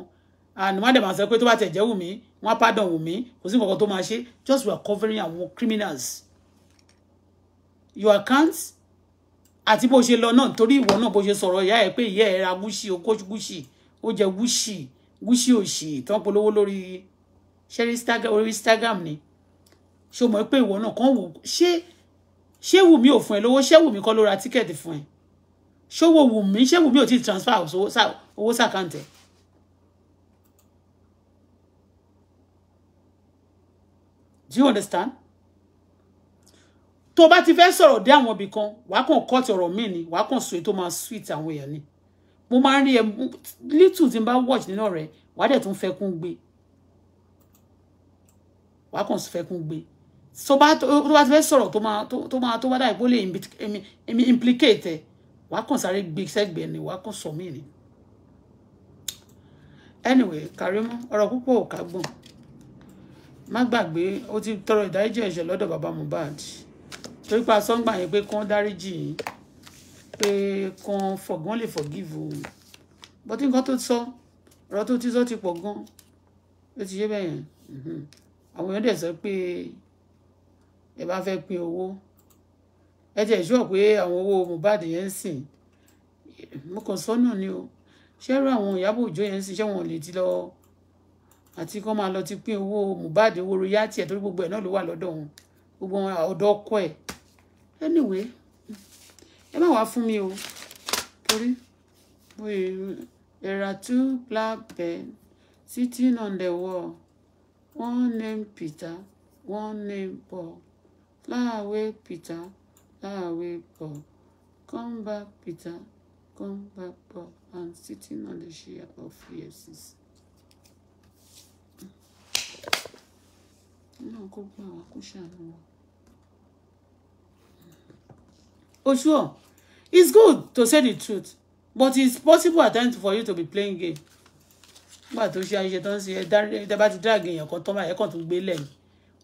and wọ́n dẹ̀ máa sọ pé tó bá tẹ̀ jẹ́ Wùmí wọ́n á pardon Wùmí kò sí nǹkan tó máa ṣe just we are covering àwọn criminals your account àti bó ṣe lọ náà torí ìwọ náà bó ṣe sọ̀rọ̀ ìyá ẹ̀ pé ìyá ẹ̀ ra gúúsì o kó gúúsì ó jẹ gúúsì gúúsì òṣì tán polówó lórí ṣẹ́rí instagram ni ṣó mọ̀ pé ìwọ náà kàn wò ṣé ṣé Wùmí ò fún ẹ lówó ṣé Wùmí kọ́ ló ra tíkẹ́ẹ̀tì fún ẹ ṣówó Wùmí ṣé Wùmí ò ti transfer owó sàkáǹtẹ̀. do you understand? tó bá ti fẹ́ sọ̀rọ̀ dé àwọn ibì kan wàá kàn kọ́ọ̀tì ọ̀rọ̀ míì ni wàá kàn sọ èyí tó máa sweet àwọn èèyàn ni mo máa ń rí ẹ little tí n bá watch nínú rẹ wàá dẹ̀ tún fẹ́kún gbé wàá kàn fẹ́kún gbé tó bá tó bá fẹ́ ma tó máa tó máa tó bá dà ìbólè implicate ẹ̀ wàá kàn sáré gbé sẹ́gbẹ̀ẹ́ ni wàá kàn sọ mí ni. anyway Karimo ọ̀rọ̀ púpọ̀ ò ká gbọ̀n má gbàgbé ó ti tọrọ ìdáríjì ẹ̀ṣẹ̀ lọ́dọ̀ bàbá Mohbad torí pa sọ́ngbà yẹn pé kán dáríjì yìí pé kán fọ̀gán lè forgive o bọ́tí nǹkan tó sọ ọ̀rọ̀ tó ti sọ ti pọ̀ gan ó ti yé bẹ́ẹ̀ mhm. àwọn èèyàn dẹ̀ sọ pé ẹ bá fẹ́ pín owó ẹ tẹ̀ ṣọ́ pé àwọn owó Mohbad yẹn ń sìn mo kàn sọ́nà ni o ṣẹ́rú àwọn Ìyábọ̀ Òjó yẹn ń sìn ṣé wọn lè ti lọ àti kọ́ máa lọ ti pín owó Mohbad owó royalty ẹ̀ torí gbogbo ẹ̀ náà ló wà lọ́dọ̀ wọn gbogbo wọn ọ̀dọ́ ọkọ ẹ̀ anyway ẹ má wàá fún mi o torí there are two black men sitting on the wall one name Peter one name Paul. Fly away, Peter. Fly away, Paul. Come back, Peter. Come back, Paul. I'm sitting on the chair of Yesus. Náà kó gbà wá kó ṣàánú wa. Oṣuọ, oh, it's good to say the truth, but it's possible at times for you to be playing game. But tó ṣe àyíṣe tó ń ṣe ẹ dárí ẹ bá ti come èèyàn kan tán báyìí ẹ kàn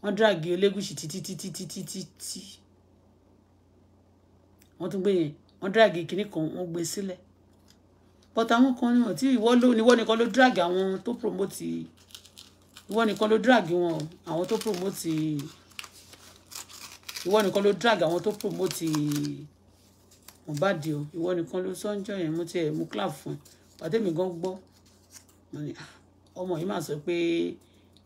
wọ́n dragi Olégùṣì títí títí títí títí wọ́n tún gbé yẹn wọ́n dragi kinní kan wọ́n gbé sílẹ̀ but àwọn kan ni wọ́n tí ìwọ ló ìwọ nìkan ló dragi àwọn tó promote ìwọ nìkan ló dragi wọn àwọn tó promote ìwọ nìkan ló dragi àwọn tó promote Mohbad o ìwọ nìkan ló sọ́njọ́ yẹn mo tiẹ̀ mo clap fún ẹ pàtẹ́mi gan gbọ́ ah, ọmọ yìí máa sọ pé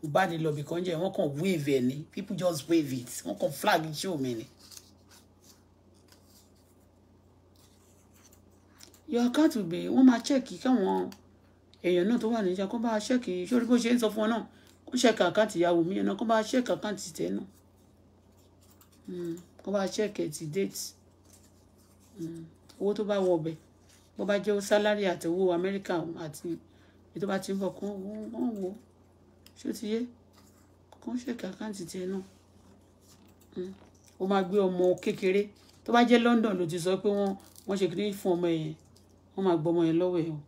ìbánilọ́bì kan jẹ́ wọ́n kàn wave ẹ̀ ni people just wave it wọ́n kàn flag show mi ni. your account will be wọ́n máa check. káwọn èèyàn náà tó wà níjà kó bá a check. sórí bó ṣe ń sọ fún ọ náà kó ṣẹ́ẹ̀kì àkáǹtì ìyàwó mi yẹn náà kó bá a ṣẹ́ẹ̀kì àkáǹtì tẹ̀ náà hmm, kó bá a ṣẹ́ẹ̀kì ẹ̀ ti date hmm, owó tó bá wọ ọbẹ̀ bó bá jẹ́ sálárì àti owó amẹ́ríkà àti ètò bá ti ń bọ̀ kó wọ́n wò ó ṣé ti yé kàn ṣèkà àkáǹtì tiẹ̀ náà hmm. ó máa gbé ọmọ kékeré tó bá jẹ́ London ló ti sọ pé wọ́n wọ́n ṣe kiri fún ọmọ yẹn wọ́n máa gbọ́ ọmọ yẹn lọ́wọ́ ẹ̀ o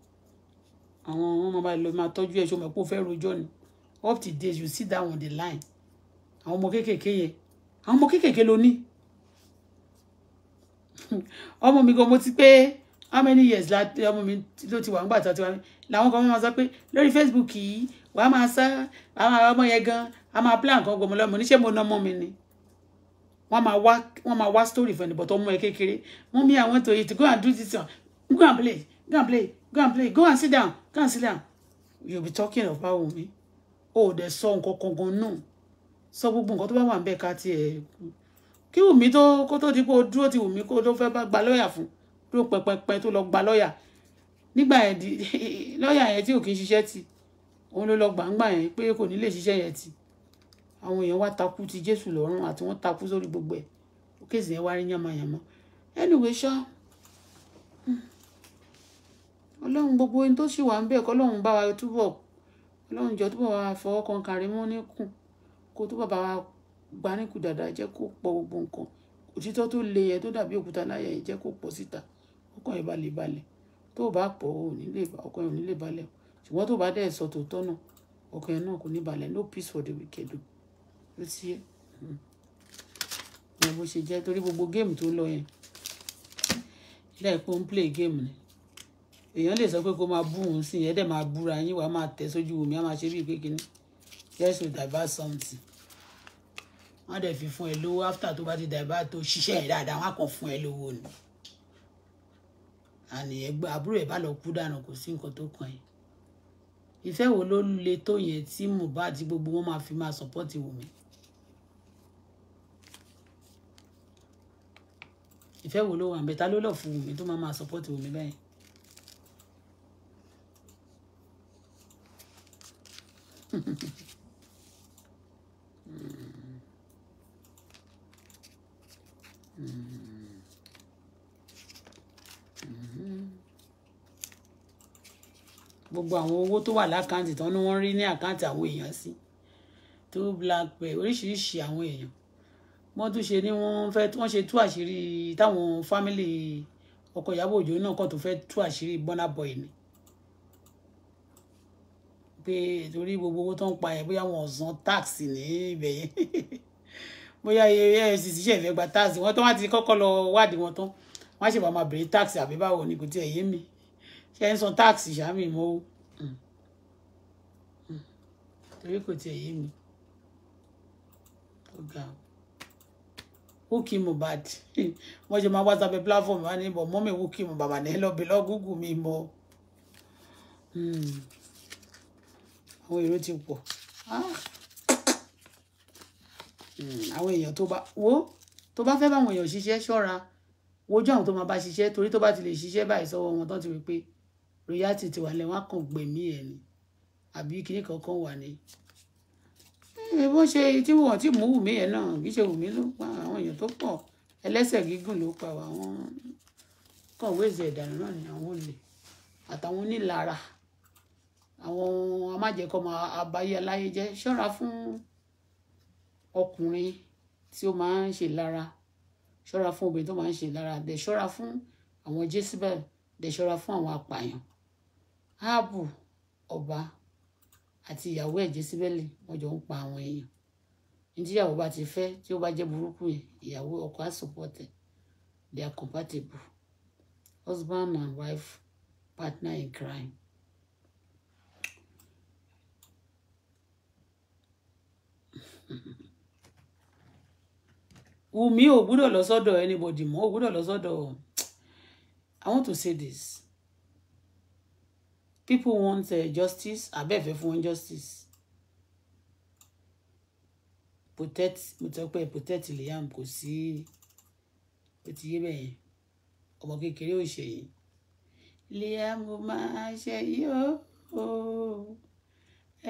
àwọn wọ́n máa bá lọ máa tọ́jú ẹ̀ ṣó mọ̀ pé ó fẹ́ rojọ́ ni up to date you see that on the line àwọn ọmọ kékèké yẹn àwọn ọmọ kékèké ló ní ọmọ mi gan mo ti pé how many years la ọmọ mi ló ti wà nígbà tí wọ́n ti wà ní làwọn kan máa sọ pé lórí Facebook yìí wà á máa sá àwọn ọmọ yẹn gan a máa plan kan gbọmọ lọmọ oníṣẹ́ mo ná mọ́ mi ni wọ́n máa wá wọ́n máa wá story fún ẹnìbọ̀ tó mú ẹ kékeré mú mi àwọn ètò yìí to go and do this one go and play go and play go and play go and sit down go and sit down you be talking of báwo mi o ò dẹ̀ sọ nǹkan kan gan náà sọ to nǹkan tó bá wà ń bẹ̀ ká tiẹ̀ kí to tó kó tó di kó dúró ti wùmí kó to fẹ́ bá gba lọ́ọ̀yà fún dúró pẹpẹpẹ tó lọ gba lọ́ọ̀yà nígbà yẹn lọ́ọ̀yà yẹn tí ò kì í ṣiṣẹ́ ti òun ló lọ gbàǹgbà yẹn pé kò ní lè ṣiṣẹ́ yẹn ti àwọn èèyàn wá takú ti jésù lọ́rùn àti wọ́n takú sórí gbogbo ẹ̀ òkèsì yẹn wá rí yànmọ́yànmọ́ anyway ṣá ọlọ́run gbogbo ohun tó sì wà ń bẹ̀ kọ́ ọlọ́run bá wa túbọ̀ ọlọ́run jọ túbọ̀ wa fọwọ́ kan kárí mọ́ níkùn kó túbọ̀ bá wa gba níkùn dáadáa jẹ́ kó pọ̀ gbogbo nǹkan òtítọ́ tó le yẹ tó dàbí òkúta láyà jẹ́ kó pọ̀ síta ọkàn ẹ̀ balẹ̀ balẹ̀ tó o bá pọ̀ ọkàn ẹ̀ ò ní lè balẹ̀ o ṣùgbọ́n tó bá dẹ̀ sọ tòótọ́ náà ọkàn yẹn náà kò ní balẹ̀ no peace for the wicked o ló ti yẹ hmm. ìyẹn bó ṣe jẹ́ torí gbogbo géèmù tó ń lọ yẹn ilé ẹ̀kọ́ ń play game. ni èèyàn lè sọ pé kó máa bú òun sí yẹn dẹ̀ máa búra yín wàá máa tẹ̀ sójú omi á máa ṣe bíi pé kíní just to divert something wọ́n dẹ̀ fi fún ẹ lówó after tó bá ti divert tó ṣiṣẹ́ ẹ̀ dáadáa wọ́n á kàn fún ẹ lówó ni àní àbúrò ẹ̀ bá lọ kú dànù kò sí nǹkan tó kàn yín ìfẹ́ wo ló le tó yẹn tí Mohbad àti gbogbo wọn máa fi máa sọ́pọ́tì Wùmí ìfẹ́ wo ló wà ń bẹ ta ló lọ fún Wùmí tó máa máa sọ́pọ́tì Wùmí báyìí gbogbo àwọn owó tó wà lákáǹtì tán ni wọ́n rí ní àkáǹtì àwọn èèyàn sí tó black pay oríṣiríṣi àwọn èèyàn wọ́n tún ṣe ní wọ́n fẹ́ wọ́n ṣe tú àṣírí táwọn fámìlì ọkọ Ìyábọ̀ Òjó náà kàn tó fẹ́ tú àṣírí Burna Boy ni pé torí gbogbo owó tó ń pa yẹn bóyá wọn ò san tax ní ibẹ̀ yẹn bóyá EFCC ṣe ìfẹ́ gba tax wọn tó wá ti kọ́kọ́ lọ wádìí wọn tán wọ́n á ṣèbá máa béèrè tax àbí báwo ni kò tiẹ̀ yé mi ṣe ń san táàsì ṣáàmì mọ o torí kò tiẹ̀ yé mi ó o wúkì Mohbad wọ́n ṣe máa wá sábẹ́ platform wa ní ibọ̀ mọ́mì wúkì mo bàbá ní lọ́ọ́ bẹ̀lọ́ gúgù mi mọ́ hmm. àwọn èrò ti pọ̀ ah. hmm, àwọn èèyàn tó bá wo tó bá fẹ́ báwọn èèyàn ṣiṣẹ́ ṣọ́ra wojú àwọn tó máa bá ṣiṣẹ́ torí tó bá ti lè ṣiṣẹ́ báyìí sọ́wọ́ wọn tán ti rí pé royalty ti wà lẹ wọn kàn gbẹ̀mí ẹ ni àbí kinní kankan wà ní. bó ṣe tí wọn ti mú wùmí yẹn náà kì í ṣe wùmí ló pa àwọn èèyàn tó pọ̀ ẹlẹ́sẹ̀ gígùn ló pa àwọn kọ̀wé ìzẹ̀dànù náà ní àwọn olè àtàwọn onílara àwọn amájẹkọmọ àbáyé aláyé jẹ ṣọ́ra fún ọkùnrin tí ó máa ń ṣe lára ṣọ́ra fún obìnrin tó máa ń ṣe lára dẹ̀ ṣọ́ra fún àwọn jésìbẹ̀ dẹ̀ ṣọ́ra fún àwọn apààyàn áàbù ọba àti ìyàwó ẹ̀ Jéṣíbẹ́lì wọ́n jọ ń pa àwọn èèyàn nítíyàwó bá ti fẹ́ tí ó bá jẹ́ burúkú yẹn ìyàwó ọkọ á they are compatible husband and wife partner in crime. Wùmí ò gbúdọ̀ lọ sọ́dọ̀ anybody mọ́ ò gbúdọ̀ lọ sọ́dọ̀ I want to say this people want uh, justice Abeg, fún wọn justice protect mo tọ́ pé protect Liam kò sí ó ti yé bẹ́ẹ̀ ọmọ kékeré ò ṣe yìí Liam mo máa ṣe yìí ó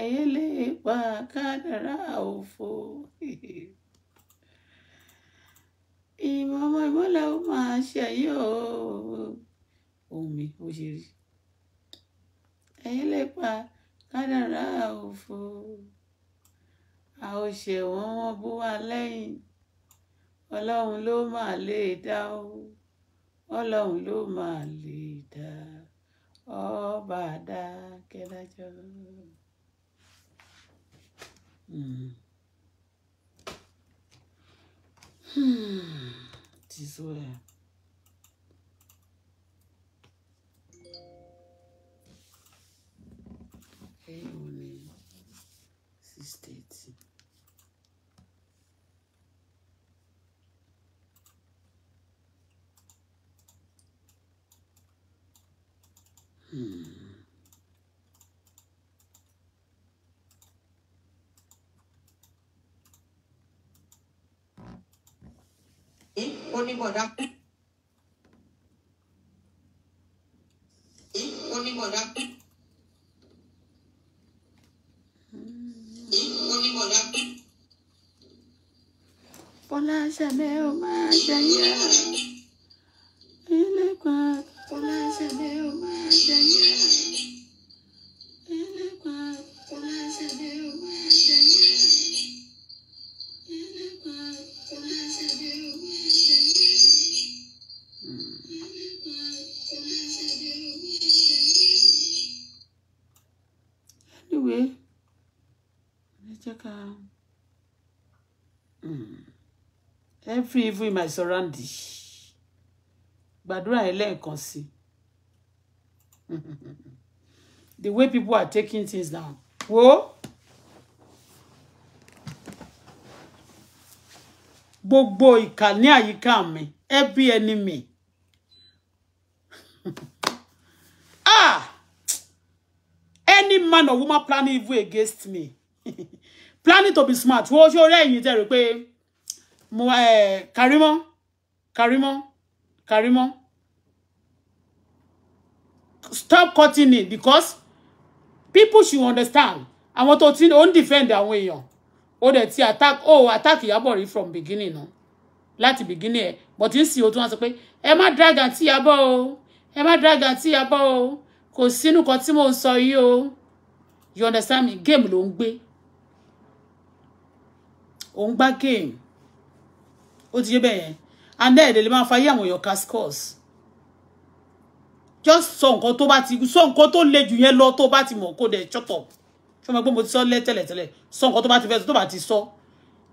ẹ̀yẹ́ lè pa kádàrá òfò ìmọ̀ ọmọ ìmọ̀lẹ̀ ó máa ṣe yìí ó ohun mi ó ṣe rí ẹ̀yin lè pa kádàrá òfo a ó ṣẹ̀wọ̀n wọn bú wa lẹ́yìn ọlọ́run ló máa lè dá o ọlọ́run ló máa lè dá ọba dá kẹdájọ́. Hmm. hmm. This way. ẹ̀yìn ò ní six thirty. Hmm. hmm. oníbọ̀dá hmm. oníbọ̀dá. Hola Chanel, Maria. Ele é quatro. Hola Chanel, Maria. Ele é quatro. Hola Chanel, Maria. Ele é quatro. Hola Chanel, Maria. Ele é quatro. Hola Chanel, Maria. Anyway. jẹ́ ká hmm. every evil in my surrounding gbàdúrà yẹn lẹ́ẹ̀kan sí the way people are taking things down wo. gbogbo ìkà ní àyíká mi every enemy ah any man or woman planning evil against me planning to be smart wo ṣe orí ẹ̀yìn tẹ̀ rò pé mo Karimo Karimo Karimo stop cutting it because people should understand àwọn tó ti ń defend àwọn èèyàn ó dẹ̀ ti attack oh attack Ìyábọ̀ rí from beginning náà láti beginning ẹ̀ but n see, o tún wá sọ pé ẹ drag àǹtí Ìyábọ̀ o ẹ má drag àǹtí Ìyábọ̀ o kò sinu kan tí mò ń sọ o you understand me game ló ń gbé òun gbá game ó ti yé bẹ́ẹ̀ yẹn and then èdè lè máa fa ayé àwọn èèyàn cascos just sọ nǹkan tó bá ti sọ nǹkan tó le jù yẹn lọ tó bá ti mọ̀ kó dẹ̀ shut up ṣé ọmọ mo ti sọ lẹ́tẹ̀lẹ̀tẹ̀lẹ̀ sọ nǹkan tó bá ti fẹ́ tó bá ti sọ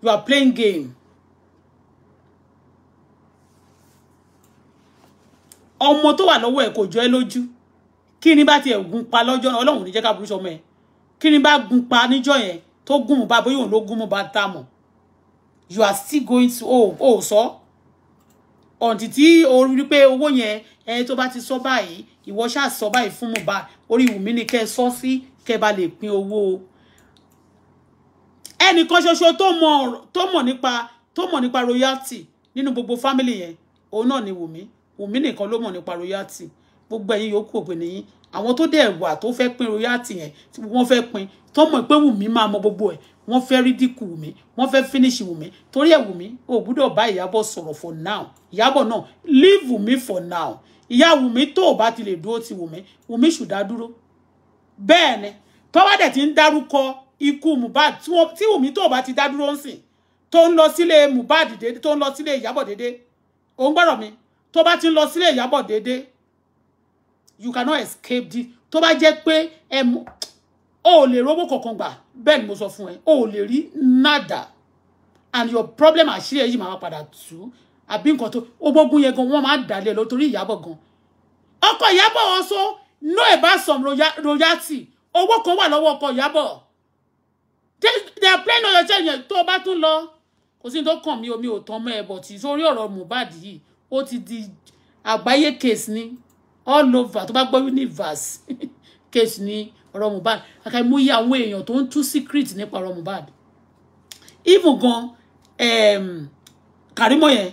you are playing game. ọmọ tó wà lọ́wọ́ ẹ̀ kò jọ ẹ́ lójú kí ni bá tiẹ̀ gun pa lọ́jọ́ náà ọlọ́run ò ní jẹ́ ká burú sọmọ ẹ̀ kí ni bá gun pa níjọ́ yẹn tó gún mu bá bóyá òun ló gún mu bá tá mọ̀ you are still going to oh oh sọ ọ̀ǹtì tí o rí pé owó yẹn ẹni tó bá ti sọ báyìí ìwọ ṣáà sọ báyìí fún Mohbad orí Wùmí ni kẹ́ ẹ sọ sí kẹ́ ẹ bá lè pín owó ẹnìkan ṣoṣo tó mọ̀ tó mọ̀ nípa tó mọ̀ nípa royalty nínú gbogbo family yẹn òun náà ni Wùmí Wùmí nìkan ló mọ̀ nípa royalty gbogbo ẹ̀yin yòókù òpè nìyí àwọn to dẹ̀ wà tó fẹ́ pín royalty yẹn tí wọ́n fẹ́ pín tó mọ̀ pé Wùmí máa mọ gbogbo ẹ̀ wọ́n fẹ́ ridicule Wùmí wọ́n fẹ́ finish Wùmí torí ẹ̀ Wùmí ò gbúdọ̀ bá Ìyábọ̀ sọ̀rọ̀ for now Ìyábọ̀ no. leave Wùmí for now ìyá Wùmí tó o bá ti lè dúró ti Wùmí Wùmí ṣùdá dúró bẹ́ẹ̀ ni tọ́wá dẹ̀ ti ń dárúkọ ikú Mohbad tí Wùmí tó o bá ti dá dúró ń sìn tó ń lọ sílé Mohbad dédé tó ń lọ sílé Ìyábọ̀ dédé ò ń mi tó bá ti ń lọ sílé Ìyábọ̀ you cannot escape the tó bá jẹ́ pé o lè rówó kankan gbà bẹ́ẹ̀ ni mo sọ fún ẹ o lè rí nada and your problem àṣírí ẹ yìí máa padà tú àbí nǹkan tó ogbógun yẹn gan wọ́n máa dàlẹ́ lọ torí ìyàbọ̀ gan ọkọ ìyàbọ̀ also know about some royalty owó kan wà lọ́wọ́ ọkọ ìyàbọ̀ they are playing on your chain yẹn tó o bá tún lọ kò sí ní tó kàn mí omi ò tán mọ́ ẹ bọ̀ tí sórí ọ̀rọ̀ Mohbad yìí ti di àgbáyé case ni all over tó bá gbọ́ universe case ni ọ̀rọ̀ Mohbad àkàìmọye àwọn èèyàn tó ń tú secret nípa ọ̀rọ̀ Mohbad even gan um, Karimo yẹn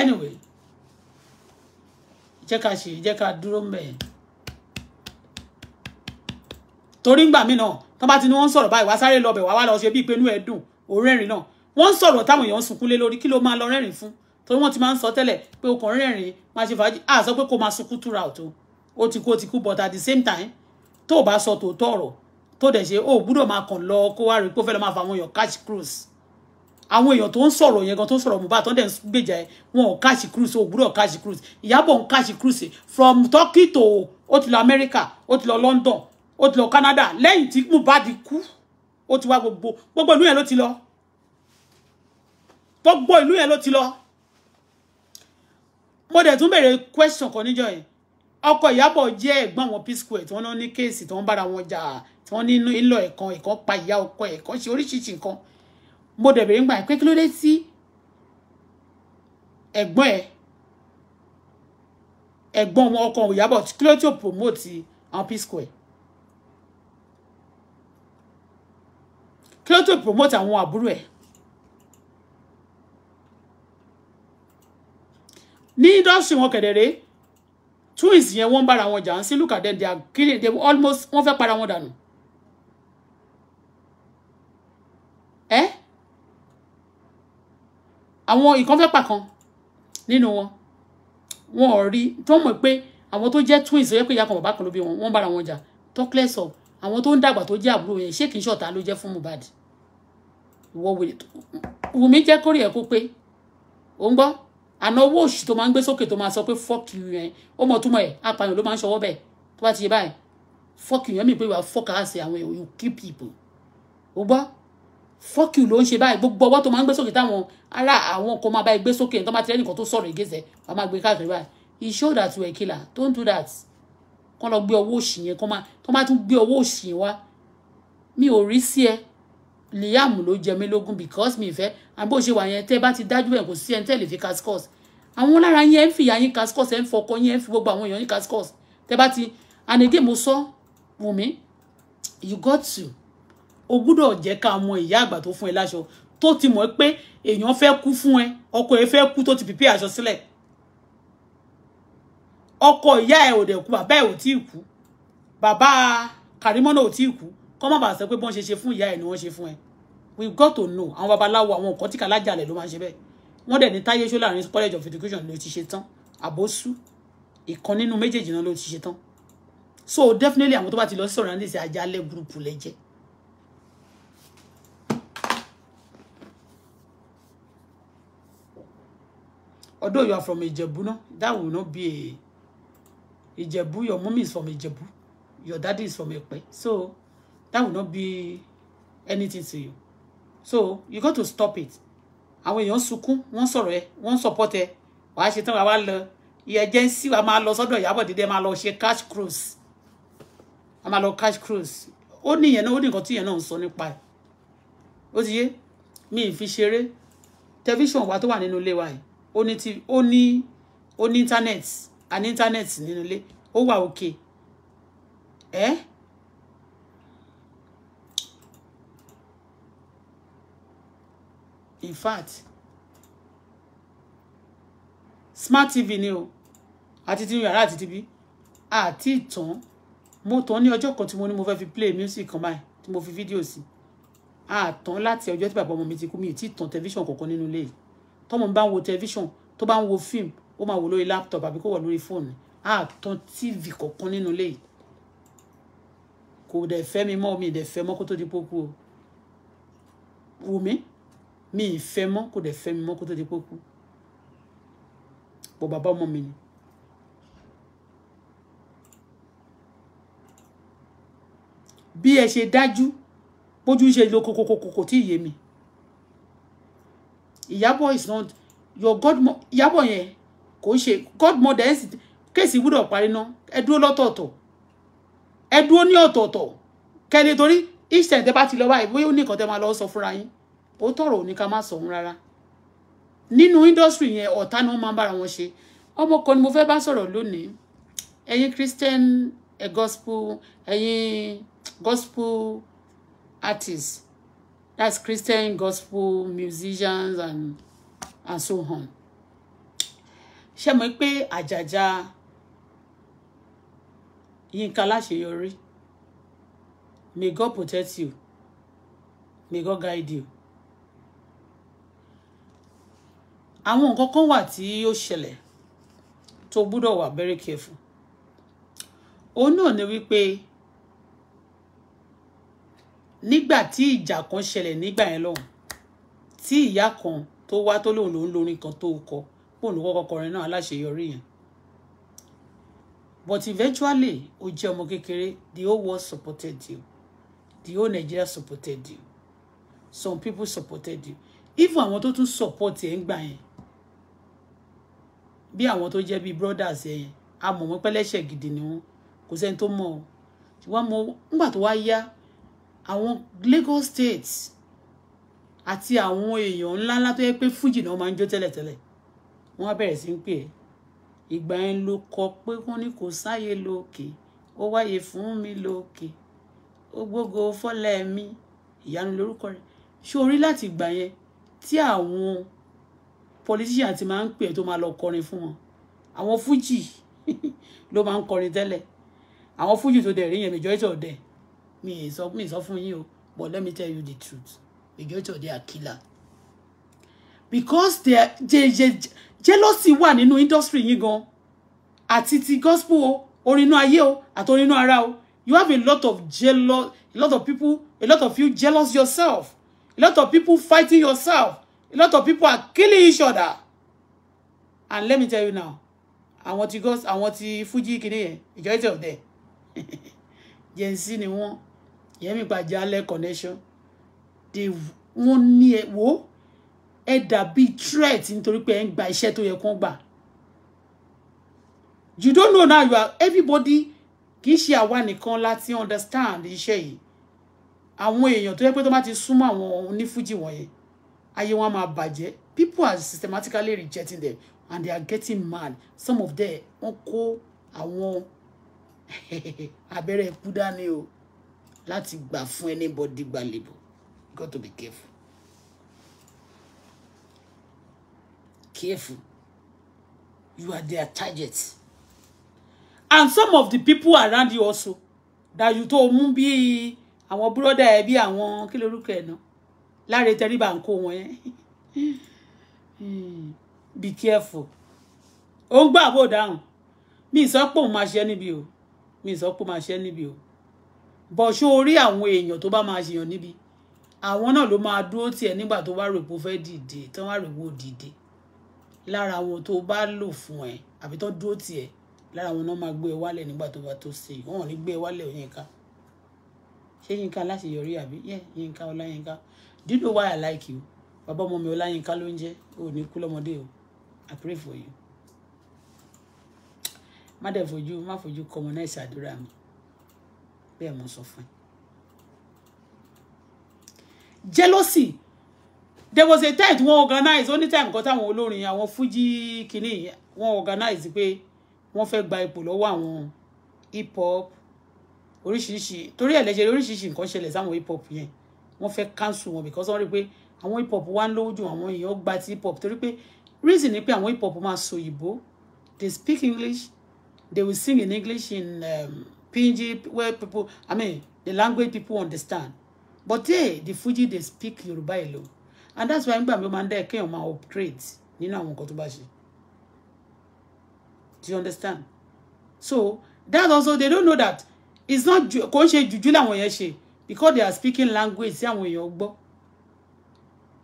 anyway jẹ́ ká ṣe jẹ́ ká dúró mẹ́ẹ̀ torí ngbà mí náà tán bá ti ní wọ́n ń sọ̀rọ̀ báyìí wá sáré lọ bẹ̀ wá wá lọ ṣe bí ìpinnu ẹ̀ dùn òrẹ́rìn náà wọ́n ń sọ̀rọ̀ táwọn èèyàn ń sunkún lé lórí kí ló máa lọ rẹ́rìn fún torí wọ́n ti máa ń sọ tẹ́lẹ̀ pé o rẹ́rìn máa ṣe fàájì á sọ pé kó máa sunkún túra ọ̀tún ó ti kú ó ti kú but at the same time tó o bá sọ tòótọ́ ọ̀rọ̀ tó dẹ̀ ṣe ó gbúdọ̀ máa kàn lọ kó wá rí i kó fẹ́ lọ máa fa àwọn èèyàn catch cruise àwọn èèyàn tó ń sọ̀rọ̀ yẹn gan tó ń sọ̀rọ̀ Mohbad tó ń dẹ̀ gbèjà ẹ̀ wọn ò catch cruise ó gbúdọ̀ catch cruise Ìyábọ̀ ń catch cruise from Turkey to ó ti lọ America ó ti lọ London ó ti lọ Canada lẹ́yìn tí Mohbad kú ó ti wá gbogbo gbogbo ìlú yẹn ló ti lọ gbogbo ìlú yẹn ló ti lọ mo dẹ̀ tún béèrè question kan níjọ́ yẹn ọkọ Ìyábọ̀ jẹ́ ẹ̀gbọ́n àwọn P-Square tí wọ́n náà ní kéèsì tí wọ́n bára wọn jà tí wọ́n nínú ìlọ ẹ̀kan ẹ̀kan pa ìyá ọkọ ẹ̀kan ṣe oríṣiríṣi nǹkan mo dẹ̀ bèrè ń gbà pé kí ló dé tí ẹ̀gbọ́n ẹ̀ ẹ̀gbọ́n ọmọ ọkọ Ìyábọ̀ kí ló tí ò promote àwọn P-Square kí ló tí ò promote àwọn àbúrò ẹ̀ ní indọ́sì wọn kẹ̀dẹ̀ twins yẹn wọ́n bára wọn jà ń sí look at them they are killing they almost wọ́n fẹ́ para wọn dànù. ẹ eh? àwọn ìkan fẹ́ pa kan nínú wọn wọn ò rí tó mọ̀ pé àwọn tó jẹ́ twins yẹ pé ìyá kan bàbá kan ló bí wọn wọ́n bára wọn jà talkless of àwọn tó ń dàgbà tó jẹ́ àbúrò yẹn ṣé kì í ṣọ̀tá ló jẹ́ fún Mohbad ìwọ wèrè Wùmí jẹ́ kórè ẹ̀ kó pé òun gbọ́ àná owó òṣù tó máa ń gbé sókè tó máa sọ pé fuck you yẹn ó mọ̀ túmọ̀ ẹ̀ apààyàn ló máa ń ṣọwọ́ bẹ̀ tó bá ti yẹ báyìí fuck you yẹn mi pé wà fuck ass àwọn èèyàn you kill people ó gbọ́ fuck you ló ń ṣe báyìí gbogbo ọwọ́ tó máa ń gbé sókè táwọn ará àwọn kan máa bá gbé sókè tó máa ti lẹ́nìkan tó sọ̀rọ̀ ìgéṣẹ̀ wà máa gbé káàkiri báyìí he that you a killer don't do that kọ́ lọ gbé ọwọ́ òṣì yẹn kọ́ máa tó máa tún gbé ọwọ́ òṣì yẹn wá Liam ló jẹ mí lógún because mi fẹ́ àbí bó ṣe wà yẹn tẹ́ bá ti dájú ẹ̀ kò sí ẹni tẹ́ lè fi cascos àwọn lára yẹn ń fìyà yín cascos ẹ̀ ń fọkọ yín ẹ̀ ń fi gbogbo àwọn èèyàn yín cascos tẹ́ bá ti and again mo sọ Wùnmí you got to o gbúdọ̀ jẹ́ ká mọ ìyá àgbà tó fún ẹ láṣọ tó ti mọ̀ pé èèyàn fẹ́ kú fún ẹ ọkọ ẹ fẹ́ kú tó ti pìpì aṣọ sílẹ̀ ọkọ ìyá ẹ ò dẹ̀ kú bàbá ẹ ò tí ì kú bàbá Kàrímọ́nà ò tí ì kú kọ́ má bàa sọ pé bọ́n ṣe ṣe fún ìyá ẹ̀ ni wọ́n ṣe fún ẹ we got to know àwọn babaláwo àwọn nǹkan tí kàlájàlẹ̀ ló máa ṣe bẹ́ẹ̀ wọ́n dẹ̀ ní táyé ṣó láàrin college of education ló ti ṣe tán àbóṣú ìkan nínú méjèèjì náà ló ti ṣe tán so definitely àwọn tó bá ti lọ sí sọ̀rọ̀ náà ní ìsìn ajálẹ̀ gúrùpù lẹ́jẹ̀ although you are from Ijebu, no, that will not be a Ijebu. Your mom is from Ijebu. Your daddy is from Ekpe. So that will not be anything to you so you got to stop it àwọn èèyàn sunkún sukun, sọ̀rọ̀ ẹ wọ́n support ẹ wàá ṣe tán wàá lọ ìyẹjẹ ń sí wàá máa lọ sọ́dọ̀ Ìyábọ̀ dídẹ máa lọ ṣe cash cruise I'm a lọ cash cruise Only you know. Only ó ní nǹkan tí ìyẹn náà ń sọ nípa fishery. Television, what yé mi ì fi ṣeré tẹlifíṣàn Only, only, wà nínú ilé wa yìí ó ní tí ó ní ó in fact smart tv ni o àti ti yàrá àti tv àti ìtàn mo tàn ní ọjọ́ kan tí mo ní mo fẹ́ fi play music kan báyìí tí mo fi fídíò sí àtàn láti ọjọ́ tí bàbá ọmọ mi ti kú mi ì tí ì tàn tẹlifíṣàn kankan nínú ilé yìí tọ́mọ bá ń wo tẹlifíṣàn tó bá wo fíìmù ó máa wò lórí láptọ̀pù àbí kó wà lórí fóònù àtàn tv kankan nínú ilé yìí kò dẹ̀ mi mo mi de fe mo mọ́ kó di pókú wo mi mi ì fẹ́ mọ́ kò dẹ̀ fẹ́ mi mọ́ kó tó di pé kú bọ bàbá ọmọ mi ni. bí ẹ ṣe dájú bójú ṣe lo kokokokoko tí ìyé mi ìyábọ̀ is not your godmother ìyábọ̀ yẹn kò ń ṣe godmother ẹ̀ sì kéèsì gbúdọ̀ parí ná ẹ dúró lọ́tọ̀ọ̀tọ̀ ẹ dúró ní ọ̀tọ̀ọ̀tọ̀ kẹ́lẹ́ torí ìṣẹ̀ǹtẹ́ bá ti lọ báyìí bóyá ó ní nǹkan tẹ́ máa lọ sọ fúnra yín ó tọrọ òní ká má sọ òun rárá nínú indọ́sítírì yẹn ọ̀tá ni wọ́n máa ń bára wọn ṣe ọmọ kan ni mo fẹ́ bá sọ̀rọ̀ lónìí ẹ̀yin Christian ẹ̀ gospel ẹ̀yin gospel artist that's Christian gospel musicians and and so on ṣe mọ̀ pé àjàjà Yínká Láṣeyọrí may God protect you may God guide you. àwọn nǹkan kan wà tí ó ṣẹlẹ̀ tó gbúdọ̀ wà very careful òun náà ni wípé nígbà tí ìjà kan ṣẹlẹ̀ nígbà yẹn lọ́hùn tí ìyá kan tó wá tó lóun lòún lórin kan tó kọ póun ló kọ́kọ́ kọrin náà aláṣeyọrí yẹn but eventually ó jẹ́ ọmọ kékeré the whole world supported you the whole Nigeria supported you some people supported you even àwọn tó tún support ẹ̀ ń gbà yẹn bí àwọn tó jẹ́ bíi brothers ẹ̀ a mọ̀ wọ́n pẹ́lẹ́ṣẹ̀ gidi ni wọ́n kò sẹ́ni tó mọ̀ ọ́ ṣùgbọ́n mo ńgbà tó wá yá àwọn Lagos State àti àwọn èèyàn ńláńlá tó yẹ pé fújì náà máa ń jó tẹ́lẹ̀tẹ́lẹ̀ wọ́n á bẹ̀rẹ̀ sí ń pè é ìgbà yẹn ló kọ pé wọ́n ní kò sáyé lókè ó wáyé fún mi lókè ó gbógo fọ́lẹ̀ mi ìyanu lórúkọ rẹ̀ ṣé orí láti ìgbà yẹn tí àwọn politician ti máa ń pè tó máa lọ kọrin fún wọn àwọn fújì ló máa ń kọrin tẹ́lẹ̀ àwọn fújì tó dẹ̀ rí yẹn majority of them mi ì sọ mi ì sọ fún yín o but let me tell you the truth majority of them are killer because they are je je jealousy wà nínú industry yín gan àti ti gospel o orin inú ayé o àti orin inú ara o you have a lot of jealous a lot of people a lot of you jealous yourself a lot of people fighting yourself a lot of people are killing each other and let me tell you now àwọn ti gos àwọn ti fuji kìnì yẹn majority of them gen z ni wọn yẹmi gbàjálẹ connection they wọn ní ẹ wo ẹ dàbí threat nítorí pé ẹ ń gba iṣẹ́ tó yẹ kán gbà you don't know now you are everybody kì í ṣe àwa nìkan láti understand iṣẹ́ yìí àwọn èèyàn tó yẹ pé tó bá ti súnmọ́ àwọn onífújì wọ̀nyẹn ayé wọn máa bàjẹ́ people are systematically rejecting them and they are getting mad some of them wọ́n kó àwọn abẹ́rẹ́ ikú dání o láti gbà fún anybody gbalẹ̀bọ̀ you got to be careful careful you are their target and some of the people around you also that you tó mú bí àwọn búrọ́dà ẹ bí àwọn kí lorúkọ ẹ náà láre tẹríba ń kó wọn yẹn be careful ó ń gbà bó dáhùn mi sọ pé òun máa ṣe níbi o mi sọ pé òun máa ṣe níbi o bọ̀ ṣó orí àwọn èèyàn tó bá máa ṣèyàn níbi àwọn náà ló máa dúró tiẹ̀ nígbà tó bá rò pé ó fẹ́ dìde tán wá rò pé ó dìde lára àwọn tó bá lò fún ẹ àbí tán dúró tiẹ̀ lára àwọn náà máa gbé ẹ wálẹ̀ nígbà tó bá tó ṣe wọn ò ní gbé ẹ wálẹ̀ òyìnká ṣé yínká láṣeyọrí àbí yẹ yínká ọláyínká do you know why i like you bàbá ọmọ mi ọláyínká ló ń jẹ́ ò ní kú lọ́mọdé o i pray for you má dẹ̀ fojú má fojú kọmọ náà ṣàdúrà mi bẹ́ẹ̀ mo sọ fún ẹ. jealousy there was a time wọ́n organize only time kan táwọn olórin àwọn fuji kìíní wọ́n organize pé wọ́n fẹ́ gba ipò lọ́wọ́ àwọn hip hop oríṣiríṣi torí ẹ̀ lẹ́jẹ̀ oríṣiríṣi nǹkan ṣẹlẹ̀ sáwọn hip hop yẹn wọ́n fẹ́ cancel wọn because wọ́n rí pé àwọn hip hop wá ń lówó jù àwọn èèyàn gba ti hip hop torí pé reason ni pé àwọn hip hop máa sọ òyìnbó they speak english they will sing in english in um, pidgin where people i mean the language people understand but they the fuji they speak yorùbá alone and that's why nígbà mi máa ń dá ẹ kéèyàn máa upgrade nínú àwọn nǹkan tó bá ṣe do you understand so that also they don't know that it's not kò ń ṣe jùjú làwọn yẹn ṣe because they are speaking language tí àwọn èèyàn gbọ́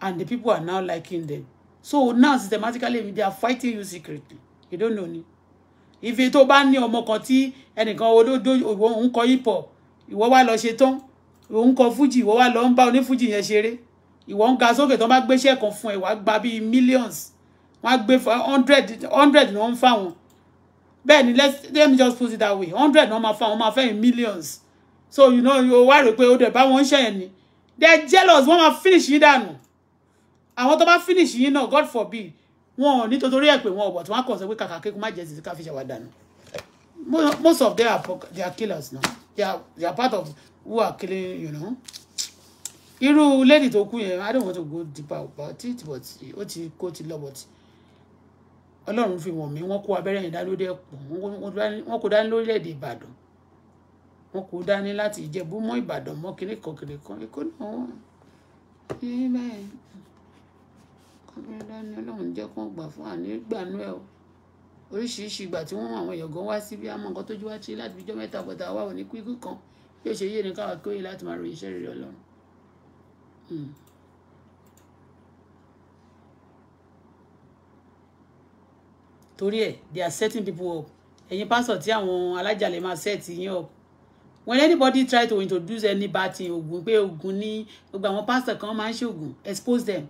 and the people are now liking them so now systematically they are fighting you secretly you don't know ni ife tó bá ní ọmọ kan tí ẹnìkan olódó ìwọ ń kọ hip hop ìwọ wá lọ ṣe tán ìwọ ń kọ fújì ìwọ wá lọ ń bá onífújì yẹn ṣeré ìwọ ń ga sókè tán bá gbéṣẹ́ kan fún ẹ wàá gba bíi millions wàá gbé hundred hundred ni wọ́n ń fáwọn bẹ́ẹ̀ let them just put it that way hundred ni wọ́n máa fáwọn wọ́n máa millions so you know o wá rò pé ó dẹ̀ bá wọn ń ṣẹ̀yẹ̀ ni they are jealous wọ́n máa finish yín Danu. àwọn tó bá finish yín náà god forbid wọn ò ní torí ẹ̀ pé wọn ò bọ̀ tí wọ́n á kàn sọ pé kàkà kékun má jẹ́ sí most of them are they are killers now they are they are part of who are killing you know irú lady tó kú yẹn i don't want to go deeper about it but ó ti kó ti lọ but ọlọ́run fi wọ̀n mí wọ́n kó abẹ́rẹ́ yẹn dá lórí ẹ̀pọ̀ wọ́n kó dání lórílẹ̀‐èdè ìbàdàn wọn kò dání láti ìjẹ̀bú mọ́ ìbàdàn mọ́ kiri kan kiri kan èkó náà wọ́n ní báyìí kọ́mílẹ́ dání ọlọ́run jẹ́ kó gbà fún àní gbanú o oríṣiríṣi ìgbà tí wọ́n àwọn èèyàn gan wá síbi àmọ́ nǹkan tójú wá ti láti fi jọ́ mẹ́ta bọ̀dà wà ò ní kíkú kan bí ṣe yé ni káwa kóyè láti máa ròyìn iṣẹ́ rere ọlọ́run. Hmm. torí ẹ̀ they are setting people up ẹ̀yin pásọ̀ tí àwọn alájàlè máa set yín up when anybody try to introduce any bad thing oògùn pé oògùn ní gbogbo àwọn pastor kan máa ń ṣe oògùn expose them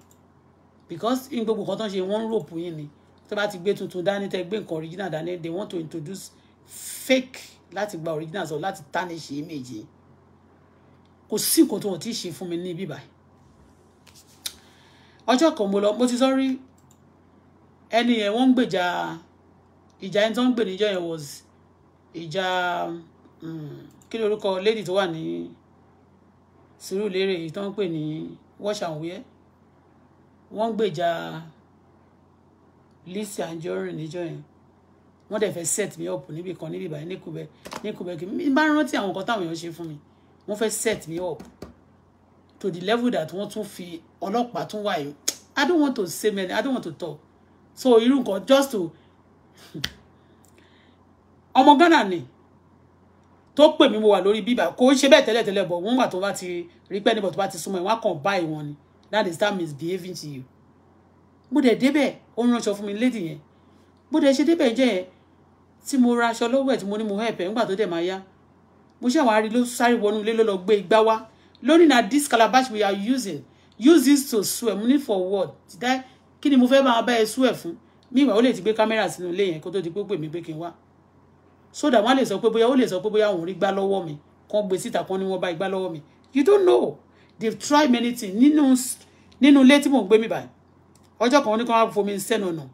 because in gbogbo kan tó ń ṣe rope yín ni tó bá ti gbé tuntun dání tẹ́ gbé nǹkan original dání they want to introduce fake láti gba original So láti tarnish image yìí si sí nǹkan tó ti ṣe fún mi ní bíbá ọjọ́ kan mo lọ mo ti sọ́rí ẹni yẹn wọ́n ń gbèjà ìjà ẹni tó ń gbè níjọ́ was ìjà. Um, kí lorúkọ lady tó wà ní sùúrù lérè yìí tó ń pè ní wash and wear wọ́n ń gbèjà Lizzy Anjorin níjọ́ yẹn wọ́n dẹ̀ fẹ́ set me up níbi kan níbi ìbàdàn ní kùbẹ́ ní kùbẹ́ kí n bá rántí àwọn nǹkan táwọn èèyàn ṣe fún mi wọ́n fẹ́ set me up to the level that wọ́n tún fi ọlọ́pàá tún wà I don't want to say many I don't want to talk so irú nǹkan just to ọmọ Ghana ni tó pè mí mo wà lórí bíbà kò ṣe bẹ́ẹ̀ tẹ́lẹ̀ tẹ́lẹ̀ bọ̀ wọ́n wà tó bá ti rí pẹ́ níbọ̀ tó bá ti súnmọ́ ẹ̀ kàn bá ìwọ̀n ni that is that misbehaving to you. mo dẹ̀ débẹ̀ ó ń ránṣọ fún mi lédì yẹn mo dẹ̀ ṣe débẹ̀ jẹ́ yẹn tí mo ra aṣọ lọ́wọ́ ẹ̀ tí mo ní mo help ẹ̀ nígbà tó dẹ̀ máa yá mo ṣe àwọn arí sáré wọnú ilé ló lọ gbé igbá wá lónìí na this calabash we are using use this to swear mo ní for what kí ni mo fẹ́ máa bá ẹ swear fún mi ìwà ó lè ti gbé kámẹ́rà sínú ilé yẹn kó tó di pé ó pè mí pé kí n wá so that wọ́n lè sọ pé bóyá ó lè sọ pé bóyá òun rí gbá lọ́wọ́ mi kan gbé síta kan ní wọ́n bá igbá lọ́wọ́ mi you don't know they've tried many things nínú nínú ilé tí mò ń gbé mi báyìí ọjọ́ kan wọ́n ní kí wọ́n fomi sẹ́nu ọ̀nà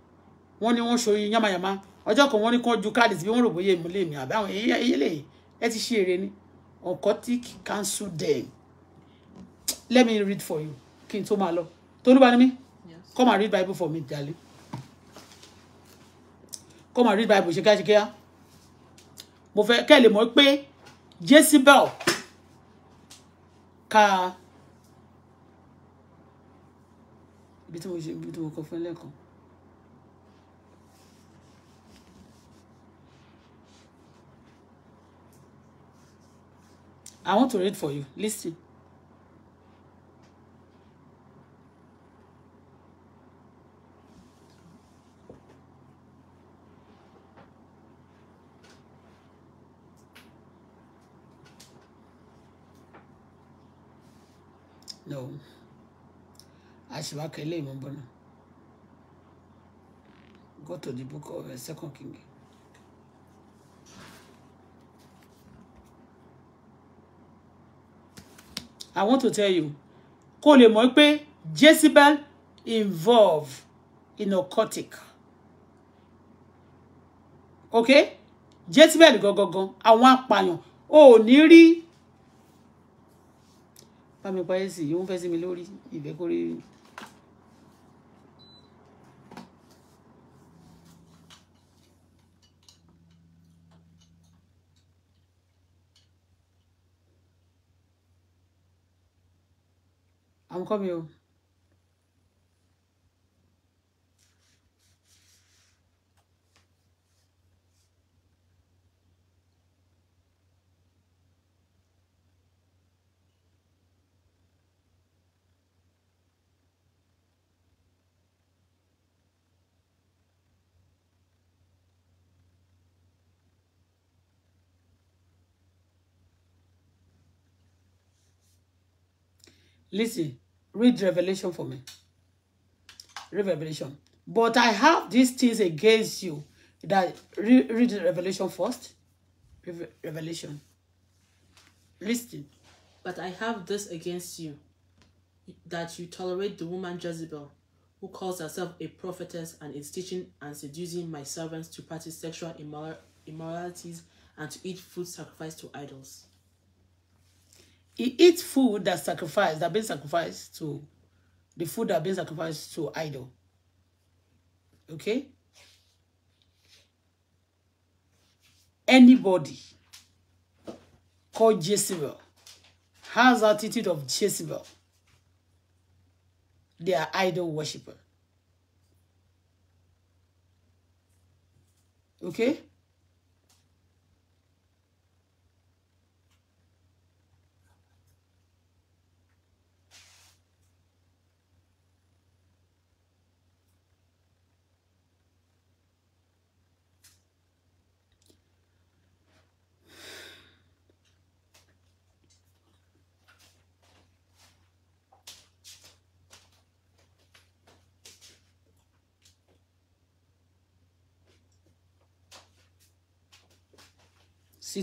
wọ́n ní wọ́n ṣoyin yamayama ọjọ́ kan wọ́n ní kí wọ́n ju káàdì sí bí wọ́n rò bóyá èmi lè mi àbí àwọn èyí lè ẹ ti ṣe eré ni oncotic cancel them let me read for you kí n tó máa lọ tolúbanimí come and read bible for me darling come and read bible ṣe ká ṣe ká mo fẹ́ kẹ́ lè mọ̀ pé Jezebel ka ibi tí mo ṣe ibi tí mo kọ fún ẹlẹ́kan. I want to read for you. Listen. no ashibaka eléyìí mo ń bọ̀ go to the book of eh, second king i want to tell you kó lè mọ̀ pé jezebel involved in occultic okay jezebel gangan àwọn apààyàn ò ní rí bá mi pa ẹ̀sì yóò fẹ́ sí mi lórí ìfẹ́ kórè rí mi. àwọn kọ́ mi o. Listen, read Revelation for me. Read Revelation. But I have these things against you. That read, read Revelation first. Revelation. Listen. But I have this against you, that you tolerate the woman Jezebel, who calls herself a prophetess and is teaching and seducing my servants to practice sexual immor immoralities and to eat food sacrificed to idols. He eats food that sacrificed, that been sacrificed to the food that been sacrificed to idol. Okay? Anybody called Jezebel has attitude of Jezebel. They are idol worshiper. Okay?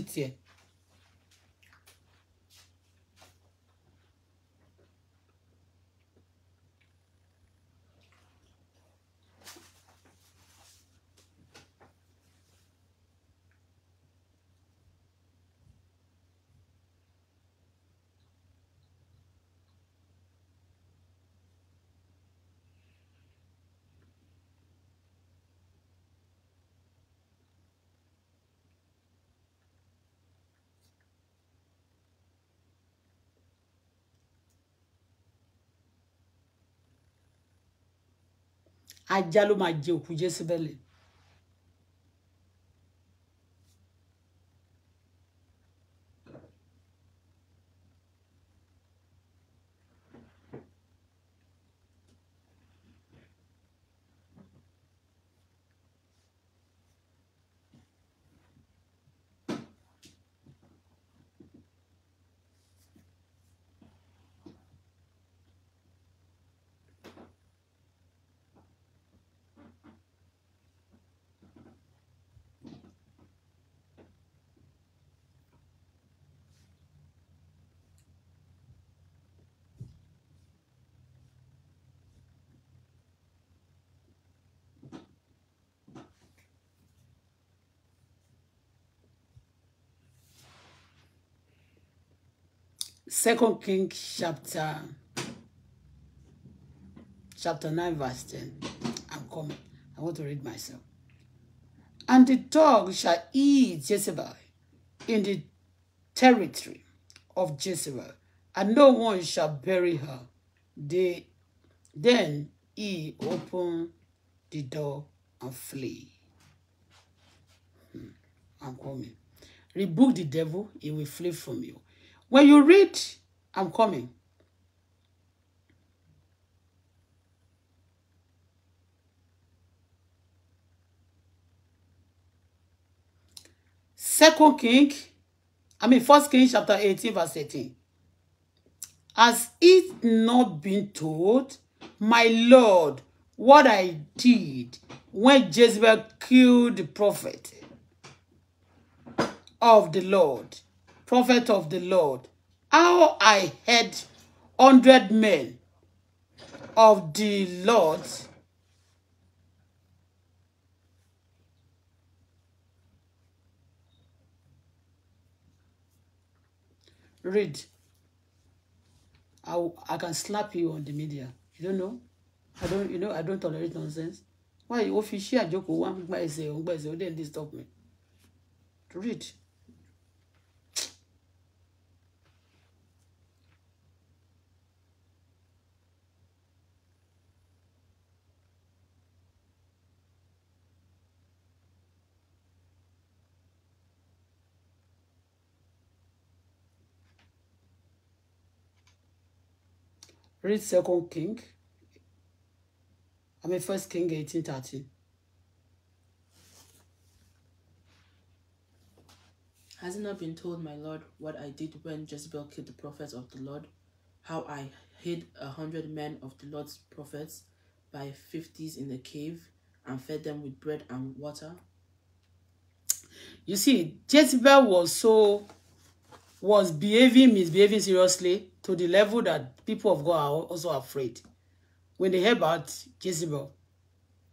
treat ẹ. ajá ló máa jẹ òkú Jésùbẹ́lì Second King chapter chapter 9 verse 10. I'm coming. I want to read myself. And the dog shall eat Jezebel in the territory of Jezebel, and no one shall bury her. They, then he opened the door and flee. Hmm. I'm coming. Rebuke the devil, he will flee from you. When you read, I'm coming. Second King, I mean First King chapter eighteen, verse 18. Has it not been told, my Lord, what I did when Jezebel killed the prophet of the Lord prophet of the Lord, how I had hundred men of the Lord read. I, I can slap you on the media. You don't know? I don't, you know, I don't tolerate nonsense. Why? If you share joke, one by say, one by say, then disturb me. Read. Read Second King. I mean First King 1813. Has it not been told, my lord, what I did when Jezebel killed the prophets of the Lord? How I hid a hundred men of the Lord's prophets by fifties in the cave and fed them with bread and water? You see, Jezebel was so was behaving, misbehaving seriously to the level that people of God are also afraid. When they hear about Jezebel,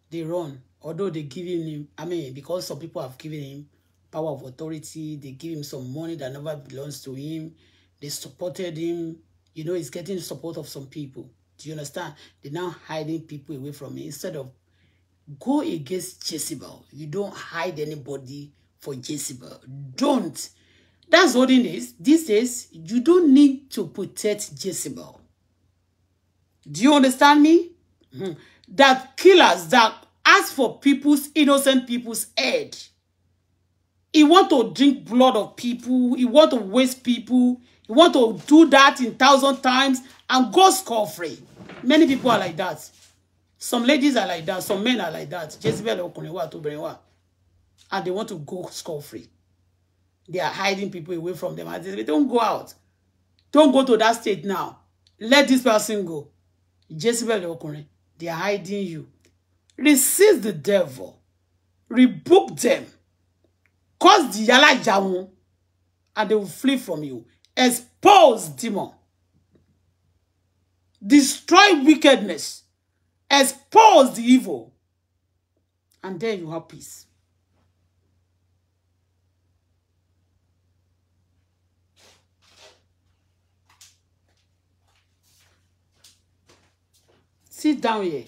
they run. Although they give him, I mean, because some people have given him power of authority, they give him some money that never belongs to him. They supported him. You know, he's getting support of some people. Do you understand? They're now hiding people away from him. Instead of go against Jezebel, you don't hide anybody for Jezebel. Don't. That's what it is. These days, you don't need to protect Jezebel. Do you understand me? Mm-hmm. That killers that ask for people's innocent people's head. He want to drink blood of people. He want to waste people. He want to do that in thousand times and go score free. Many people are like that. Some ladies are like that. Some men are like that. Jezebel ọkùnrin wà tóbìnrin wà. And they want to go score free. They are hiding people away from them. And say, don't go out. Don't go to that state now. Let this person go. Jezebel they are hiding you. Resist the devil. Rebuke them. Cause the yala jamu. And they will flee from you. Expose demon. Destroy wickedness. Expose the evil. And then you have peace. sit down here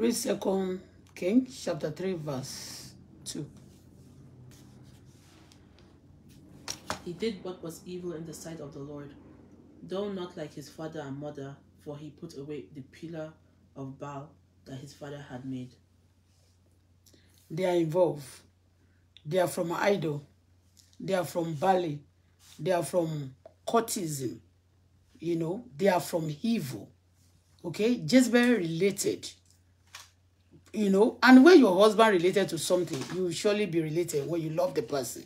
Read Second King chapter 3, verse 2. He did what was evil in the sight of the Lord, though not like his father and mother, for he put away the pillar of Baal that his father had made. They are involved. They are from idol. They are from Bali. They are from courtism. You know, they are from evil. Okay? Jezebel related you know and when your husband related to something you surely be related when you love the person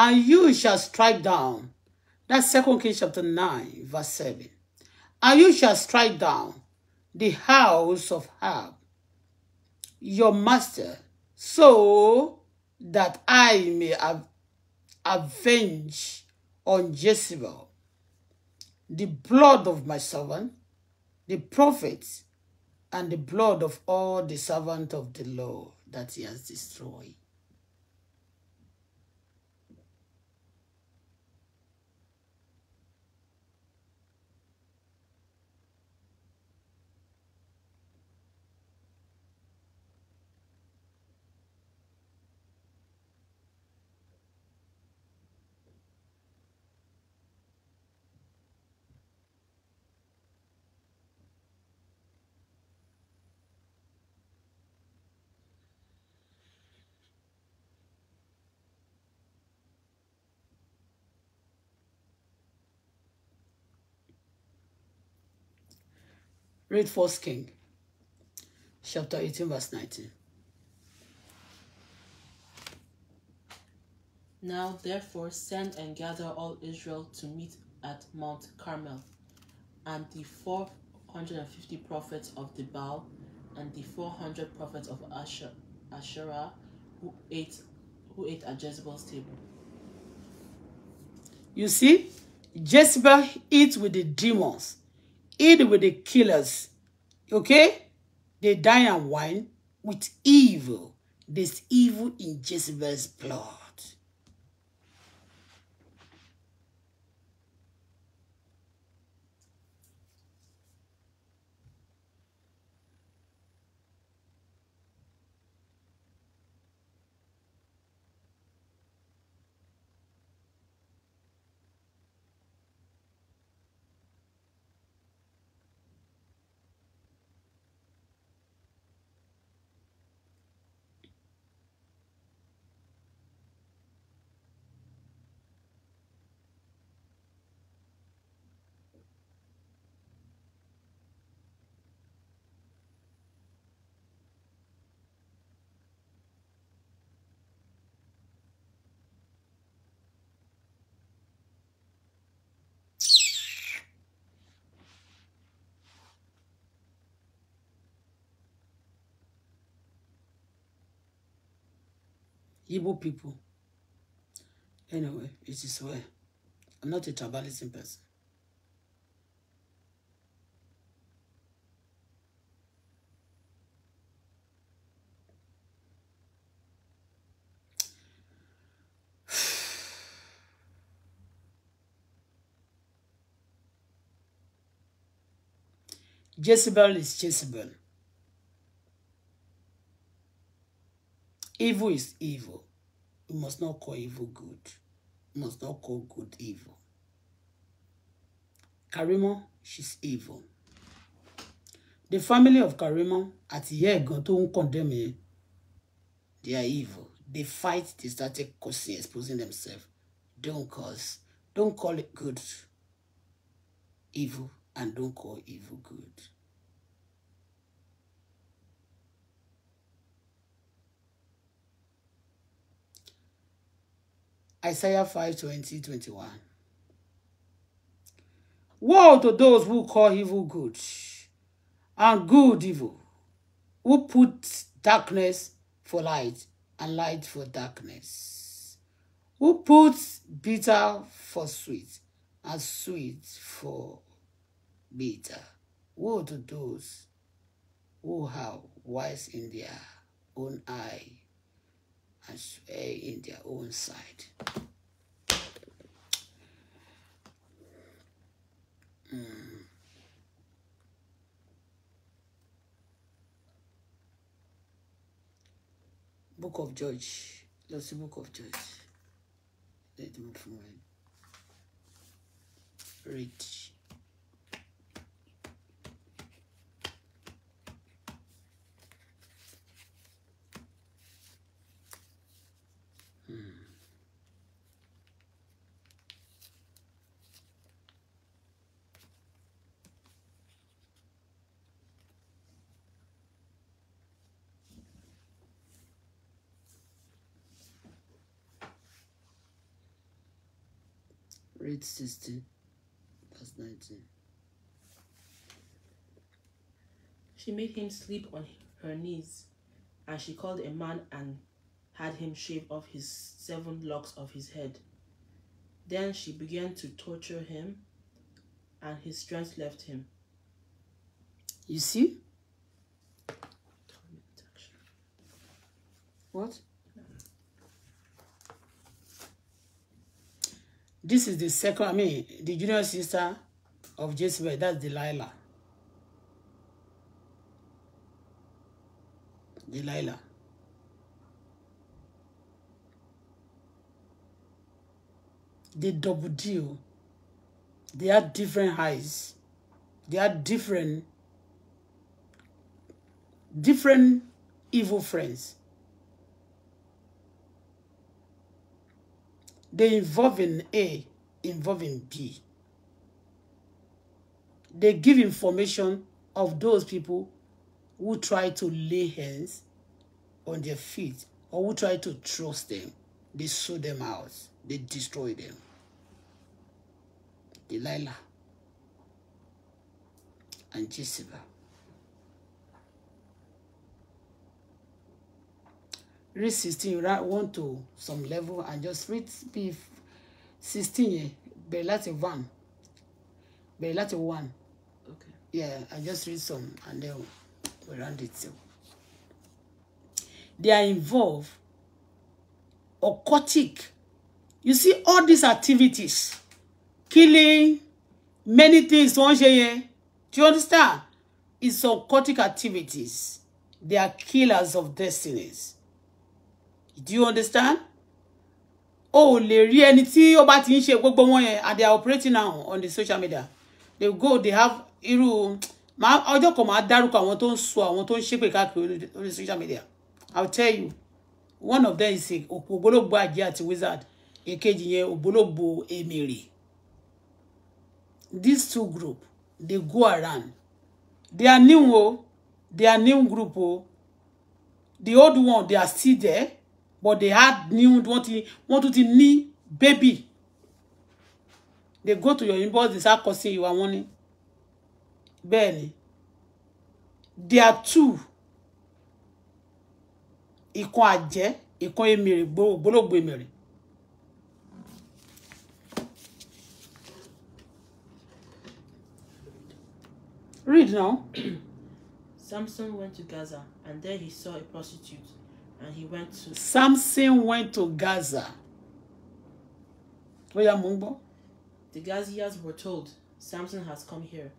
and you shall strike down. That's Second Kings chapter 9, verse 7. And you shall strike down the house of Hab, your master, so that I may av avenge on Jezebel the blood of my servant, the prophets, and the blood of all the servants of the Lord that he has destroyed. Read First King, chapter 18, verse 19. Now therefore send and gather all Israel to meet at Mount Carmel, and the 450 prophets of the Baal, and the 400 prophets of Asher, Asherah, who ate, who ate at Jezebel's table. You see, Jezebel eats with the demons Eve with the killers. Okay? They dine and wine with evil. This evil in Jezebel's blood. Igbo people. Anyway, it is where I'm not a tribalism person. Jezebel is Jezebel. Evil is evil. You must not call evil good. We must not call good evil. Karima, she's evil. The family of Karima at ìyá ẹ̀gàn don't condemn yẹn, they are evil. They fight, they started causing, exposing themselves. Don't cause, don't call it good evil, and don't call evil good. Isaiah 5 20, 21. Woe to those who call evil good and good evil, who put darkness for light and light for darkness, who put bitter for sweet and sweet for bitter. Woe to those who have wise in their own eye and swear in their own sight. Mm. Book of Judge. Let's see Book of Judge. Let me find. Read. It's 16 past 19. She made him sleep on her knees, and she called a man and had him shave off his seven locks of his head. Then she began to torture him, and his strength left him. You see? What? This is the second, I mean, the junior sister of Jezebel, that's Delilah. Delilah. They double deal. They are different heights. They are different, different evil friends. They involving A, involving B. They give information of those people who try to lay hands on their feet or who try to trust them. They sow them out. They destroy them. Delilah and Jezebel. read sixteen right one to some level and just read bí sixteen yẹn bẹ̀rẹ̀ láti one bẹ̀rẹ̀ láti one okay. yeah I just read some and then we round it So they are involved occultic you see all these activities killing many things wọ́n ṣe do you understand it's occultic activities they are killers of destinies do you understand Oh, ò lè rí ẹni tí ó bá ti ń ṣe and they are operating now on the social media they go they have irú ọjọ́ kan máa dárúkọ àwọn tó ń sọ àwọn tó ń ṣépè káàkiri lórí social media i tell you one of them is òpò ògbólógbò àjẹ́ àti wizard èkejì yẹn ògbólógbò èmèrè these two group they go around they are new o they are new group o the old one they are still there but they had new wọ́n ti wọ́n tún ti ní baby they go to your inbox they start causing you wọn ni bẹ́ẹ̀ ni they are two ìkan àjẹ́ ìkan emèrè gbólógbò emèrè. Read now. Samson went to Gaza and there he saw a prostitute And he went to Samson went to Gaza. Oya The Gazians were told, Samson has come here.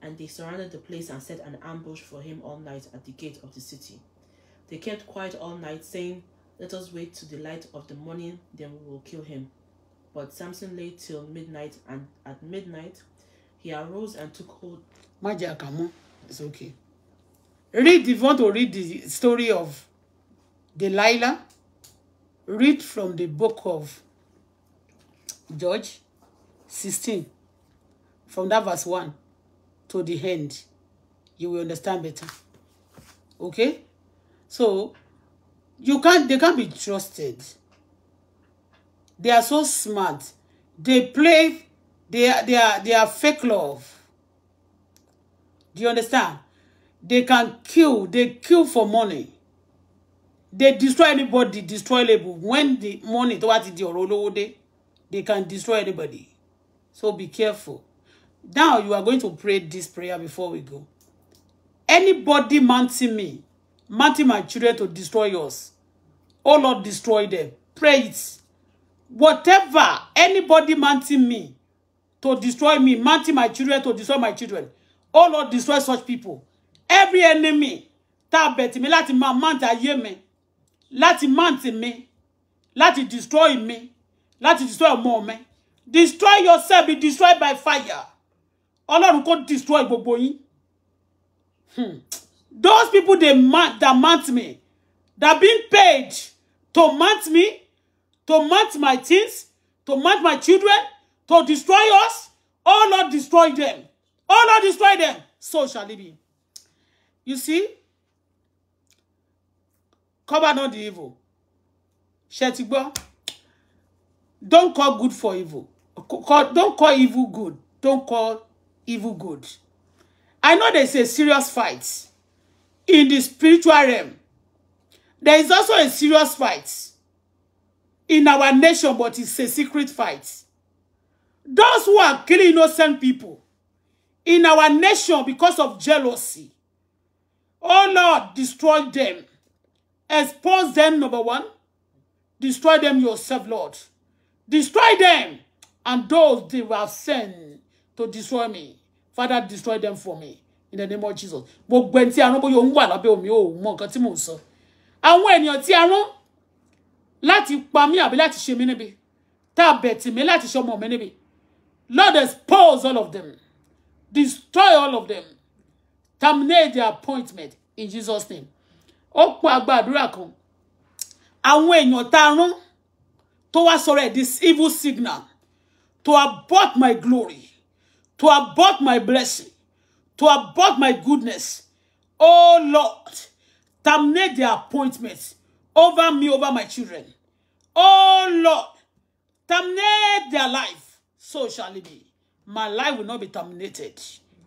And they surrounded the place and set an ambush for him all night at the gate of the city. They kept quiet all night, saying, Let us wait till the light of the morning, then we will kill him. But Samson lay till midnight, and at midnight he arose and took hold. Magia come on. It's okay. Read if you want to read the story of Delilah, read from the book of Judge 16, from that verse 1 to the end. You will understand better. Okay? So, you can't, they can't be trusted. They are so smart. They play, they are, they are, they are fake love. Do you understand? They can kill, they kill for money they destroy anybody destroy label when the money tó bá ti di ọ̀rọ̀ they can destroy anybody so be careful now you are going to pray this prayer before we go anybody mounting me mounting my children to destroy yours oh Lord destroy them pray it whatever anybody mounting me to destroy me mounting my children to destroy my children oh Lord destroy such people every enemy tá a bẹ̀ tì mí mount ayé láti mount mi láti destroy mi láti destroy ọmọ mi destroy yourself be destroyed by fire ọlọ́run kò destroy gbogbo yín hmm. those people dey mount that mount me that been paid to mount me to mount my things to mount my children to destroy us oh Lord destroy them oh Lord destroy them so shall it be you see cover not the evil Shetibo, don't call good for evil call, don't call evil good don't call evil good I know there is a serious fight in the spiritual realm there is also a serious fight in our nation but it's a secret fight those who are killing innocent people in our nation because of jealousy oh Lord destroy them Expose them, number one. Destroy them yourself, Lord. Destroy them. And those they have sent to destroy me. Father, destroy them for me. In the name of Jesus. Gbogbo ẹni tí a rán bóyá òun wà lábẹ́ omi ò mọ nǹkan tí mò ń sọ. Àwọn ènìyàn tí a rán láti pa mí àbí láti ṣe mí níbi. Tá a bẹ̀ tì mí láti ṣe ọmọ mi níbi. Lord, expose all of them. Destroy all of them. Terminate their appointment in Jesus' name ó pọ àgbà àdúrà kan àwọn èèyàn tá a rán tó wá sọ̀rọ̀ ẹ̀ this evil signal to abort my glory to abort my blessing to abort my goodness oh lord terminate their appointment over me over my children oh lord terminate their life so shall it be my life will not be terminated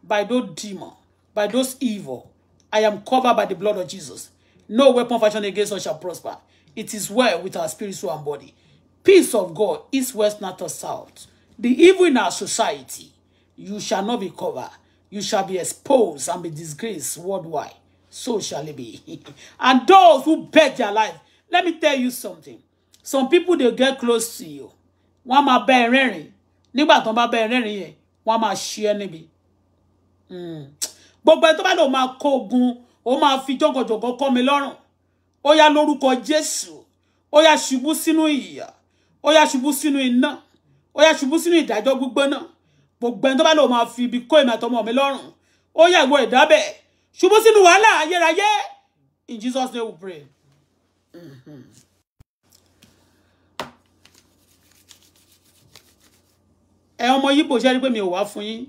by those demons by those evil i am covered by the blood of jesus No weapon fashioned against us shall prosper. It is well with our spirit, soul, and body. Peace of God, east, west, north, or south. The evil in our society, you shall not be covered. You shall be exposed and be disgraced worldwide. So shall it be. and those who bet their life, let me tell you something. Some people, they get close to you. Wọ́n máa bẹ́ rẹ́rìn. Nígbà tó bá bẹ́ rẹ́rìn yẹn, wọ́n máa ṣe ẹ́ níbi. Hmm. Gbogbo ẹ̀ tó bá lò máa kó ó máa fi jọ̀gọ̀jọ̀gọ̀ kọ́ mi lọ́rùn ó yá lórúkọ Jésù ó yá ṣubú sínú ìyà ó yá ṣubú sínú iná ó yá ṣubú sínú ìdájọ́ gbígbóná gbogbo ẹni tó bá lò máa fi ibi kó èmi àtọmọ mi lọ́rùn ó yá ìwọ ìdábẹ̀ ṣubú sínú wàhálà ayérayé in Jesus name we pray. Mm-hmm. ẹ ọmọ yìí bò ṣe rí pé mi ò wá fún yín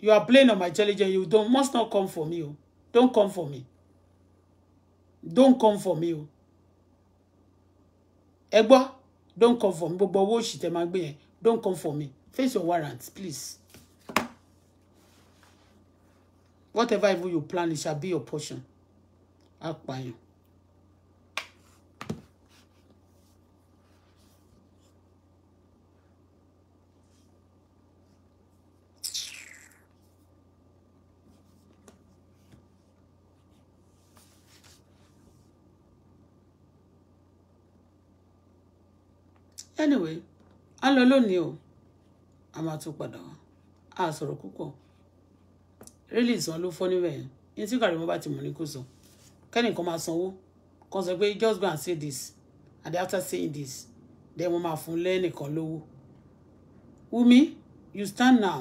you are playing on my intelligence you don't must not come for me o. Oh. Don't come for me. Don't come for me o. Ẹ don't come for me. But owó òṣì tẹ máa don't come for me. Face your warrants, please. Whatever evil you plan, it shall be your portion. I'll you. anyway a lọ lónìí o a máa tún padà wá a sọ̀rọ̀ púpọ̀ rélì sàn ló fọ́ níbẹ̀ yẹn ní tí kàrí mo bá ti mọ̀ ní kò sọ kẹ́nìkan máa sanwó kan sọ pé just go and say this and after saying this then wọ́n máa fún lẹ́nìkan lówó Wumi you stand now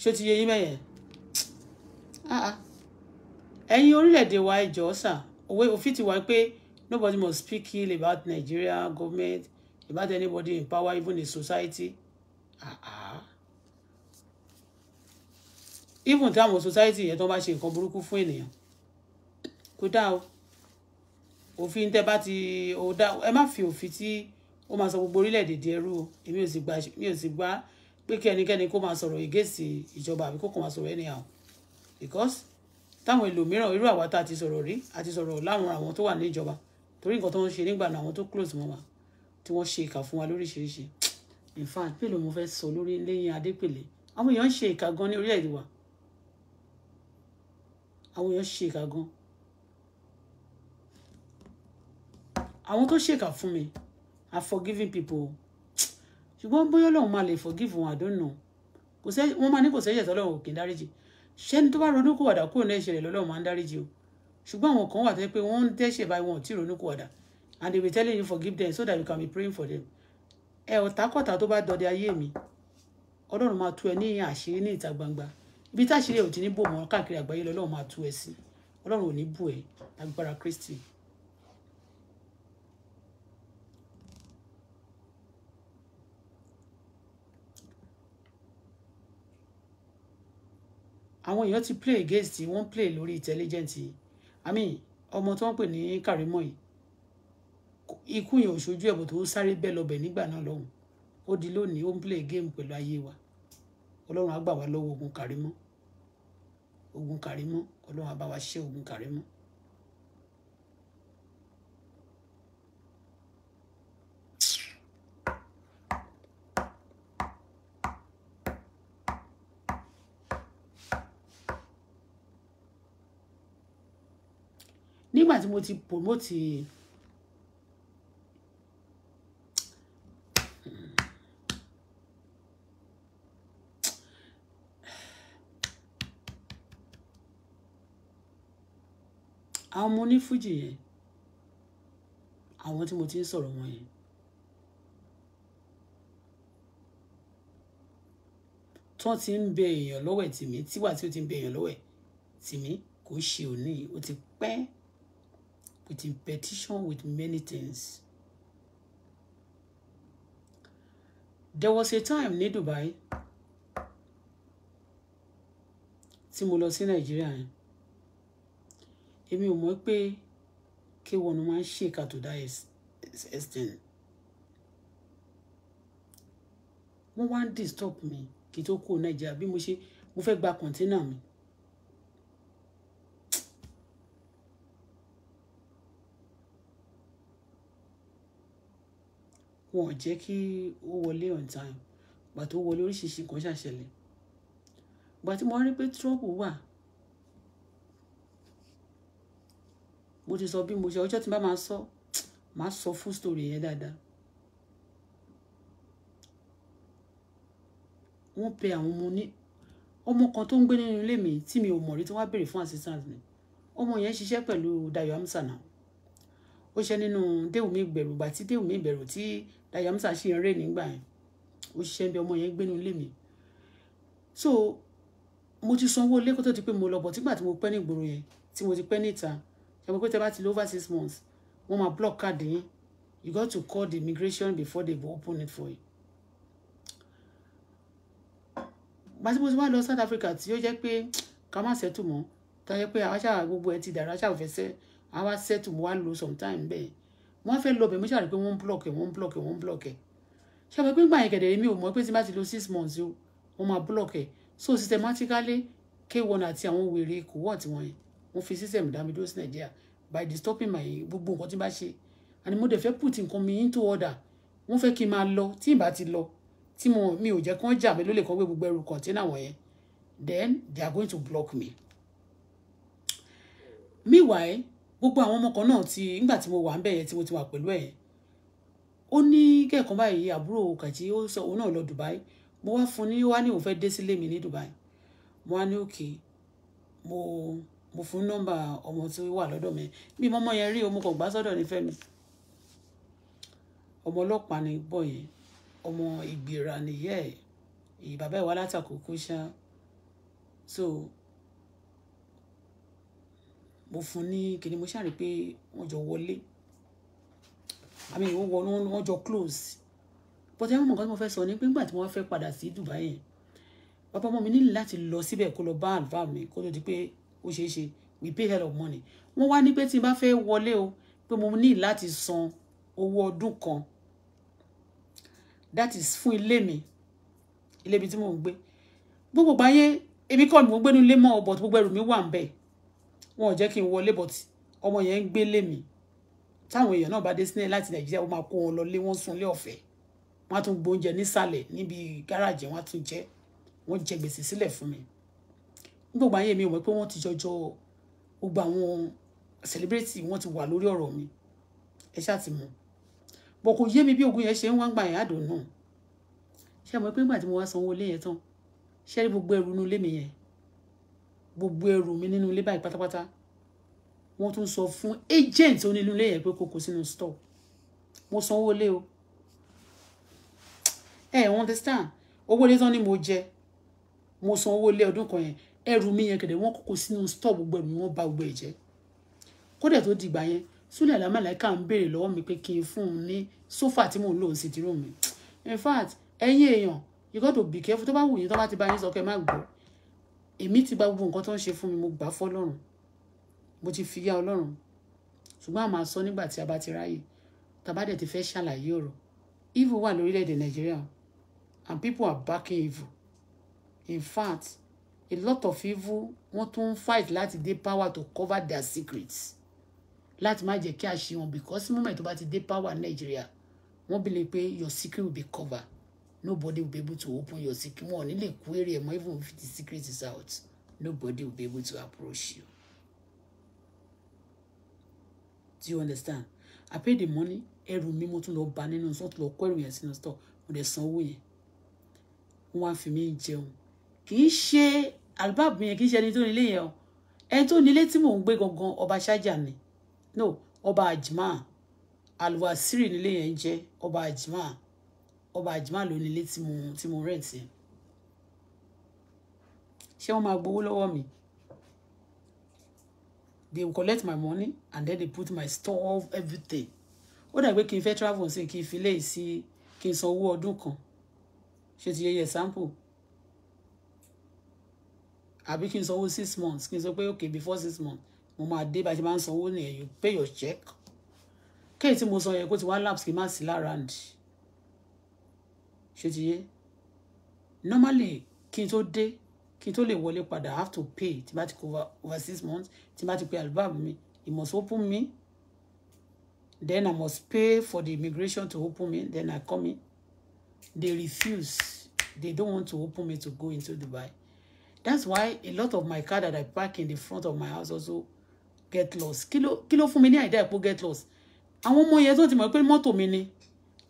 ṣé ti yẹ yín bẹ́yẹn ẹ̀yin orílẹ̀-èdè wa ẹ̀jọ̀ sà òwe òfin ti wà pé nobody must speak ill about Nigeria government about anybody in power, even in society. Uh-uh. Even time of society you don't bá ṣe nǹkan burúkú fún ènìyàn kò dáa o òfin tẹ bá ti ò ẹ má fi òfin tí ó máa sọ gbogbo orílẹ̀-èdè di ẹrú o èmi ò sì gbà mi ò sì gbà pé kí ẹnikẹ́ni kó máa sọ̀rọ̀ ìgéèsì ìjọba àbí kó kàn máa sọ̀rọ̀ anyhow because táwọn ẹlòmíràn irú àwa tá a ti sọ̀rọ̀ rí a ti sọ̀rọ̀ láwọn àwọn tó wà ní ìjọba torí nǹkan tó ń ṣe nígbà náà àwọn tó close mọ́ wa tí wọ́n ṣe ìkà fún wa lóríṣiríṣi in fact pé ló mo fẹ́ sọ lórí lẹ́yìn adépèlé àwọn èèyàn ń ṣe ìkà gan ní orílẹ̀-èdè wa àwọn èèyàn ṣe ìkà gan àwọn tó ṣèkà fún mi are forgiving people ṣùgbọ́n bóyá Ọlọ́run máa lè forgive wọn I don't know kò sẹ́ wọ́n máa ní kò sẹ́yẹ̀ tọ́lọ́run ò kì í dáríjì ṣẹ́ni tó bá ronú kò wàdà kúrò náà ìṣẹ̀lẹ̀ lọ́lọ́run máa ń dáríjì o ṣùgbọ́n àwọn kan wà tó yẹ pé wọ́n ń dẹ́ṣẹ̀ báyìí wọn ò tí ì ronú kò and they will tell you forgive them so that you can be praying for them ẹ ọ̀tàkọ̀tà tó bá dọdẹ ayé mi ọlọ́run máa tú ẹ ní àṣírí ni ìta gbangba ibi táṣírí ẹ ò ti ní bò mọ́ káàkiri lo lọ́lọ́run máa tú ẹ sí ọlọ́run ò ní bù ẹ agbára Kristi àwọn èèyàn ti play against wọn play lórí intelligent i mean ọmọ tó ń pè ní Kàrímọ̀ ikú yẹn ò ṣojú ẹ̀bùn tó sáré bẹ́ẹ̀ lọ́bẹ̀ nígbà náà lọ́hùn ó di lónìí ó ń play game pẹ̀lú ayé wa ọlọ́run á gbà wá lọ́wọ́ ogun kàrímọ́ ogun kàrímọ́ ọlọ́run á bá wa ṣe ogun kàrímọ́. nígbà tí mo ti promote àwọn ọmọ onífújì yẹn àwọn tí mo ti ń sọ̀rọ̀ wọn yẹn tó ti ń bẹ èèyàn lọ́wọ́ ẹ̀ tìmí tíwà tí ó ti ń bẹ èèyàn lọ́wọ́ tìmí kò ṣe òní ó ti pẹ́ with petition with many things. There was a time ní Dubai tí mo lọ sí Nàìjíríà yẹn èmi ò mọ̀ pé K1 máa ń ṣèkà tó dá ẹsẹ̀ wọ́n wá ń disturb mi kí tó kó nàìjíríà bí mo ṣe mo fẹ́ gba kọ̀ǹtínà mi wọn ò jẹ́ kí ó wọlé on time gbà tó wọlé oríṣiríṣi kan ṣàṣẹlẹ̀ gbà tí mo rí pé trouble wà mo ti sọ bí mo ṣe ọjọ́ tí bá máa sọ máa sọ fún story yẹn dáadáa wọ́n pe àwọn ọmọ ní ọmọ kan tó ń gbé nínú ilé mi tí mi ò mọ̀ rí tí wọ́n á béèrè fún assistant mi ọmọ yẹn ṣiṣẹ́ pẹ̀lú Dayo Amsa náà ó ṣe nínú déwùmí ìbẹ̀rù gbà tí déwùmí ìbẹ̀rù tí Dayo Amsa ṣe ń rè nígbà yẹn ó ṣiṣẹ́ bí ọmọ yẹn gbé nínú ilé mi so mo ti sanwó ilé kó tó di pé mo lọ bọ̀ tígbà tí mo pẹ́ ní ìgboro yẹn tí mo ti pẹ́ níta ẹ mọ̀ pé tẹ bá over six months When máa block card yín you got to call the immigration before they will open it for you. gbàtíbó tí wọ́n lọ South Africa you ó jẹ́ come and má ṣẹ́tù mọ́ You a jẹ́ pé àwọn aṣáà gbogbo ẹ ti I aṣáà ò fẹ́ sẹ́ àwa ṣẹ́tù mọ́ wá lò sometime bẹ́ẹ̀ wọ́n fẹ́ lọ bẹ̀ mo ṣàrí pé wọ́n ń block one block one block ẹ̀ ṣe àwọn pínpín àyẹ̀kẹ̀ dẹ̀ mi ò mọ̀ pé tí bá ti six months You wọ́n máa block so systematically k1 àti àwọn wèrè kò wọ́ọ̀tì wọ̀nyẹn wọ́n fi system dá mi dúró sí nàìjíríà by disturbing my gbogbo nǹkan tí n bá ṣe and mo dẹ̀ fẹ́ put nǹkan mi into order wọ́n fẹ́ kí n máa lọ tí n bá ti lọ tí mo mi ò jẹ́ kán jà mí ló lè kán gbogbo ẹrù kọ̀ǹtínà wọ̀nyẹn then they are going to block me. meanwhile gbogbo àwọn ọmọ kan náà ti nígbà tí mo wà ń bẹ̀ yẹn tí mo ti wà pẹ̀lú ẹ̀ ó ní kẹ́ẹ̀kan báyìí àbúrò kàjí ó sọ òun náà lọ Dubai mo wá fún un ní wá ní òun fẹ́ dé sílé mi ní Dubai mo wá ní òkè mo. Okay mo fún nọ́mbà ọmọ tí wà lọ́dọ̀ mi bí mọ́mọ́ yẹn rí o mo kàn gbá sọ́dọ̀ ní Fẹ́mi ọmọ ọlọ́pàá ni bọ̀ yẹn ọmọ ìgbìrà nìyẹ́ ẹ̀ bàbá ìwà látàkókò ṣá so mo fún ní kíni mo ṣàrí pé wọ́n jọ wọlé àmì ìwọ wọnú wọ́n jọ close but ẹ̀wọ̀n nǹkan tí mo fẹ́ sọ ni pé nígbà tí wọ́n fẹ́ padà sí Dubai yẹn bàbá ọmọ mi nílò láti lọ síbẹ̀ kó lọ bá àlùfáà mi kó tó di pé ó ṣeé ṣe we pay hell of money wọ́n wá ní pé tí n bá fẹ́ wọlé o pé mo ní láti san owó ọdún kan that is fún ilé mi ilé ibi tí mò ń gbé gbogbo gbáyé èmi kọ́ ni mo gbé ní ilé mọ́ but gbogbo ẹrù mi wà ń bẹ̀ wọn ò jẹ́ kí n wọlé but ọmọ yẹn ń gbé lé mi táwọn èèyàn náà bá dé sílẹ̀ láti nàìjíríà ó máa kó wọn lọ lé wọn sùn lé ọ̀fẹ́ wọn á tún gbóúnjẹ nísàlẹ̀ níbi gáràjì wọn á tún jẹ wọn jẹ gbèsè sílẹ̀ fún mi gbogbo ayé mi ò mọ̀ pé wọ́n ti jọjọ gbogbo àwọn celebrity wọ́n ti wà lórí ọ̀rọ̀ mi ẹ ṣáà ti mọ̀ bọ̀ kò yé mi bí ogun yẹn ṣe ń wá ń gbà yẹn àdùn náà ṣe mọ̀ pé nígbà tí mo wá sanwó ilé yẹn tán ṣe rí gbogbo ẹrù inú ilé mi yẹn gbogbo ẹrù mi nínú ilé báyìí pátápátá wọ́n tún sọ fún agent onílù ilé yẹn pé kò kó sínú store mo sanwó ilé o ẹ ẹ understand owó ilé tán ni mo jẹ mo san owó ilé ọdún kan yẹn ẹrù mi yẹn kẹ̀dẹ̀ wọ́n kókó sínú stọ̀ gbogbo ẹ̀mí wọ́n ba gbogbo ẹ̀ jẹ́ kódẹ̀ tó dìgbà yẹn súlẹ̀ alámàlàíkà ń béèrè lọ́wọ́ mi pé kí n fún un ní sófà tí mò ń lò sí dírò mi in fact ẹ̀yin èèyàn you got to be careful tó bá wù yín tó bá ti bá yín sọ kẹ́ má gbọ́ èmi ti gba gbogbo nǹkan tó ń ṣe fún mi mo gbà fọ́lọ́run mo ti fi yá ọlọ́run ṣùgbọ́n a máa sọ nígbà tí a bá ti ráyè tàbá dẹ̀ ti fẹ́ ṣàlàyé ọ̀rọ̀ evil wà lórílẹ̀‐èdè nàìjíríà and people are backing evil in fact a lot of evil wọ́n tún fight láti dé power to cover their secrets láti má jẹ́ kí a ṣe wọn because moment tó bá ti dé power Nigeria wọ́n bí le pé your secret will be cover. nobody will be able to open your secret wọn ò ní lè query ẹ̀ mọ́ even if the secret is out nobody will be able to approach you do you understand I pay the money ẹrù mi mo tún lọ bá nínú sọ́ọ̀tún lọ kọ́ ẹrù yẹn sínú store mo lè san yẹn wọ́n á fi mí jẹun kì í ṣe alibaabu yẹn kì í ṣe ẹni tó nílé yẹn o ẹni tó nílé tí mò ń gbé gangan ọba ṣájà ni no ọba àjìmá alwasiri nílé yẹn jẹ ọba àjìmá ọba àjìmá ló nílé tí mo tí mo rent yẹn ṣé wọn máa gbowó lọ́wọ́ mi they will collect my money and then they put my store everything ó dàgbé kí n fẹ́ travel sí kí n fi léyìí sí kí n san owó ọdún kan ṣe ti yẹ yẹ sample àbí kí n sanwó six months kí n sọ pé okay before six months mo máa dé bá a ṣe máa ń sanwó nìyẹn you pay your check kéèyì tí mo san yẹn kó ti wá lapse kí n má sí lára ǹdí ṣé ti yé normally kí n tó dé kí n tó lè wọlé padà i have to pay tí bá ti kó over six months tí bá ti pay albab mi it must open me then i must pay for the immigration to open me then i come in they refuse they don't want to open me to go into Dubai that's why a lot of my car that I park in the front of my house also get lost Kilo, kilo kí ló fún mi ní àìdá ìpò get lost àwọn ọmọ yẹn tó ti mọ̀ pé mọ́tò mi ni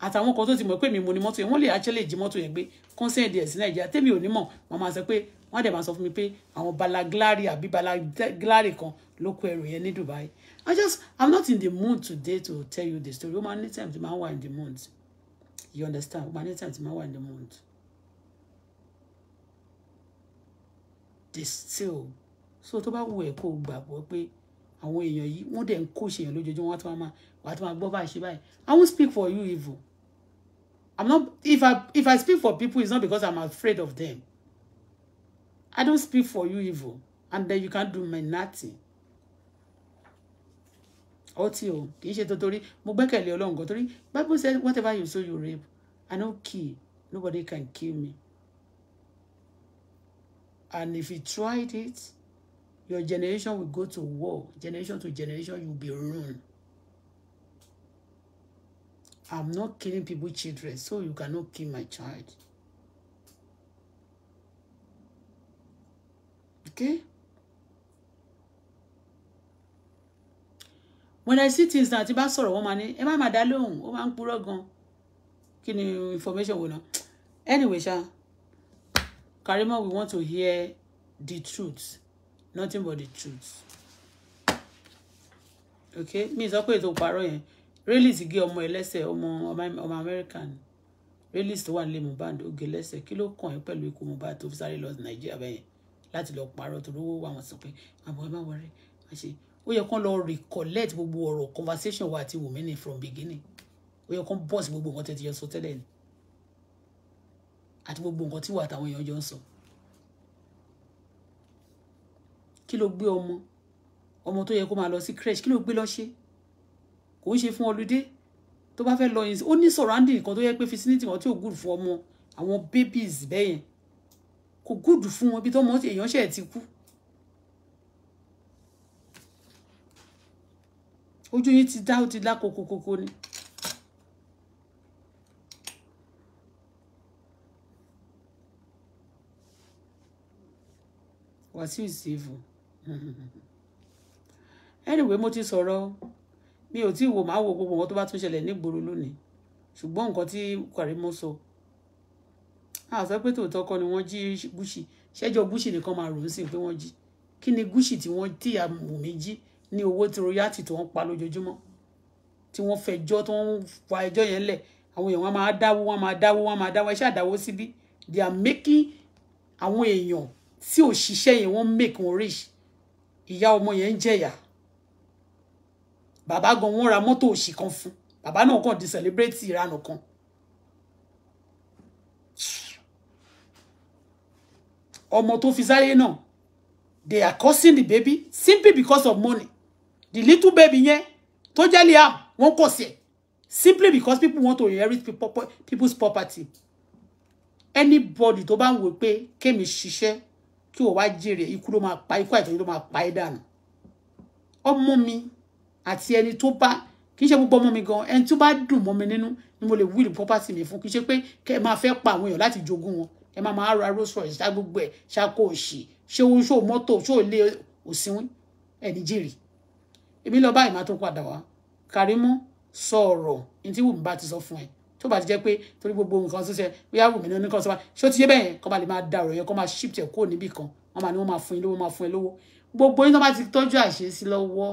àtàwọn kan tó ti mọ̀ pé mi mo ni mọ́tò yẹn wọ́n lè actually jí mọ́tò yẹn gbé consent ẹ̀ sí nàìjíríà tẹ́mi ò ní mọ̀ wọ́n máa sọ pé wọ́n á dẹ̀ máa sọ fún mi pé àwọn balaglari àbí balaglari kan ló kó ẹrù yẹn ní Dubai I just I'm not in the mood today to tell you the story ó máa ní time tí in the mood you understand ó máa ní time tí in the mood. distill so tó bá wù ẹ́ kó gbàgbọ́ pé àwọn èèyàn yìí wọ́n dẹ̀ ń kó ṣèyàn lójoojúmọ́ wọ́n ti máa wà á máa gbọ́ báyìí ṣe báyìí I won't speak for you evil I'm not if I if I speak for people it's not because I'm afraid of them I don't speak for you evil and then you can't do my nothing ọtí o kì í ṣe torí mo gbẹ́kẹ̀lé Ọlọ́run kan torí Bible says whatever you sow you reap I no kill nobody can kill me. And if you tried it, your generation will go to war. Generation to generation, you'll be ruined. I'm not killing people, children, so you cannot kill my child. Okay? When I see things that, tí bá sọ̀rọ̀ wọ́n máa ní ẹ má máa dá lóhùn ó information wo náà anyway ṣáá. Karimo, we want to hear the truth, nothing but the truth. Okay? Mi sọ pé ètò parọ́ yẹn. Release gé ọmọ ẹlẹ́sẹ̀ ọmọ American. Release tó wà nílé Mohbad ó gé e lẹ́sẹ̀. Kí ló kàn yín pẹ̀lú ikú Mohbad tó fi sáré lọ Nàìjíríà bẹ́yẹn láti lọ parọ́ torí owó àwọn sọ pé àbọ̀ ẹ má wọrí má ṣe. Ó yẹ recollect the conversation wa àti from beginning. We yẹ kán bọ́ọ̀sì gbogbo nǹkan tẹ̀ ti yẹ sọ tẹ́lẹ̀ àti gbogbo nǹkan tí wà táwọn èèyàn jọ ń sọ kí ló gbé ọmọ ọmọ tó yẹ kó máa lọ sí crèche kí ló gbé lọ ṣe kò ń ṣe fún ọlùdé tó bá fẹ́ lọ yìí ó ní surrounding kan tó yẹ pé facility wọn tí ò good fún ọmọ àwọn babies bẹ́ẹ̀ yẹn kò good fún wọn bí tọ́mọ èèyàn ṣẹ̀ ti kú. ojú yín ti dá ó ti lá kokokoko ni Wàsíù ìsìnfù anyway mo ti sọ̀rọ̀ mi ò tí ì wò máa wo gbogbo wọn tó bá tún ṣẹlẹ̀ nígboro lónìí ṣùgbọ́n nǹkan tí Karimo sọ a sọ pé tòótọ́ kọ́ ni wọ́n jí Gucci ṣẹ́jọ́ Gucci nìkan máa rò ó sí pé wọ́n jí kí ni Gucci tí wọ́n tí àmùmí jí ní owó tí royalty tó ń pa lójoojúmọ́ tí wọ́n fẹjọ́ tó ń fa ẹjọ́ yẹn lẹ̀ àwọn èèyàn wọn máa dáwó wọn máa dáwó wọn máa dáwó iṣẹ́ àdáwó síbí they are making àwọn èèyàn tí òṣìṣẹ́ yẹn wọ́n make wọn rich ìyá ọmọ yẹn ń Baba bàbá gan wọ́n ra mọ́tò òṣì kan fún bàbá náà kàn di celebrate ìranù kan ọmọ tó fi sáyé náà they are cursing the baby simply because of money the little baby yẹn tó jẹ́ liam wọ́n kọ̀ sí ẹ̀ simply because people want to inherit people's property anybody tó bá ń wò pé kémi kí wọ́n wá jèrè ikú ló máa pa ikú àìtọ́jú ló máa pa ẹ́ dànù ọmọ mi àti ẹni tó bá kì í ṣe gbogbo ọmọ mi gan ẹni tó bá dùn mọ́ mi nínú ni mo lè wíìlì property mi fún kì í ṣe pé kẹ́ ẹ máa fẹ́ pa àwọn èèyàn láti jogún wọn ẹ máa máa ra rose royce ṣá gbogbo ẹ ṣàkó òṣì ṣé o ṣó mọ́tò ṣó lé òsínwín ẹni jèrè èmi lọ báyìí máa tó padà wá Kàrímú sọ ọ̀rọ̀ ní tí wùmí bá ti sọ fún ẹ tó bá ti jẹ́ pé torí gbogbo nǹkan ṣoṣẹ bí àwọn òmìnira ní kan sọ wá ṣé ó ti yé bẹ́ẹ̀ yẹn kọ́ bá lè máa da ọ̀rọ̀ yẹn kọ́ máa ṣíptẹ̀ kúrò níbì kan wọ́n máa ní wọ́n máa fún yín lówó máa fún yín lówó gbogbo yín tó bá ti tọ́jú àṣeyẹsí lọ́wọ́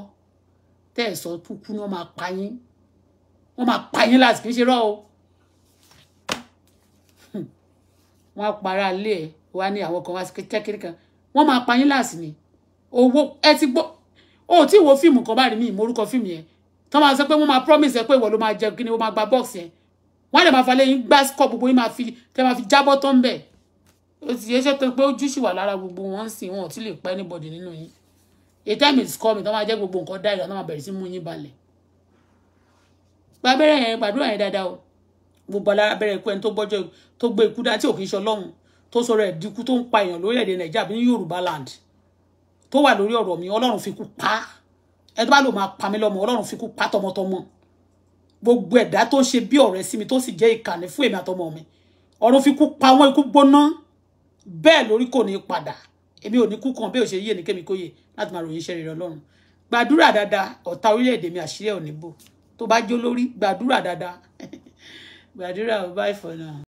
tẹ́ ẹ̀ sọ kúkú ni wọ́n máa pa yín wọ́n máa pa yín láti kì í ṣe rọ́ o hmm. wọ́n á para ilé ẹ̀ wá ní àwọn kan wá sí kékeré kan wọ́n máa pa yín láti ní owó ẹ ti gbọ́ o tí wo fíìmù kan bá rí mi ìmọ̀ orúkọ fíìmù yẹn tó máa sọ pé wọ́n máa promise ẹ pé ìwọ ló máa jẹ ni wọ́n máa gba bọ́ọ̀sì yẹn wọ́n á lè máa falẹ̀ yín gbá kọ́ gbogbo yín máa fi tẹ́ máa fi jábọ́ tó ń bẹ̀ ó sì yẹ ṣe tó pé ojú sì wà lára gbogbo wọn sì wọn ò tí lè pa anybody nínú yín a time is coming tó máa jẹ́ gbogbo nǹkan dáìlà tó máa bẹ̀rẹ̀ sí mú yín balẹ̀ gbàbẹ́rẹ́ yẹn gbàdúrà yẹn dáadáa o gbogbo alábẹ́rẹ́ ikú ẹni tó gbọ́jọ́ tó gbé ikú dá tí òkè iṣẹ́ ọlọ́run tó sọ̀rọ̀ ẹ̀dínkù tó ń pa èèyàn lórílẹ̀‐èdè nàìjíríà àbí ní yorùbá land tó wà lórí ọ̀rọ̀ mi ọlọ́run fi kú pa ẹni tó bá lò máa pa mí lọ́mọ ọlọ́run fi kú pa tọmọtọmọ gbogbo ẹ̀dá tó ṣe bí ọ̀rẹ́ sí mi tó sì jẹ́ ìkànnì fún èmi àtọmọ mi ọ̀run fi kú pa wọ́n ikú gbóná bẹ́ẹ̀ lórí kò ní padà èmi ò ní kú kan bẹ́ẹ̀ ò ṣe yé nìkémi kó yè láti máa ròyìn iṣẹ́ rere ọlọ́run gbàdúrà dáadáa ọ̀tá orílẹ̀-èdè mi àṣírí ẹ̀ ò ní bò tó bá jó lórí gbàdúrà dáadáa gbàdúrà ò báyìí fọ̀ náà.